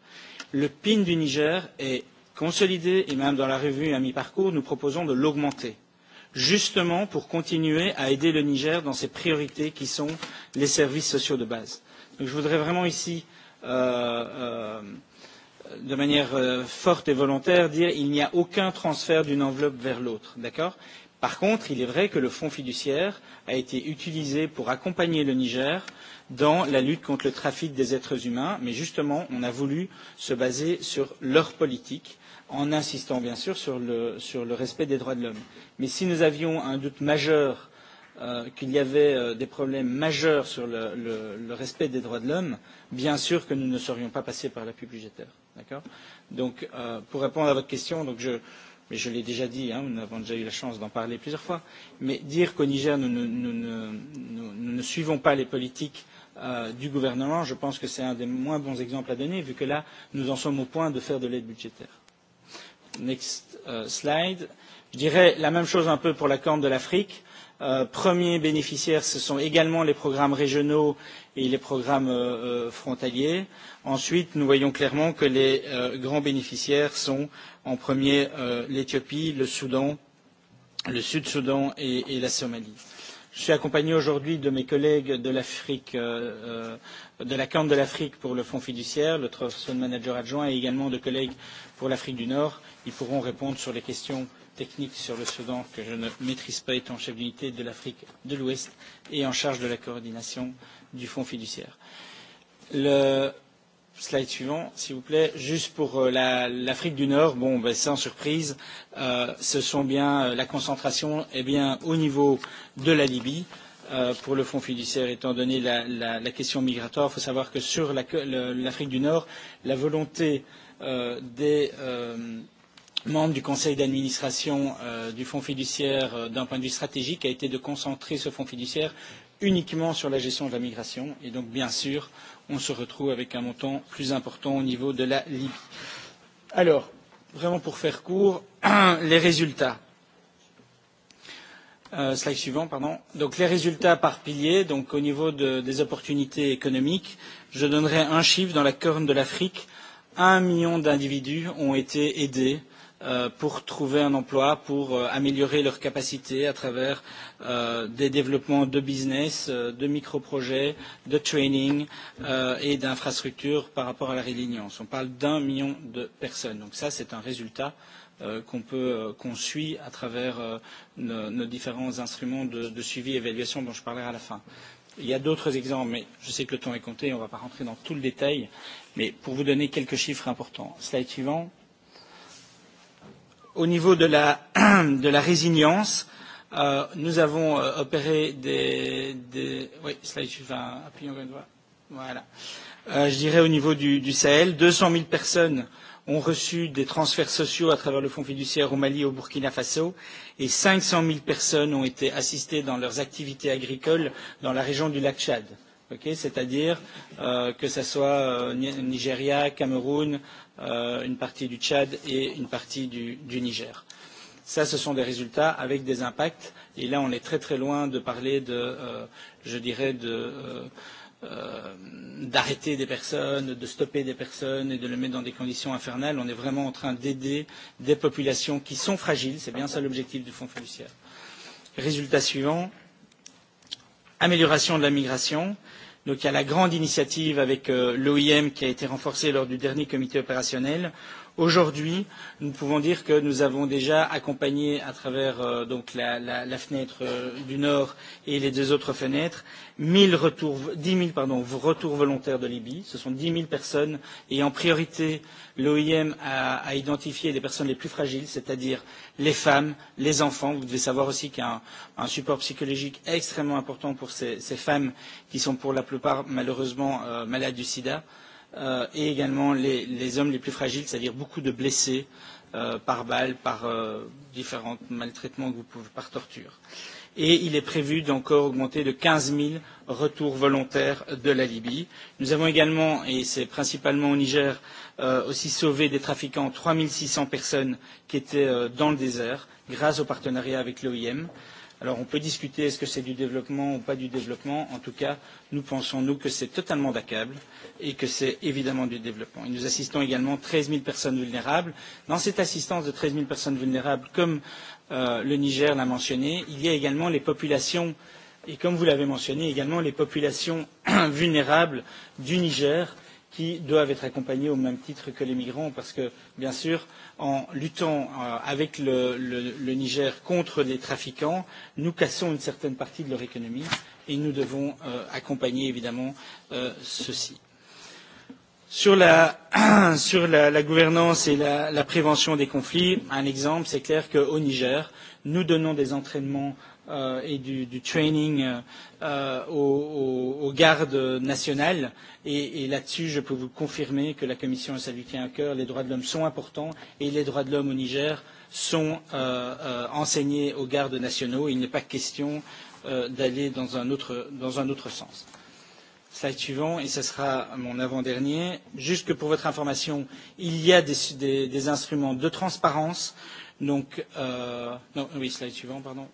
Le PIN du Niger est consolidé et même dans la revue à mi-parcours, nous proposons de l'augmenter, justement pour continuer à aider le Niger dans ses priorités qui sont les services sociaux de base. Donc je voudrais vraiment ici euh, euh, de manière forte et volontaire dire qu'il n'y a aucun transfert d'une enveloppe vers l'autre. D'accord Par contre, il est vrai que le fonds fiduciaire a été utilisé pour accompagner le Niger dans la lutte contre le trafic des êtres humains, mais justement, on a voulu se baser sur leur politique en insistant bien sûr sur le, sur le respect des droits de l'homme. Mais si nous avions un doute majeur euh, qu'il y avait euh, des problèmes majeurs sur le, le, le respect des droits de l'homme, bien sûr que nous ne serions pas passés par l'appui budgétaire. D'accord Donc, euh, pour répondre à votre question, donc je, mais je l'ai déjà dit, hein, nous avons déjà eu la chance d'en parler plusieurs fois, mais dire qu'au Niger, nous, nous, nous, nous, nous ne suivons pas les politiques du gouvernement, je pense que c'est un des moins bons exemples à donner, vu que là, nous en sommes au point de faire de l'aide budgétaire. Next slide. Je dirais la même chose un peu pour la Corne de l'Afrique. premiers bénéficiaires, ce sont également les programmes régionaux et les programmes frontaliers. Ensuite, nous voyons clairement que les grands bénéficiaires sont en premier l'Éthiopie, le Soudan, le Sud-Soudan et, la Somalie Je suis accompagné aujourd'hui de mes collègues de l'Afrique, euh, de la Corne de l'Afrique pour le Fonds fiduciaire, le Trust Manager adjoint et également de collègues pour l'Afrique du Nord. Ils pourront répondre sur les questions techniques sur le Soudan que je ne maîtrise pas étant chef d'unité de l'Afrique de l'Ouest et en charge de la coordination du Fonds fiduciaire. Le, slide suivant, s'il vous plaît. Juste pour l'Afrique du Nord, bon, ben, sans surprise, euh, ce sont bien la concentration est bien au niveau de la Libye. Euh, pour le fonds fiduciaire, étant donné la, la, la question migratoire, il faut savoir que sur l'Afrique du Nord, la volonté euh, des euh, membres du conseil d'administration du fonds fiduciaire d'un point de vue stratégique a été de concentrer ce fonds fiduciaire uniquement sur la gestion de la migration. Et donc, bien sûr, on se retrouve avec un montant plus important au niveau de la Libye. Alors, vraiment pour faire court, les résultats. Euh, slide suivant, pardon. Donc les résultats par pilier, donc au niveau de, des opportunités économiques, je donnerai un chiffre dans la corne de l'Afrique. Un million d'individus ont été aidés euh, pour trouver un emploi, pour améliorer leurs capacités à travers des développements de business, de micro-projets, de training et d'infrastructures par rapport à la résilience. On parle d'un million de personnes. Donc ça, c'est un résultat qu'on peut qu'on suit à travers nos, nos différents instruments de, de suivi et évaluation dont je parlerai à la fin. Il y a d'autres exemples, mais je sais que le temps est compté, on ne va pas rentrer dans tout le détail, mais pour vous donner quelques chiffres importants. Slide suivant Au niveau de la, de la résilience, euh, nous avons euh, opéré des, des... Oui, slide suivant, appuyons comme doigt. Voilà. Euh, je dirais au niveau du, du Sahel, 200 000 personnes ont reçu des transferts sociaux à travers le fonds fiduciaire au Mali et au Burkina Faso et 500 000 personnes ont été assistées dans leurs activités agricoles dans la région du lac Tchad. Euh, okay c'est-à-dire euh, que ce soit euh, Nigeria, Cameroun, euh, une partie du Tchad et une partie du, du Niger. Ça, ce sont des résultats avec des impacts. Et là, on est très très loin de parler de, euh, je dirais, de euh, d'arrêter des personnes, de stopper des personnes et de les mettre dans des conditions infernales. On est vraiment en train d'aider des populations qui sont fragiles. C'est bien ça l'objectif du Fonds fiduciaire. Résultat suivant, amélioration de la migration. Donc il y a la grande initiative avec l'OIM qui a été renforcée lors du dernier comité opérationnel. Aujourd'hui, nous pouvons dire que nous avons déjà accompagné à travers euh, donc la, la, la fenêtre euh, du Nord et les deux autres fenêtres 1000 retours, 10 000 pardon, retours volontaires de Libye. Ce sont 10 000 personnes et en priorité, l'OIM a, a identifié les personnes les plus fragiles, c'est-à-dire les femmes, les enfants. Vous devez savoir aussi qu'il y a un, un support psychologique extrêmement important pour ces, ces femmes qui sont pour la plupart malheureusement euh, malades du sida et également les, les hommes les plus fragiles, c'est-à-dire beaucoup de blessés par balle, par différents maltraitements que vous pouvez, par torture. Et il est prévu d'encore augmenter de 15 000 retours volontaires de la Libye. Nous avons également, et c'est principalement au Niger, aussi sauvé des trafiquants 3 600 personnes qui étaient dans le désert grâce au partenariat avec l'OIM. Euh, Alors on peut discuter est-ce que c'est du développement ou pas du développement. En tout cas, nous pensons, nous, que c'est totalement d'accable et que c'est évidemment du développement. Et nous assistons également 13 000 personnes vulnérables. Dans cette assistance de 13 000 personnes vulnérables, comme euh, le Niger l'a mentionné, il y a également les populations, et comme vous l'avez mentionné, également les populations vulnérables du Niger qui doivent être accompagnés au même titre que les migrants, parce que, bien sûr, en luttant avec le, Niger contre les trafiquants, nous cassons une certaine partie de leur économie et nous devons accompagner évidemment euh, ceci. Sur la, gouvernance et la, prévention des conflits, un exemple, c'est clair qu'au Niger, nous donnons des entraînements euh, et du, du training euh, aux, aux gardes nationales. Et, et là-dessus, je peux vous confirmer que la Commission est lui tient à cœur. Les droits de l'homme sont importants et les droits de l'homme au Niger sont euh, euh, enseignés aux gardes nationaux. Il n'est pas question euh, d'aller dans, un autre, dans un autre sens. Slide suivant, et ce sera mon avant-dernier. Juste que pour votre information, il y a des, des, des instruments de transparence. Donc, euh, non, oui, slide suivant, pardon.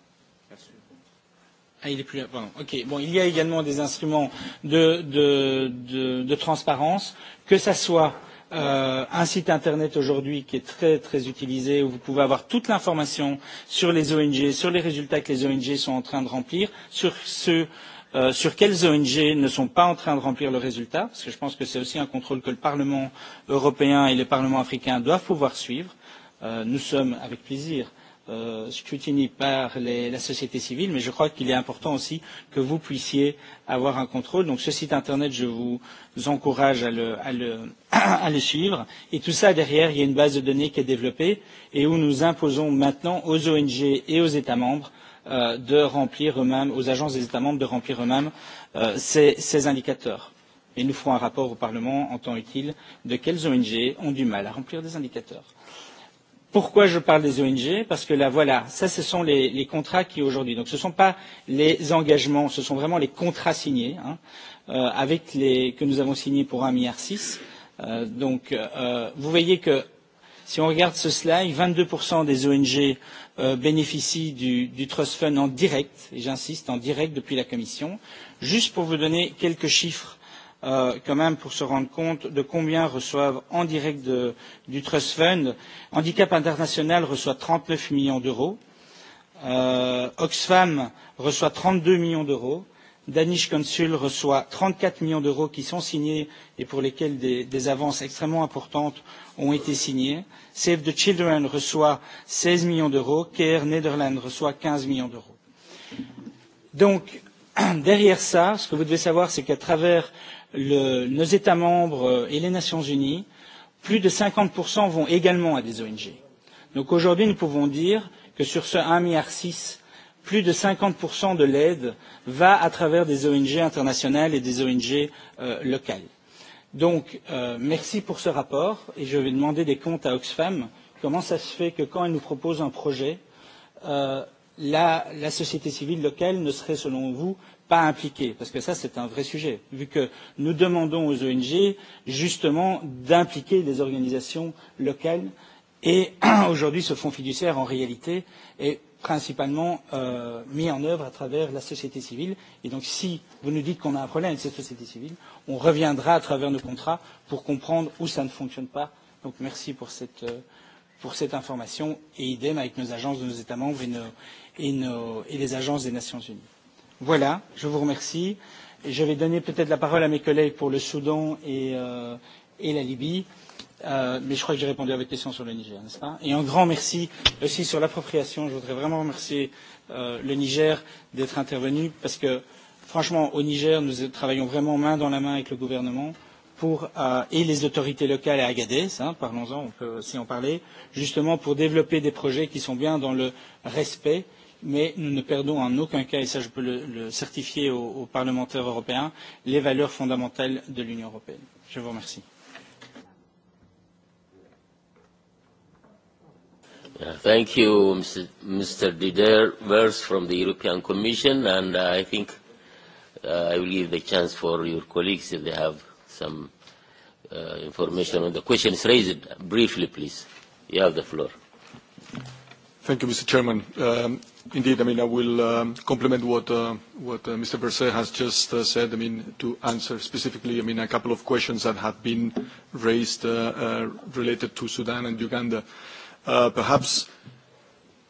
Ah, il est plus là. Pardon. Ok. Bon, il y a également des instruments de, de, de, de transparence, que ça soit euh, un site internet aujourd'hui qui est très très utilisé où vous pouvez avoir toute l'information sur les ONG, sur les résultats que les ONG sont en train de remplir, sur ceux euh, sur quelles ONG ne sont pas en train de remplir le résultat, parce que je pense que c'est aussi un contrôle que le Parlement européen et le Parlement africain doivent pouvoir suivre. Euh, nous sommes avec plaisir euh, scrutini par les, la société civile, mais je crois qu'il est important aussi que vous puissiez avoir un contrôle. Donc ce site internet, je vous encourage à le, à le, à le suivre. Et tout ça derrière, il y a une base de données qui est développée et où nous imposons maintenant aux ONG et aux États membres euh, de remplir eux-mêmes, aux agences des États membres de remplir eux-mêmes euh, ces, ces indicateurs. Et nous ferons un rapport au Parlement en temps utile de quelles ONG ont du mal à remplir des indicateurs. Pourquoi je parle des ONG Parce que là, voilà, ça, ce sont les, les contrats qui aujourd'hui. Donc, ce ne sont pas les engagements, ce sont vraiment les contrats signés hein, euh, avec les que nous avons signés pour 1,6 milliard. Euh, donc, euh, vous voyez que si on regarde ce slide, 22% des ONG euh, bénéficient du, du Trust Fund en direct, et j'insiste, en direct depuis la Commission. Juste pour vous donner quelques chiffres quand même pour se rendre compte de combien reçoivent en direct du Trust Fund. Handicap International reçoit trente neuf millions d'euros. Oxfam reçoit trente deux millions d'euros. Danish Consul reçoit trente quatre millions d'euros qui sont signés et pour lesquels des, avances extrêmement importantes ont été signées. Save the Children reçoit seize millions d'euros. Care Netherlands reçoit quinze millions d'euros. Donc, derrière cela, ce que vous devez savoir, c'est qu'à travers nos États membres et les Nations Unies, plus de cinquante vont également à des ONG. Donc aujourd'hui, nous pouvons dire que sur ce un milliard, plus de cinquante de l'aide va à travers des ONG internationales et des ONG locales. Donc, merci pour ce rapport et je vais demander des comptes à Oxfam. Comment cela se fait que quand elle nous propose un projet, la, société civile locale ne serait, selon vous, pas impliquées Parce que ça, c'est un vrai sujet, vu que nous demandons aux ONG justement d'impliquer des organisations locales. Et aujourd'hui, ce fonds fiduciaire, en réalité, est principalement euh, mis en œuvre à travers la société civile. Et donc, si vous nous dites qu'on a un problème avec cette société civile, on reviendra à travers nos contrats pour comprendre où ça ne fonctionne pas. Donc, merci pour cette, euh, pour cette information. Et idem avec nos agences de nos États membres et, nos, et, nos, et les agences des Nations Unies. Voilà, je vous remercie. Je vais donner peut-être la parole à mes collègues pour le Soudan et, euh, et la Libye. Euh, mais je crois que j'ai répondu à votre question sur le Niger, n'est-ce pas Et un grand merci aussi sur l'appropriation. Je voudrais vraiment remercier euh, le Niger d'être intervenu parce que, franchement, au Niger, nous travaillons vraiment main dans la main avec le gouvernement pour, euh, et les autorités locales à Agadez, hein, parlons-en, on peut aussi en parler, justement pour développer des projets qui sont bien dans le respect euh, mais nous ne perdons en aucun cas, et ça je peux le, le certifier aux, aux parlementaires européens, les valeurs fondamentales de l'Union européenne. Je vous remercie. Thank you, Mr. Dider from the European Commission, and I think uh, I will give the chance for your colleagues if they have some uh, information on the questions raised. Briefly, please. You have the floor. Thank you, Mr. Chairman. indeed, I mean, I will um, complement what, uh, what Mr. Berset has just said. I mean, to answer specifically, I mean, a couple of questions that have been raised uh, uh, related to Sudan and Uganda. Uh, perhaps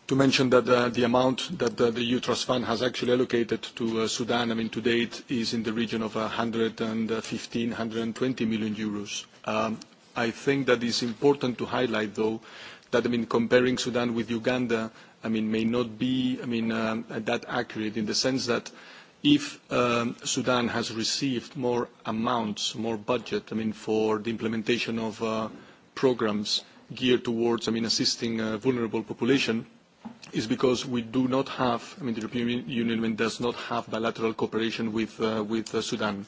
to mention that uh, the amount that uh, the EU Trust Fund has actually allocated to uh, Sudan, I mean, to date is in the region of 115, 120 million euros. Um, I think that it's important to highlight, though, that, I mean, comparing Sudan with Uganda, I mean, may not be, I mean, um, that accurate in the sense that if um, Sudan has received more amounts, more budget, I mean, for the implementation of uh, programs geared towards, I mean, assisting a vulnerable population, is because we do not have, I mean, the European Union does not have bilateral cooperation with, uh, with uh, Sudan.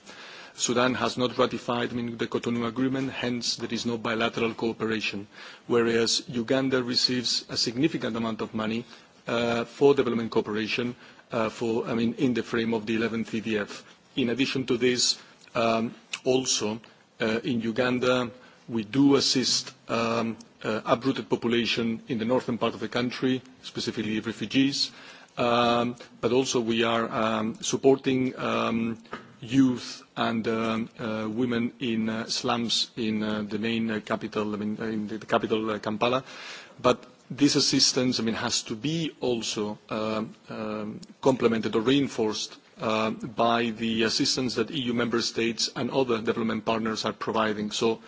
Sudan has not ratified the Cotonou Agreement, hence there is no bilateral cooperation, whereas Uganda receives a significant amount of money for development cooperation for, I mean, in the frame of the 11th EDF. In addition to this, also in Uganda, we do assist uprooted population in the northern part of the country, specifically refugees, but also we are supporting youth and women in slums in the main capital, I mean, in the capital, Kampala. But this assistance, I mean, has to be also complemented or reinforced by the assistance that EU member states and other development partners are providing. So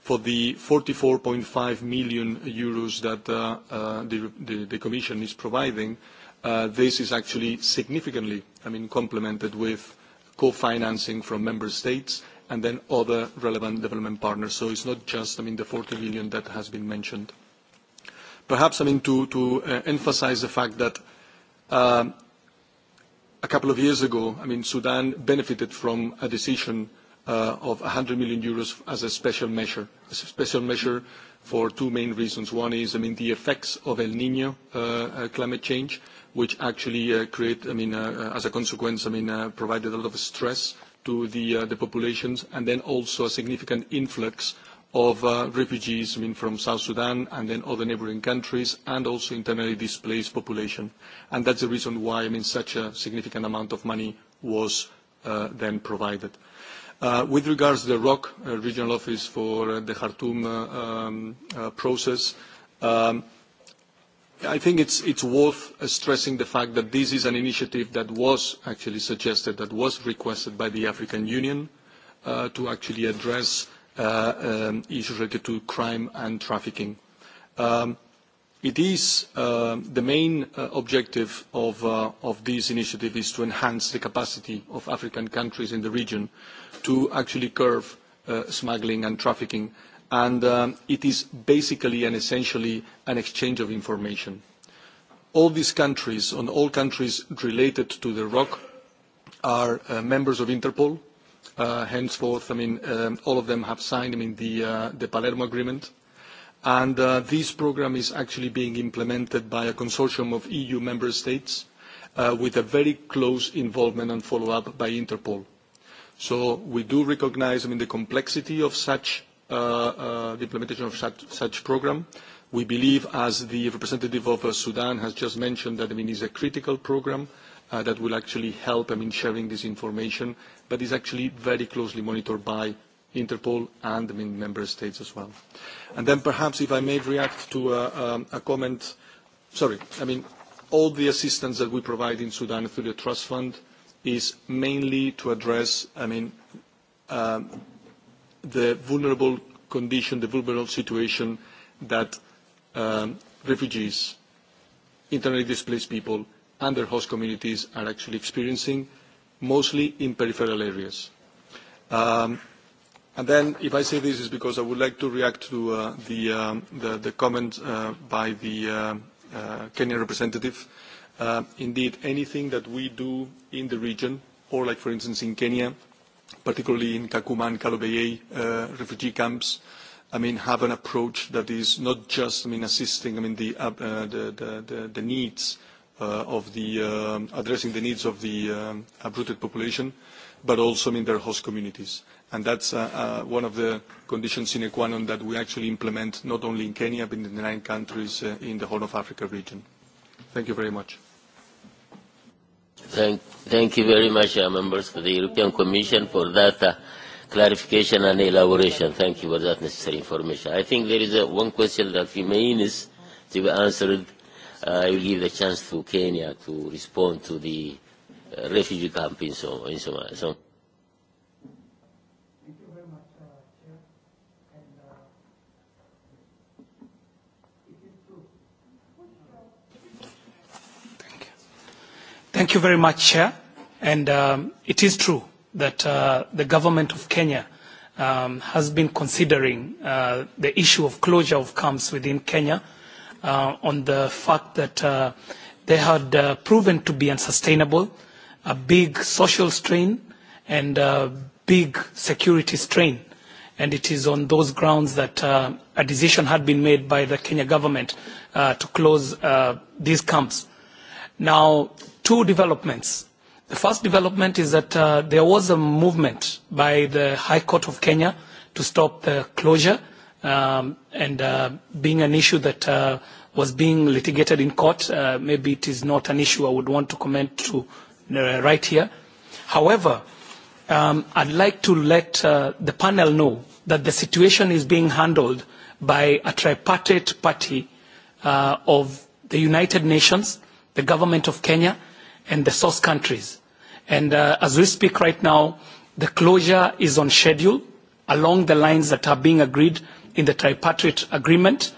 for the 44.5 million euros that the Commission is providing, this is actually significantly, I mean, complemented with co-financing from member states, and then other relevant development partners. So it's not just, I mean, the 40 billion that has been mentioned. Perhaps, I mean, to emphasize the fact that a couple of years ago, I mean, Sudan benefited from a decision of 100 million euros as a special measure. A special measure for two main reasons. One is, I mean, the effects of El Niño climate change, which actually create, I mean, as a consequence, I mean, provided a lot of stress to the populations, and then also a significant influx of refugees, I mean, from South Sudan and then other neighbouring countries, and also internally displaced population. And that's the reason why, I mean, such a significant amount of money was then provided. With regards to the ROC, Regional Office for the Khartoum process, I think it's, it's worth stressing the fact that this is an initiative that was actually suggested, that was requested by the African Union uh, to actually address uh, um, issues related to crime and trafficking. Um, it is uh, the main uh, objective of, uh, of this initiative is to enhance the capacity of African countries in the region to actually curb uh, smuggling and trafficking and it is basically and essentially an exchange of information. All these countries, on all countries related to the ROC, are members of Interpol. henceforth, I mean, all of them have signed, I mean, the, the Palermo Agreement. And this programme is actually being implemented by a consortium of EU member states with a very close involvement and follow-up by Interpol. So we do recognise, I mean, the complexity of such the implementation of such program. We believe, as the representative of Sudan has just mentioned, that, I mean, it's a critical program that will actually help, I mean, sharing this information, but is actually very closely monitored by Interpol and, I mean, member states as well. And then perhaps if I may react to a comment. Sorry, I mean, all the assistance that we provide in Sudan through the trust fund is mainly to address, I mean, the vulnerable condition, the vulnerable situation that refugees, internally displaced people, and their host communities are actually experiencing, mostly in peripheral areas. And then, if I say this, is because I would like to react to uh, the, um, the, the comment uh, by the uh, uh, Kenyan representative. Uh, indeed, anything that we do in the region, or like, for instance, in Kenya, particularly in Kakuma and Kalobeye uh, refugee camps, I mean, have an approach that is not just, I mean, assisting, I mean, the, uh, the, the, the, the needs uh, of the, um, addressing the needs of the um, uprooted population, but also, I mean, their host communities. And that's uh, uh, one of the conditions sine qua non that we actually implement not only in Kenya, but in the nine countries uh, in the Horn of Africa region. Thank you very much. Thank, thank you very much, uh, members, of the European Commission for that uh, clarification and elaboration. Thank you for that necessary information. I think there is a, one question that remains to be answered. Uh, I will give the chance to Kenya to respond to the uh, refugee camp in, so, in Somalia. So, Thank you very much, Chair. And um, it is true that uh, the government of Kenya um, has been considering uh, the issue of closure of camps within Kenya uh, on the fact that uh, they had uh, proven to be unsustainable, a big social strain and a big security strain. And it is on those grounds that uh, a decision had been made by the Kenya government uh, to close uh, these camps. Now, two developments. The first development is that uh, there was a movement by the High Court of Kenya to stop the closure um, and uh, being an issue that uh, was being litigated in court. Uh, maybe it is not an issue I would want to comment to uh, right here. However, um, I'd like to let uh, the panel know that the situation is being handled by a tripartite party uh, of the United Nations, the government of Kenya, and the source countries. And uh, as we speak right now, the closure is on schedule along the lines that are being agreed in the tripartite agreement.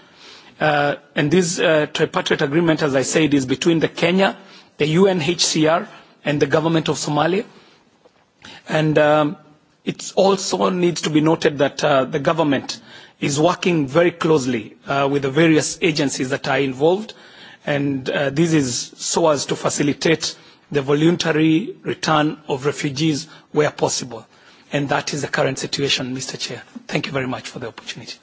Uh, and this uh, tripartite agreement, as I said, is between the Kenya, the UNHCR, and the government of Somalia. And um, it also needs to be noted that uh, the government is working very closely uh, with the various agencies that are involved. And uh, this is so as to facilitate the voluntary return of refugees where possible. And that is the current situation, Mr. Chair. Thank you very much for the opportunity.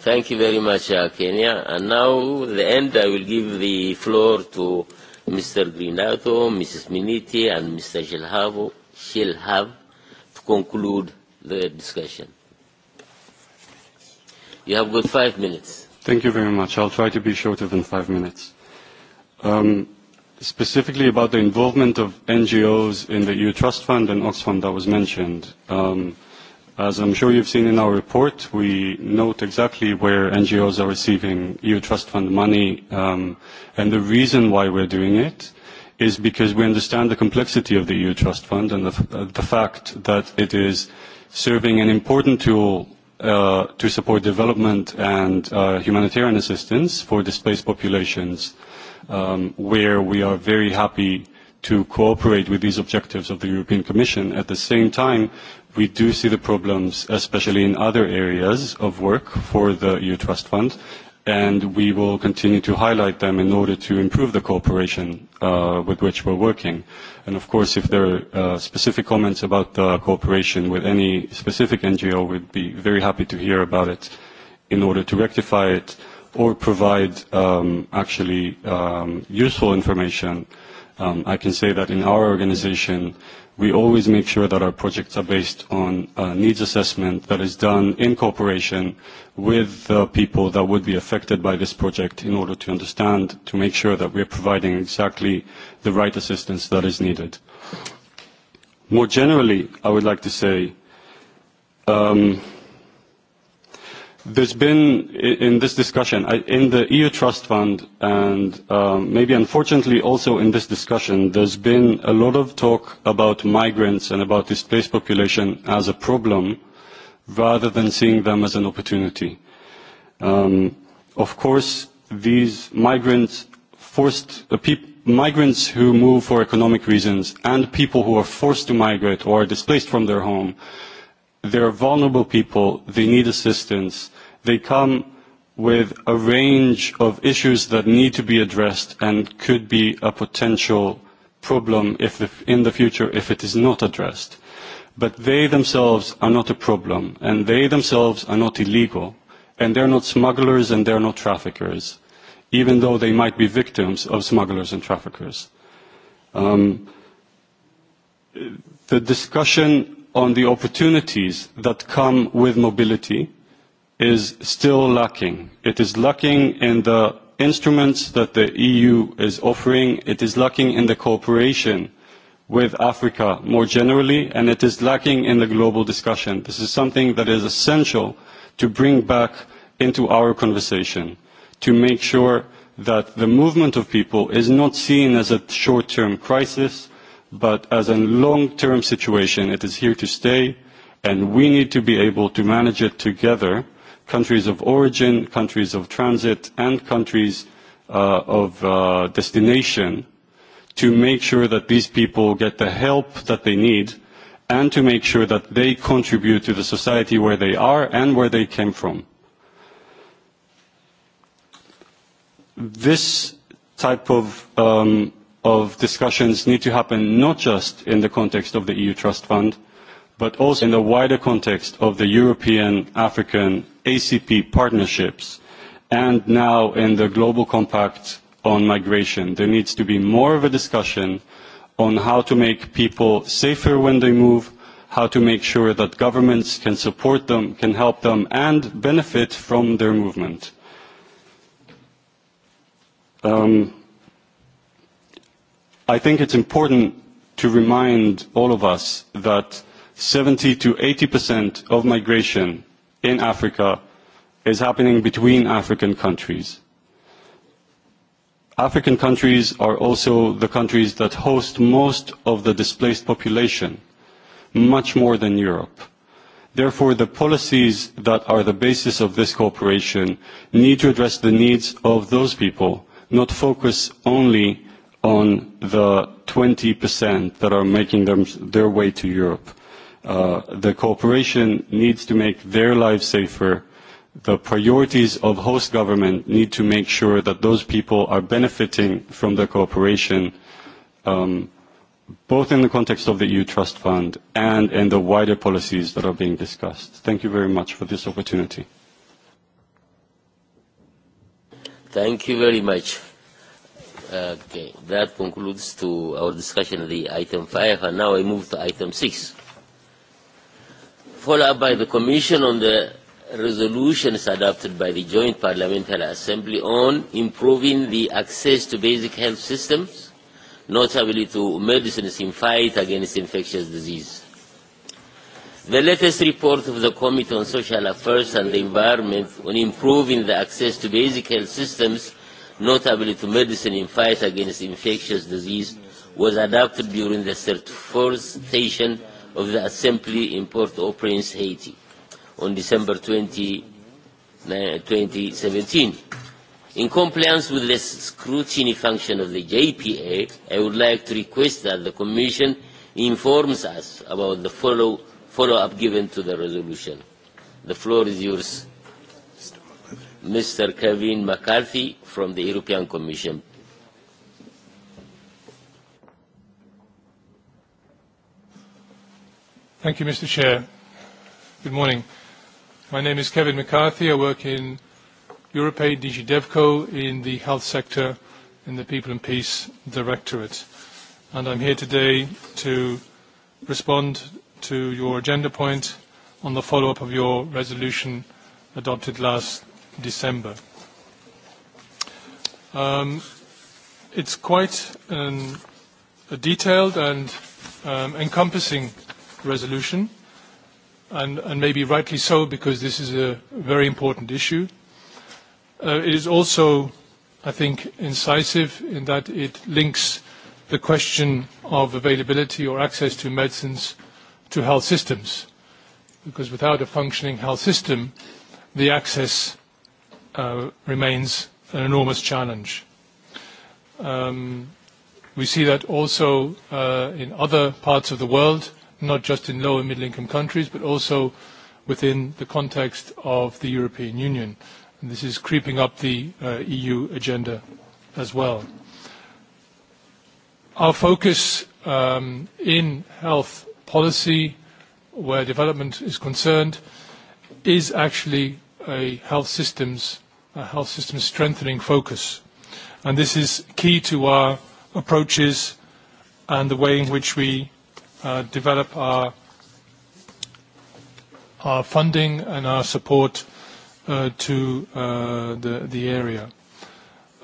Thank you very much, uh, Kenya. And now, the end, I will give the floor to Mr. Grinato, Mrs. Miniti, and Mr. Shilhav to conclude the discussion. You have got five minutes. Thank you very much. I'll try to be shorter than five minutes. Um, specifically about the involvement of NGOs in the EU Trust Fund and Oxfam that was mentioned. Um, as I'm sure you've seen in our report, we note exactly where NGOs are receiving EU Trust Fund money, um, and the reason why we're doing it is because we understand the complexity of the EU Trust Fund and the, the fact that it is serving an important tool uh, to support development and uh, humanitarian assistance for displaced populations, um, where we are very happy to cooperate with these objectives of the European Commission. At the same time, we do see the problems, especially in other areas of work for the EU Trust Fund, and we will continue to highlight them in order to improve the cooperation uh, with which we're working. And of course, if there are uh, specific comments about the cooperation with any specific NGO, we'd be very happy to hear about it in order to rectify it or provide um, actually um, useful information. Um, I can say that in our organization, we always make sure that our projects are based on a needs assessment that is done in cooperation with the people that would be affected by this project in order to understand, to make sure that we're providing exactly the right assistance that is needed. More generally, I would like to say um, There's been in this discussion in the EU Trust Fund and um, maybe unfortunately also in this discussion, there's been a lot of talk about migrants and about displaced population as a problem, rather than seeing them as an opportunity. Um, of course, these migrants forced uh, migrants who move for economic reasons and people who are forced to migrate or are displaced from their home, they're vulnerable people. They need assistance They come with a range of issues that need to be addressed and could be a potential problem if the, in the future if it is not addressed. But they themselves are not a problem, and they themselves are not illegal, and they're not smugglers and they're not traffickers, even though they might be victims of smugglers and traffickers. Um, the discussion on the opportunities that come with mobility is still lacking. It is lacking in the instruments that the EU is offering. It is lacking in the cooperation with Africa more generally, and it is lacking in the global discussion. This is something that is essential to bring back into our conversation, to make sure that the movement of people is not seen as a short-term crisis, but as a long-term situation. It is here to stay, and we need to be able to manage it together countries of origin, countries of transit, and countries uh, of uh, destination to make sure that these people get the help that they need and to make sure that they contribute to the society where they are and where they came from. This type of, um, of discussions need to happen not just in the context of the EU Trust Fund, uh, but also in the wider context of the European African ACP partnerships and now in the Global Compact on migration. There needs to be more of a discussion on how to make people safer when they move, how to make sure that governments can support them, can help them, and benefit from their movement. Um, I think it's important to remind all of us that 70 to 80% of migration in Africa is happening between African countries. African countries are also the countries that host most of the displaced population, much more than Europe. Therefore, the policies that are the basis of this cooperation need to address the needs of those people, not focus only on the 20% that are making them, their way to Europe. Uh, the cooperation needs to make their lives safer. The priorities of host government need to make sure that those people are benefiting from the cooperation, um, both in the context of the EU Trust Fund and in the wider policies that are being discussed. Thank you very much for this opportunity. Thank you very much. Okay, that concludes to our discussion of the item five, and now I move to item six follow-up by the Commission on the resolutions adopted by the Joint Parliamentary Assembly on improving the access to basic health systems, notably to medicines in fight against infectious disease. The latest report of the Committee on Social Affairs and the Environment on improving the access to basic health systems, notably to medicine in fight against infectious disease, was adopted during the 34th session of the Assembly in Port-au-Prince, Haiti, on December 20, 2017. In compliance with the scrutiny function of the JPA, I would like to request that the Commission informs us about the follow, follow-up given to the resolution. The floor is yours, Mr. Kevin McCarthy from the European Commission. Thank you, Mr. Chair. Good morning. My name is Kevin McCarthy. I work in Europaid DG DevCo in the health sector in the People and Peace Directorate. And I'm here today to respond to your agenda point on the follow-up of your resolution adopted last December. Um, it's quite an, a detailed and um, encompassing resolution, and, and maybe rightly so because this is a very important issue. Uh, it is also, I think, incisive in that it links the question of availability or access to medicines to health systems, because without a functioning health system, the access uh, remains an enormous challenge. Um, we see that also uh, in other parts of the world not just in low and middle income countries, but also within the context of the European Union. this is creeping up the EU agenda as well. Our focus in health policy, where development is concerned, is actually a health systems, a health strengthening focus. And this is key to our approaches and the way in which we uh, develop our, our funding and our support uh, to uh, the, the area.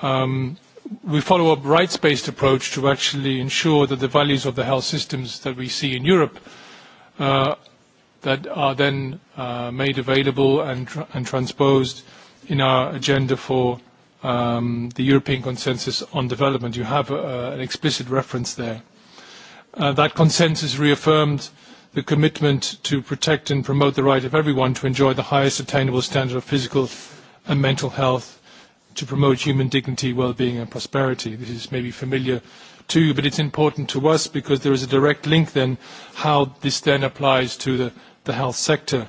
Um, we follow a rights-based approach to actually ensure that the values of the health systems that we see in Europe uh, that are then uh, made available and, tr and transposed in our agenda for um, the European Consensus on Development. You have uh, an explicit reference there that consensus reaffirmed the commitment to protect and promote the right of everyone to enjoy the highest attainable standard of physical and mental health to promote human dignity, well-being and prosperity. This is maybe familiar to you, but it's important to us because there is a direct link then how this then applies to the, the health sector.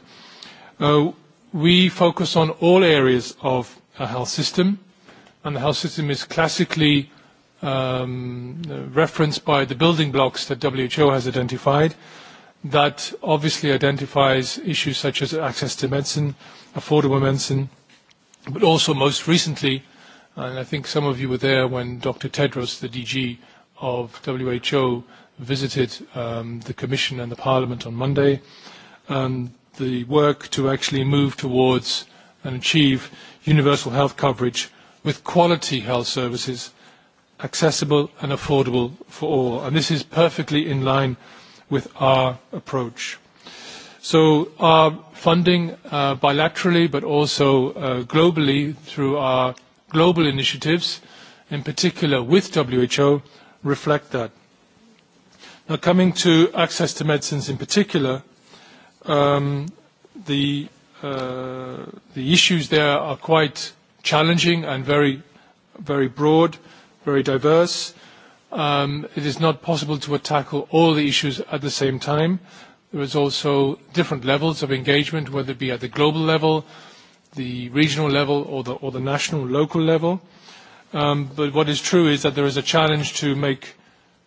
Uh, we focus on all areas of a health system, and the health system is classically referenced by the building blocks that WHO has identified. That obviously identifies issues such as access to medicine, affordable medicine, but also most recently, and I think some of you were there when Dr. Tedros, the DG of WHO, visited um, the Commission and the Parliament on Monday, um, the work to actually move towards and achieve universal health coverage with quality health services accessible and affordable for all. And this is perfectly in line with our approach. So our funding uh, bilaterally, but also uh, globally through our global initiatives, in particular with WHO, reflect that. Now coming to access to medicines in particular, um, the, uh, the issues there are quite challenging and very, very broad very diverse. Um, it is not possible to tackle all the issues at the same time. There is also different levels of engagement, whether it be at the global level, the regional level, or the, or the national, local level. Um, but what is true is that there is a challenge to make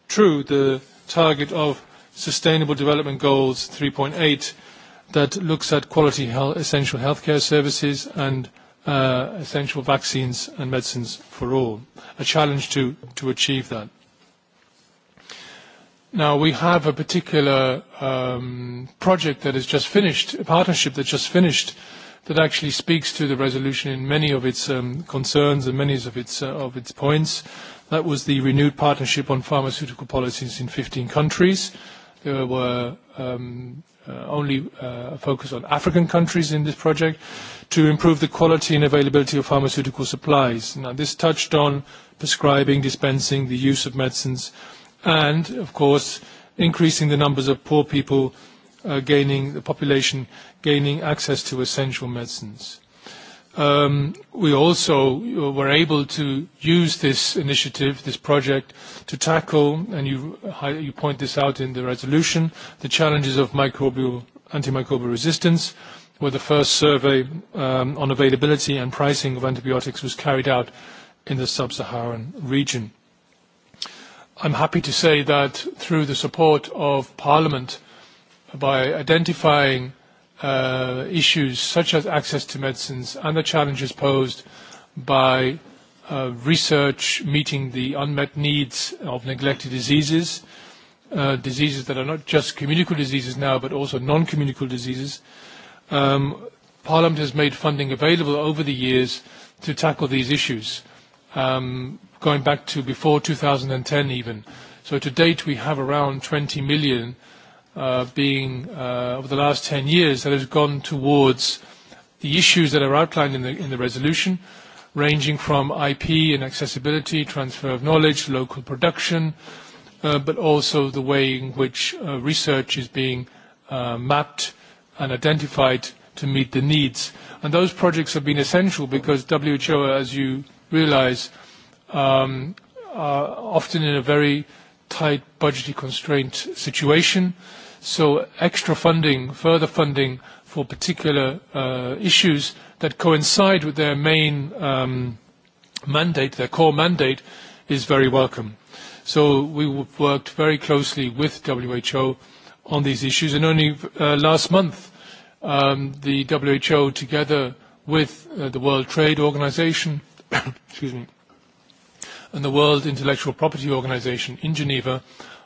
true the target of Sustainable Development Goals 3.8 that looks at quality health, essential healthcare services and uh, essential vaccines and medicines for all, a challenge to, to achieve that. Now, we have a particular um, project that is just finished, a partnership that just finished, that actually speaks to the resolution in many of its um, concerns and many of its, uh, of its points. That was the renewed partnership on pharmaceutical policies in 15 countries. There were um, only focus on African countries in this project to improve the quality and availability of pharmaceutical supplies. Now, this touched on prescribing, dispensing, the use of medicines, and of course, increasing the numbers of poor people gaining the population gaining access to essential medicines. We also were able to use this initiative, this project, to tackle, and you point this out in the resolution, the challenges of antimicrobial resistance, where the first survey on availability and pricing of antibiotics was carried out in the sub-Saharan region. I'm happy to say that through the support of Parliament, by identifying uh, issues such as access to medicines and the challenges posed by uh, research meeting the unmet needs of neglected diseases, uh, diseases that are not just communicable diseases now but also non-communicable diseases. Um, Parliament has made funding available over the years to tackle these issues, um, going back to before 2010 even. So to date we have around 20 million million uh, being uh, over the last 10 years that has gone towards the issues that are outlined in the, in the resolution, ranging from IP and accessibility, transfer of knowledge, local production, uh, but also the way in which uh, research is being uh, mapped and identified to meet the needs. And those projects have been essential because WHO, as you realize, um, are often in a very tight budgetary constraint situation. So extra funding, further funding for particular uh, issues that coincide with their main um, mandate, their core mandate, is very welcome. So we worked very closely with WHO on these issues, and only uh, last month um, the WHO, together with uh, the World Trade Organization, excuse me, and the World Intellectual Property Organization in Geneva,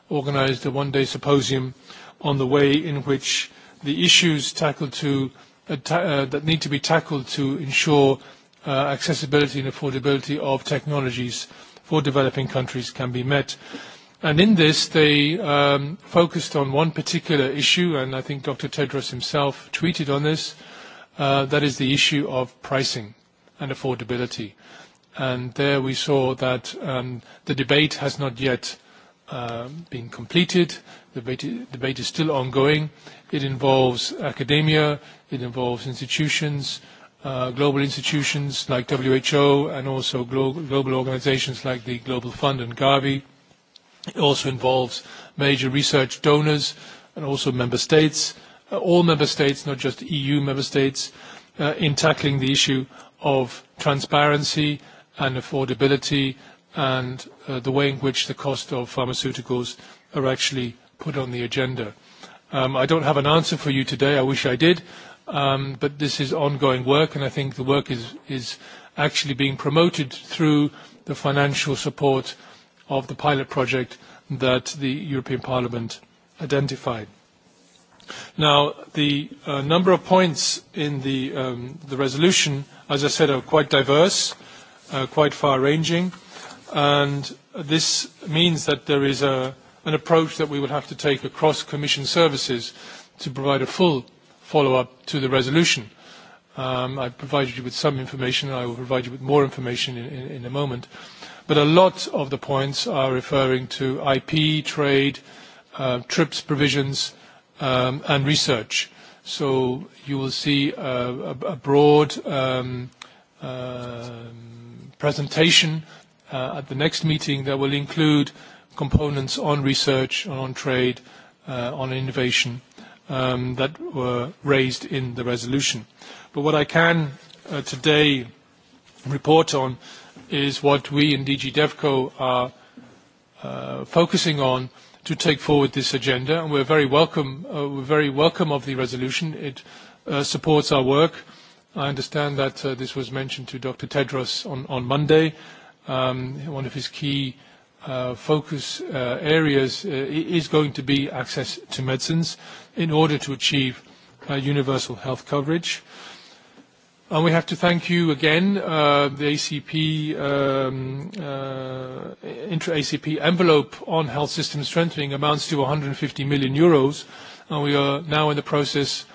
organized a one-day symposium uh, on the way in which the issues tackled to, uh, ta uh, that need to be tackled to ensure uh, accessibility and affordability of technologies for developing countries can be met. And in this, they um, focused on one particular issue, and I think Dr. Tedros himself tweeted on this, uh, that is the issue of pricing and affordability. And there we saw that um, the debate has not yet uh, being completed. The debate is still ongoing. It involves academia, it involves institutions, global institutions like WHO and also global organizations like the Global Fund and Gavi. It also involves major research donors and also member states, all member states, not just EU member states, in tackling the issue of transparency and affordability and the way in which the cost of pharmaceuticals are actually put on the agenda. I don't have an answer for you today. I wish I did. But this is ongoing work, and I think the work is actually being promoted through the financial support of the pilot project that the European Parliament identified. Now, the number of points in the resolution, as I said, are quite diverse, quite far-ranging And this means that there is a, an approach that we will have to take across Commission services to provide a full follow-up to the resolution. Um, I provided you with some information. and I will provide you with more information in, in, in a moment. But a lot of the points are referring to IP, trade, uh, TRIPS provisions, um, and research. So you will see a, a, a broad um, uh, presentation at the next meeting that will include components on research, on trade, on innovation that were raised in the resolution. But what I can today report on is what we in DG DevCo are focusing on to take forward this agenda, and we're very welcome, we're very welcome of the resolution. It supports our work. I understand that this was mentioned to Dr. Tedros on Monday, one of his key focus areas is going to be access to medicines in order to achieve universal health coverage. And we have to thank you again, the ACP, intra-ACP envelope on health system strengthening amounts to 150 million euros, and we are now in the process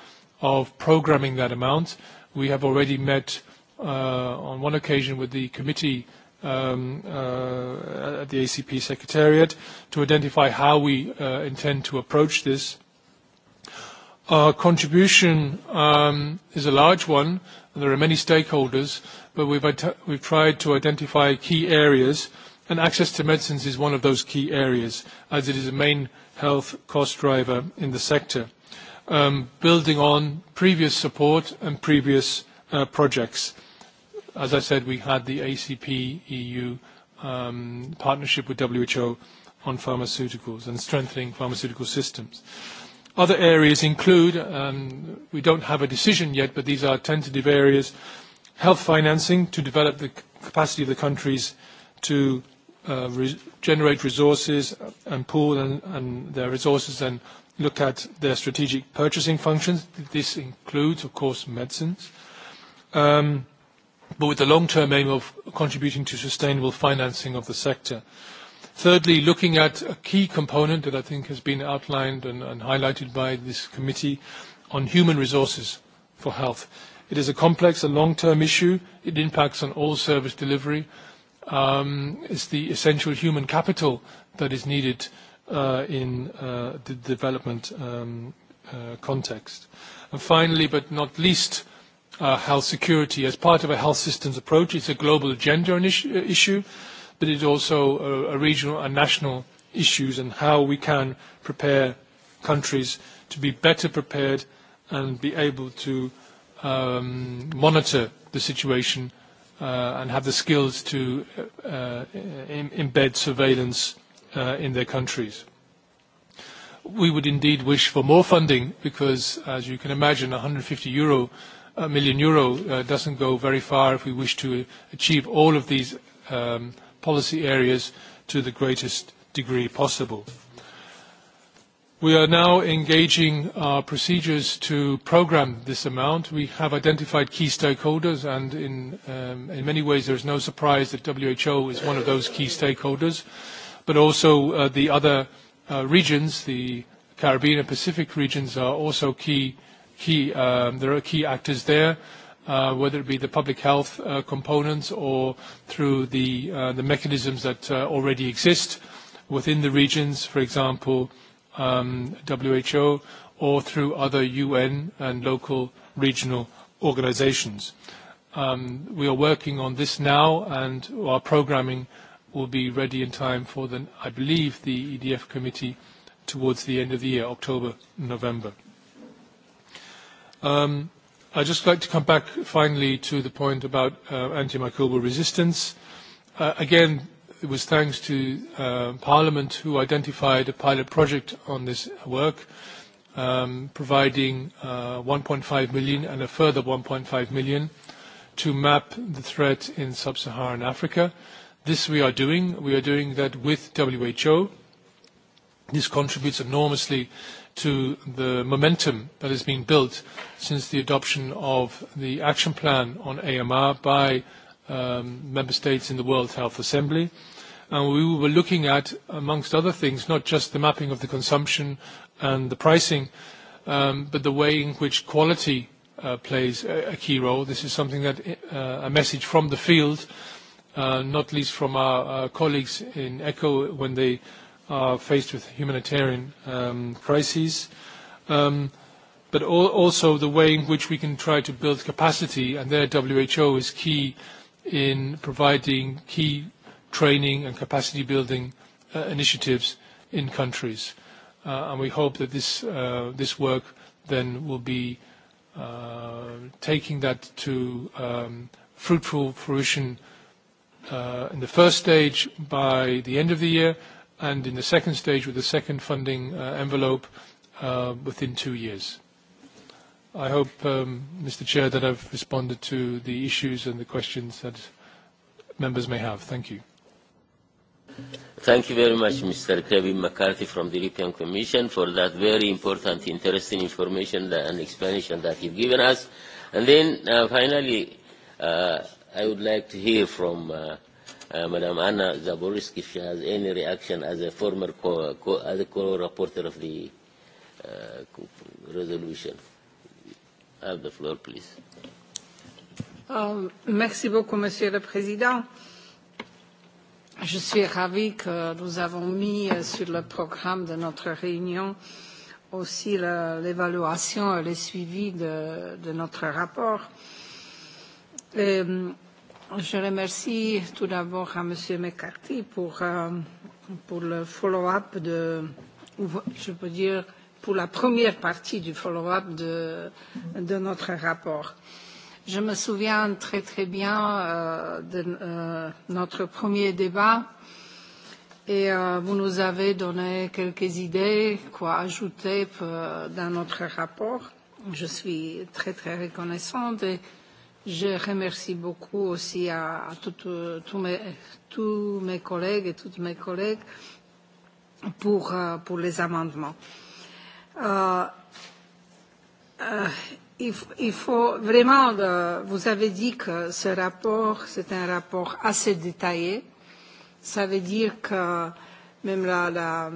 of programming that amount. We have already met on one occasion with the committee um, uh, at the ACP Secretariat to identify how we uh, intend to approach this. Our contribution um, is a large one, and there are many stakeholders, but we've, we've tried to identify key areas, and access to medicines is one of those key areas, as it is a main health cost driver in the sector, um, building on previous support and previous uh, projects As I said, we had the ACP-EU um partnership with WHO on pharmaceuticals and strengthening pharmaceutical systems. Other areas include, um we don't have a decision yet, but these are tentative areas, health financing to develop the capacity of the countries to uh re generate resources and pool and and their resources and look at their strategic purchasing functions. This includes, of course, medicines. Um but with the long-term aim of contributing to sustainable financing of the sector. Thirdly, looking at a key component that I think has been outlined and highlighted by this committee on human resources for health. It is a complex and long-term issue. It impacts on all service delivery. It's the essential human capital that is needed in the development context. And Finally, but not least, uh, health security as part of a health systems approach. It's a global gender issue, but it's also a, a regional and national issues and how we can prepare countries to be better prepared and be able to um, monitor the situation uh, and have the skills to uh, im embed surveillance uh, in their countries. We would indeed wish for more funding because, as you can imagine, 150 euro million euro doesn't go very far if we wish to achieve all of these policy areas to the greatest degree possible. We are now engaging our procedures to program this amount. We have identified key stakeholders, and in many ways, there is no surprise that WHO is one of those key stakeholders, but also the other regions, the Caribbean and Pacific regions, are also key stakeholders key, there are key actors there, whether it be the public health components or through the, mechanisms that already exist within the regions, for example, WHO, or through other UN and local regional organizations. we are working on this now, and our programming will be ready in time for, the, I believe, the EDF committee towards the end of the year, October, November. Um, I'd just like to come back finally to the point about uh, antimicrobial resistance. Uh, again, it was thanks to uh, Parliament who identified a pilot project on this work, um, providing uh, 1.5 million and a further 1.5 million to map the threat in sub-Saharan Africa. This we are doing. We are doing that with WHO. This contributes enormously to the momentum that has been built since the adoption of the action plan on AMR by um, member states in the World Health Assembly. And we were looking at, amongst other things, not just the mapping of the consumption and the pricing, um, but the way in which quality uh, plays a, a key role. This is something that uh, a message from the field, uh, not least from our colleagues in ECHO when they are faced with humanitarian um, crises, um, but al also the way in which we can try to build capacity, and there WHO is key in providing key training and capacity building uh, initiatives in countries. Uh, and we hope that this, uh, this work then will be uh, taking that to um, fruitful fruition uh, in the first stage by the end of the year, and in the second stage with the second funding envelope within two years. I hope, Mr. Chair, that I've responded to the issues and the questions that members may have. Thank you. Thank you very much, Mr. Kevin McCarthy from the European Commission for that very important, interesting information and explanation that you've given us. And then uh, finally, uh, I would like to hear from uh, Madame Madam Anna Zaborski, if she has any reaction as a former co, co as a co-rapporteur of the uh, resolution. Have the floor, please. Um, merci beaucoup, Monsieur le Président. Je suis ravie que nous avons mis sur le programme de notre réunion aussi l'évaluation et le suivi de, de notre rapport. Et, Je remercie tout d'abord à Monsieur McCarthy pour, pour le follow-up de, je peux dire, pour la première partie du follow-up de, de notre rapport. Je me souviens très très bien euh, de euh, notre premier débat et euh, vous nous avez donné quelques idées, quoi ajouter pour, dans notre rapport. Je suis très très reconnaissante et Je remercie beaucoup aussi à, à tout, tout mes, tous mes collègues et toutes mes collègues pour, pour les amendements. Euh, euh, il, il faut vraiment, euh, vous avez dit que ce rapport, c'est un rapport assez détaillé. Ça veut dire que même la, la,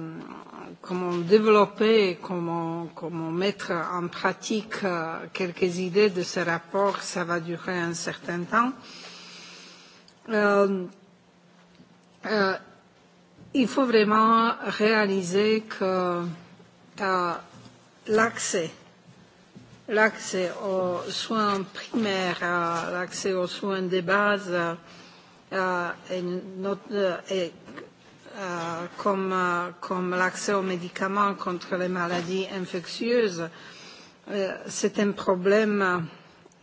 comment développer et comment, comment mettre en pratique quelques idées de ce rapport. Ça va durer un certain temps. Euh, euh, il faut vraiment réaliser que euh, l'accès l'accès aux soins primaires, l'accès aux soins de base notre est, comme, l'accès aux médicaments contre les maladies infectieuses. c'est un problème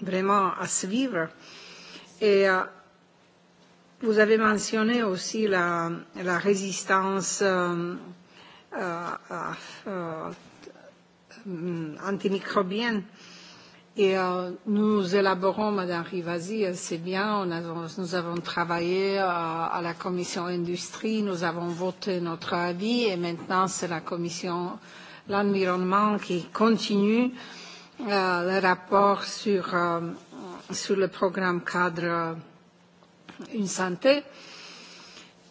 vraiment à suivre. Et vous avez mentionné aussi la, la résistance antimicrobienne Et euh, nous élaborons, Madame Rivasi, c'est bien, on a, nous avons travaillé à, à la commission industrie, nous avons voté notre avis et maintenant c'est la commission l'environnement qui continue euh, le rapport sur, euh, sur le programme cadre Une Santé.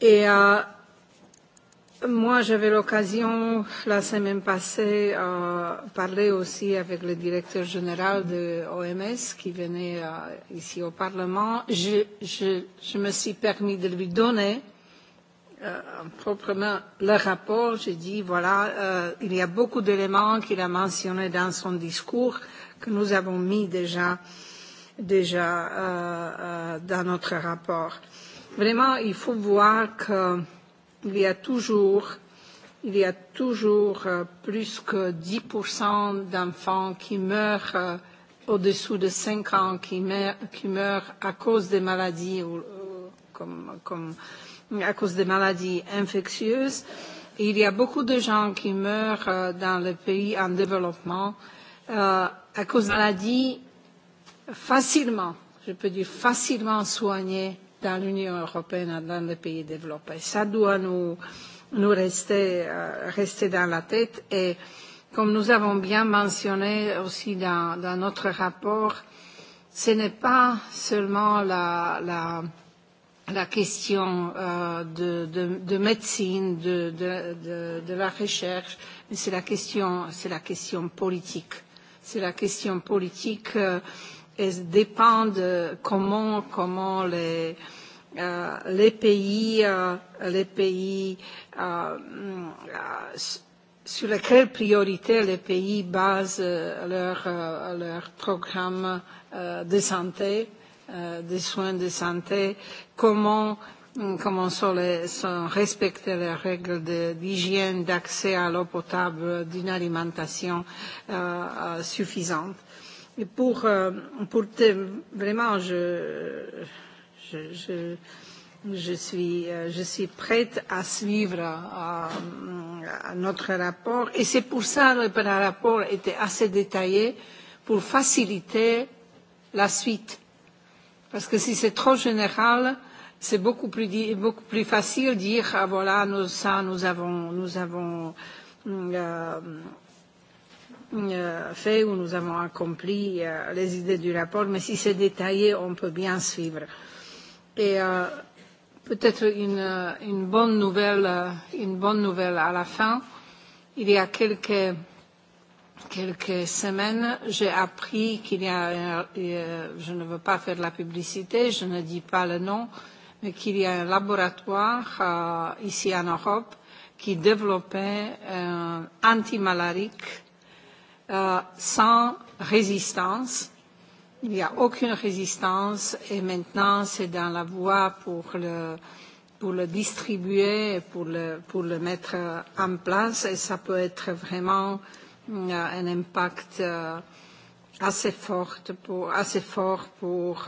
Et euh, Moi, j'avais l'occasion la semaine passée à parler aussi avec le directeur général de l'OMS qui venait ici au Parlement. Je, je, je me suis permis de lui donner proprement le rapport. J'ai dit, voilà, euh, il y a beaucoup d'éléments qu'il a mentionnés dans son discours que nous avons mis déjà, déjà euh, euh, dans notre rapport. Vraiment, il faut voir que euh, il y a toujours, il y a toujours plus que 10% d'enfants qui meurent au-dessous de 5 ans, qui meurent, qui meurent à cause des maladies, comme, comme, à cause des maladies infectieuses. Et il y a beaucoup de gens qui meurent dans les pays en développement euh, à cause de maladies facilement, je peux dire facilement soignées dans l'Union européenne, dans les pays développés. Ça doit nous, nous rester, rester dans la tête et comme nous avons bien mentionné aussi dans, dans notre rapport, ce n'est pas seulement la, la, la question euh, de, de, de médecine, de, de, de, de la recherche, mais c'est la question, la question politique. C'est la question politique euh, et dépend de comment, comment les, euh, les pays, euh, les pays euh, sur lesquels priorité les pays basent leur, euh, leur programme euh, de santé, euh, des soins de santé, comment comment sont, les, sont respectées les règles d'hygiène, d'accès à l'eau potable, d'une alimentation euh, suffisante Et pour, pour te, vraiment, je, je, je, je, suis, je suis prête à suivre à, à notre rapport. Et c'est pour ça que le rapport était assez détaillé pour faciliter la suite. Parce que si c'est trop général, c'est beaucoup plus, beaucoup plus facile de dire, ah voilà, nous, ça, nous avons, nous avons euh, fait où nous avons accompli les idées du rapport, mais si c'est détaillé, on peut bien suivre. Et peut-être une, une, bonne nouvelle, une bonne nouvelle à la fin. Il y a quelques, quelques semaines, j'ai appris qu'il y a, je ne veux pas faire la publicité, je ne dis pas le nom, mais qu'il y a un laboratoire euh, ici en Europe qui développait un antimalarique sans résistance. Il n'y a aucune résistance et maintenant c'est dans la voie pour le, pour le distribuer, pour le, pour le mettre en place et ça peut être vraiment un impact assez fort pour, assez fort pour,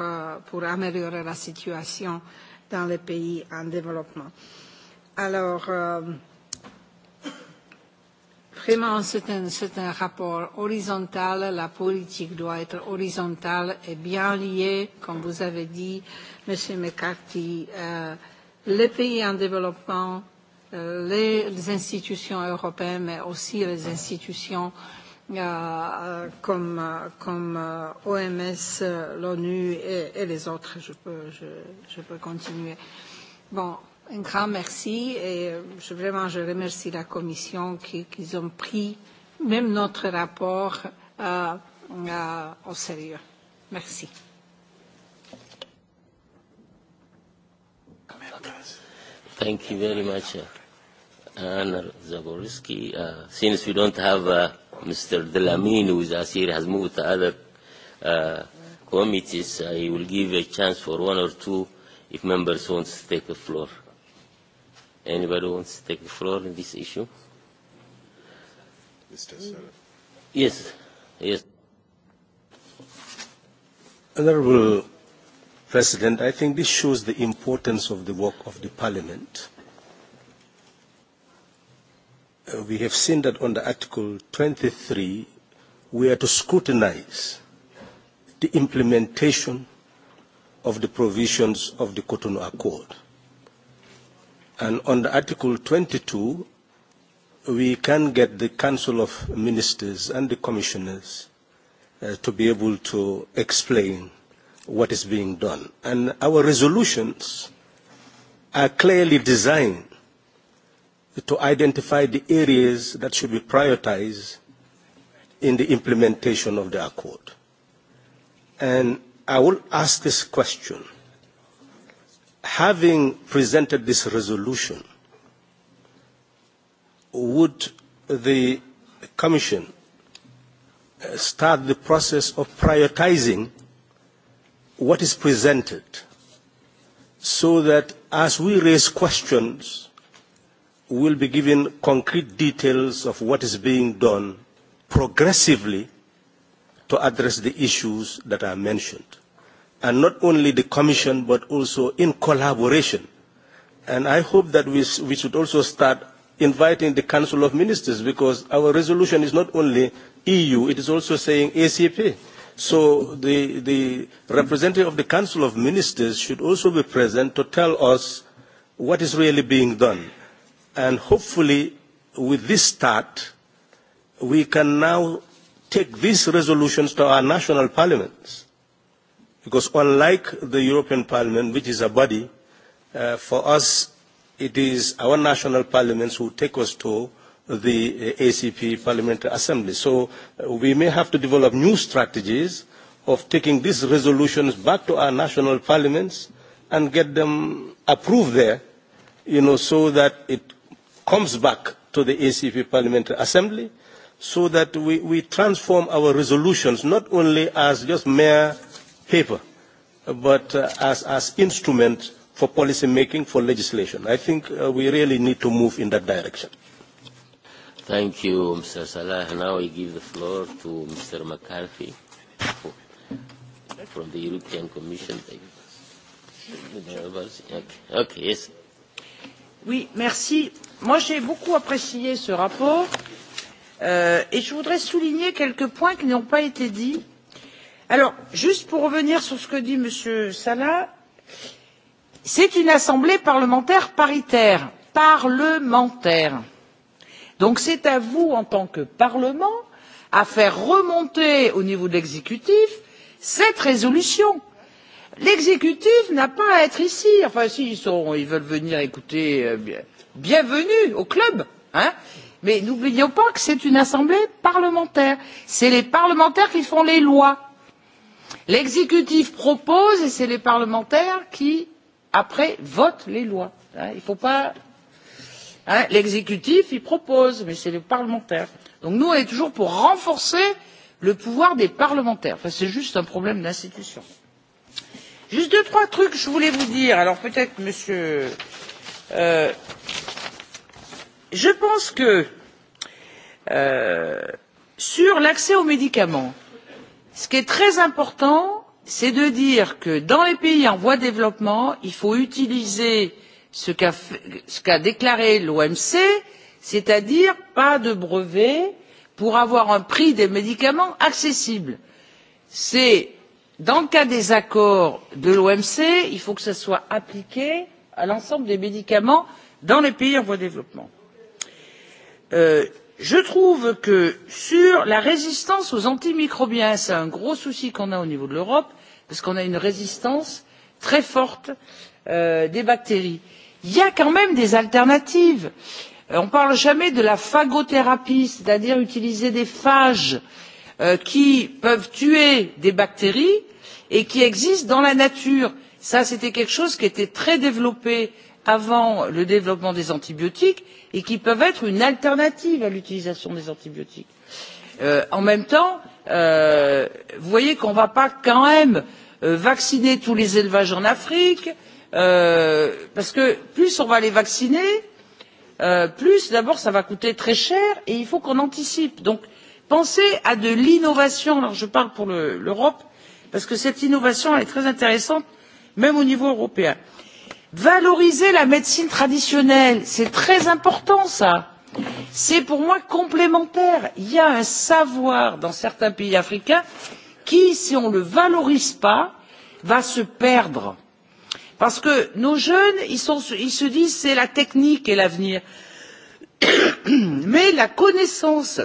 pour améliorer la situation dans les pays en développement. Alors, Vraiment, c'est un, c'est un rapport horizontal. La politique doit être horizontale et bien liée, comme vous avez dit, M. McCarthy. Euh, les pays en développement, euh, les institutions européennes, mais aussi les institutions euh, comme, comme euh, OMS, l'ONU et, et les autres. Je peux, je, je peux continuer. Bon, Un grand merci et je, vraiment je remercie la Commission qui, qui ont pris même notre rapport euh, euh, au sérieux. Merci. Thank you very much, Anna Zaborski. Uh, since we don't have uh, Mr. who is us here, has moved to other uh, committees, I will give a chance for one or two if members want to take the floor. Anybody wants to take the floor on this issue? Mr. Yes, yes. Honourable President, I think this shows the importance of the work of the Parliament. Uh, we have seen that under Article 23, we are to scrutinise the implementation of the provisions of the Cotonou Accord And on the Article 22, we can get the Council of Ministers and the Commissioners uh, to be able to explain what is being done. And our resolutions are clearly designed to identify the areas that should be prioritized in the implementation of the accord. And I will ask this question having presented this resolution, would the Commission start the process of prioritizing what is presented so that as we raise questions, we will be given concrete details of what is being done progressively to address the issues that are mentioned and not only the Commission, but also in collaboration. And I hope that we, we should also start inviting the Council of Ministers, because our resolution is not only EU, it is also saying ACP. So the, the representative of the Council of Ministers should also be present to tell us what is really being done. And hopefully, with this start, we can now take these resolutions to our national parliaments Because unlike the European Parliament, which is a body, uh, for us it is our national parliaments who take us to the ACP Parliamentary Assembly. So we may have to develop new strategies of taking these resolutions back to our national parliaments and get them approved there, you know, so that it comes back to the ACP Parliamentary Assembly, so that we, we transform our resolutions not only as just mere paper, but uh, as, as instrument for policy making, for legislation. I think uh, we really need to move in that direction. Thank you, Mr. Salah. Now I give the floor to Mr. McCarthy from the European Commission. Okay, yes. Oui, merci. Moi, j'ai beaucoup apprécié ce rapport euh, et je voudrais souligner quelques points qui n'ont pas été dits Alors, juste pour revenir sur ce que dit M. Salah, c'est une assemblée parlementaire paritaire. Parlementaire. Donc c'est à vous, en tant que Parlement, à faire remonter au niveau de l'exécutif cette résolution. L'exécutif n'a pas à être ici. Enfin, s'ils sont, ils veulent venir écouter, bienvenue au club, hein. Mais n'oublions pas que c'est une assemblée parlementaire. C'est les parlementaires qui font les lois l'exécutif propose et c'est les parlementaires qui après votent les lois. il ne faut pas l'exécutif il propose mais c'est les parlementaires. donc nous on est toujours pour renforcer le pouvoir des parlementaires. enfin c'est juste un problème d'institution. juste deux trois trucs que je voulais vous dire. alors peut être monsieur je pense que sur l'accès aux médicaments ce qui est très important c'est de dire que dans les pays en voie de développement il faut utiliser ce qu'a déclaré l'omc c'est à dire pas de brevet pour avoir un prix des médicaments accessible. c'est dans le cas des accords de l'omc il faut que ce soit appliqué à l'ensemble des médicaments dans les pays en voie de développement je trouve que sur la résistance aux antimicrobiens c'est un gros souci qu'on a au niveau de l'europe parce qu'on a une résistance très forte des bactéries il y a quand même des alternatives. on ne parle jamais de la phagothérapie c'est à dire utiliser des phages qui peuvent tuer des bactéries et qui existent dans la nature. c'était quelque chose qui était très développé avant le développement des antibiotiques et qui peuvent être une alternative à l'utilisation des antibiotiques. en même temps vous voyez qu'on ne va pas quand même vacciner tous les élevages en afrique parce que plus on va les vacciner plus d'abord ça va coûter très cher et il faut qu'on anticipe. donc pensez à de l'innovation alors je parle pour l'europe parce que cette innovation est très intéressante même au niveau européen valoriser la médecine traditionnelle c'est très important ça c'est pour moi complémentaire il y a un savoir dans certains pays africains qui si on ne le valorise pas va se perdre parce que nos jeunes ils, se disent c'est la technique qui est l'avenir mais la connaissance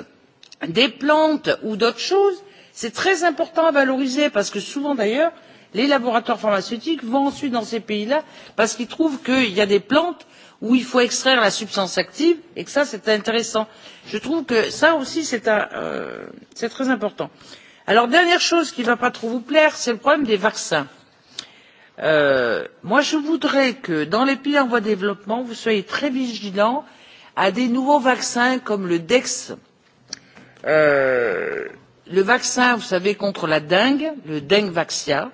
des plantes ou d'autres choses c'est très important à valoriser parce que souvent d'ailleurs les laboratoires pharmaceutiques vont ensuite dans ces pays là parce qu'ils trouvent qu'il y a des plantes où il faut extraire la substance active et que ça c'est intéressant. je trouve que ça aussi c'est très important. alors dernière chose qui ne va pas trop vous plaire c'est le problème des vaccins. moi je voudrais que dans les pays en voie de développement vous soyez très vigilants à des nouveaux vaccins comme le dex le vaccin vous savez contre la dengue le dengue vaxia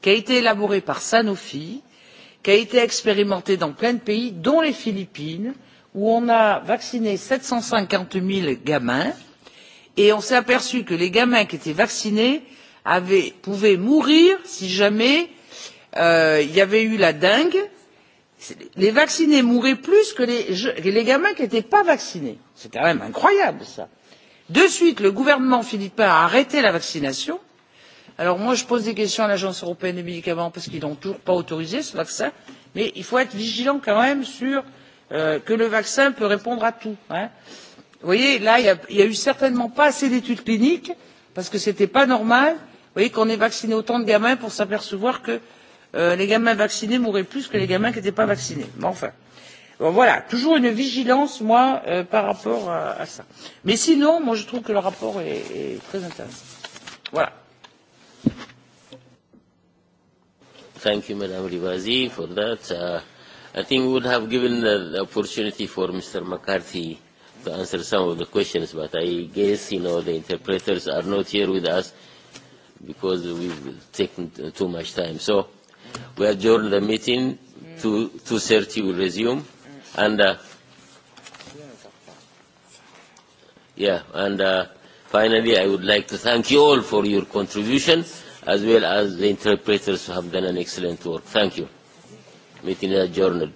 qui a été élaboré par sanofi qui a été expérimenté dans plein de pays dont les philippines où on a vacciné sept cent cinquante zéro gamins et on s'est aperçu que les gamins qui étaient vaccinés pouvaient mourir si jamais il y avait eu la dengue. les vaccinés mouraient plus que les gamins qui n'étaient pas vaccinés. c'est quand même incroyable ça. de suite le gouvernement philippin a arrêté la vaccination alors moi je pose des questions à l'agence européenne des médicaments parce qu'ils n'ont toujours pas autorisé ce vaccin mais il faut être vigilant quand même sur que le vaccin peut répondre à tout. vous voyez là il n'y a eu certainement pas assez d'études cliniques parce que ce n'était pas normal qu'on ait vacciné autant de gamins pour s'apercevoir que les gamins vaccinés mouraient plus que les gamins qui n'étaient pas vaccinés. mais enfin voilà toujours une vigilance moi par rapport à cela. mais sinon moi je trouve que le rapport est très intéressant. voilà. Thank you, Madam Rivazi, for that. Uh, I think we would have given the, the opportunity for Mr. McCarthy to answer some of the questions, but I guess, you know, the interpreters are not here with us because we've taken too much time. So we adjourn the meeting to 2.30 will resume. And, uh, yeah, and uh, Finally, I would like to thank you all for your contribution, as well as the interpreters who have done an excellent work. Thank you. Meeting adjourned.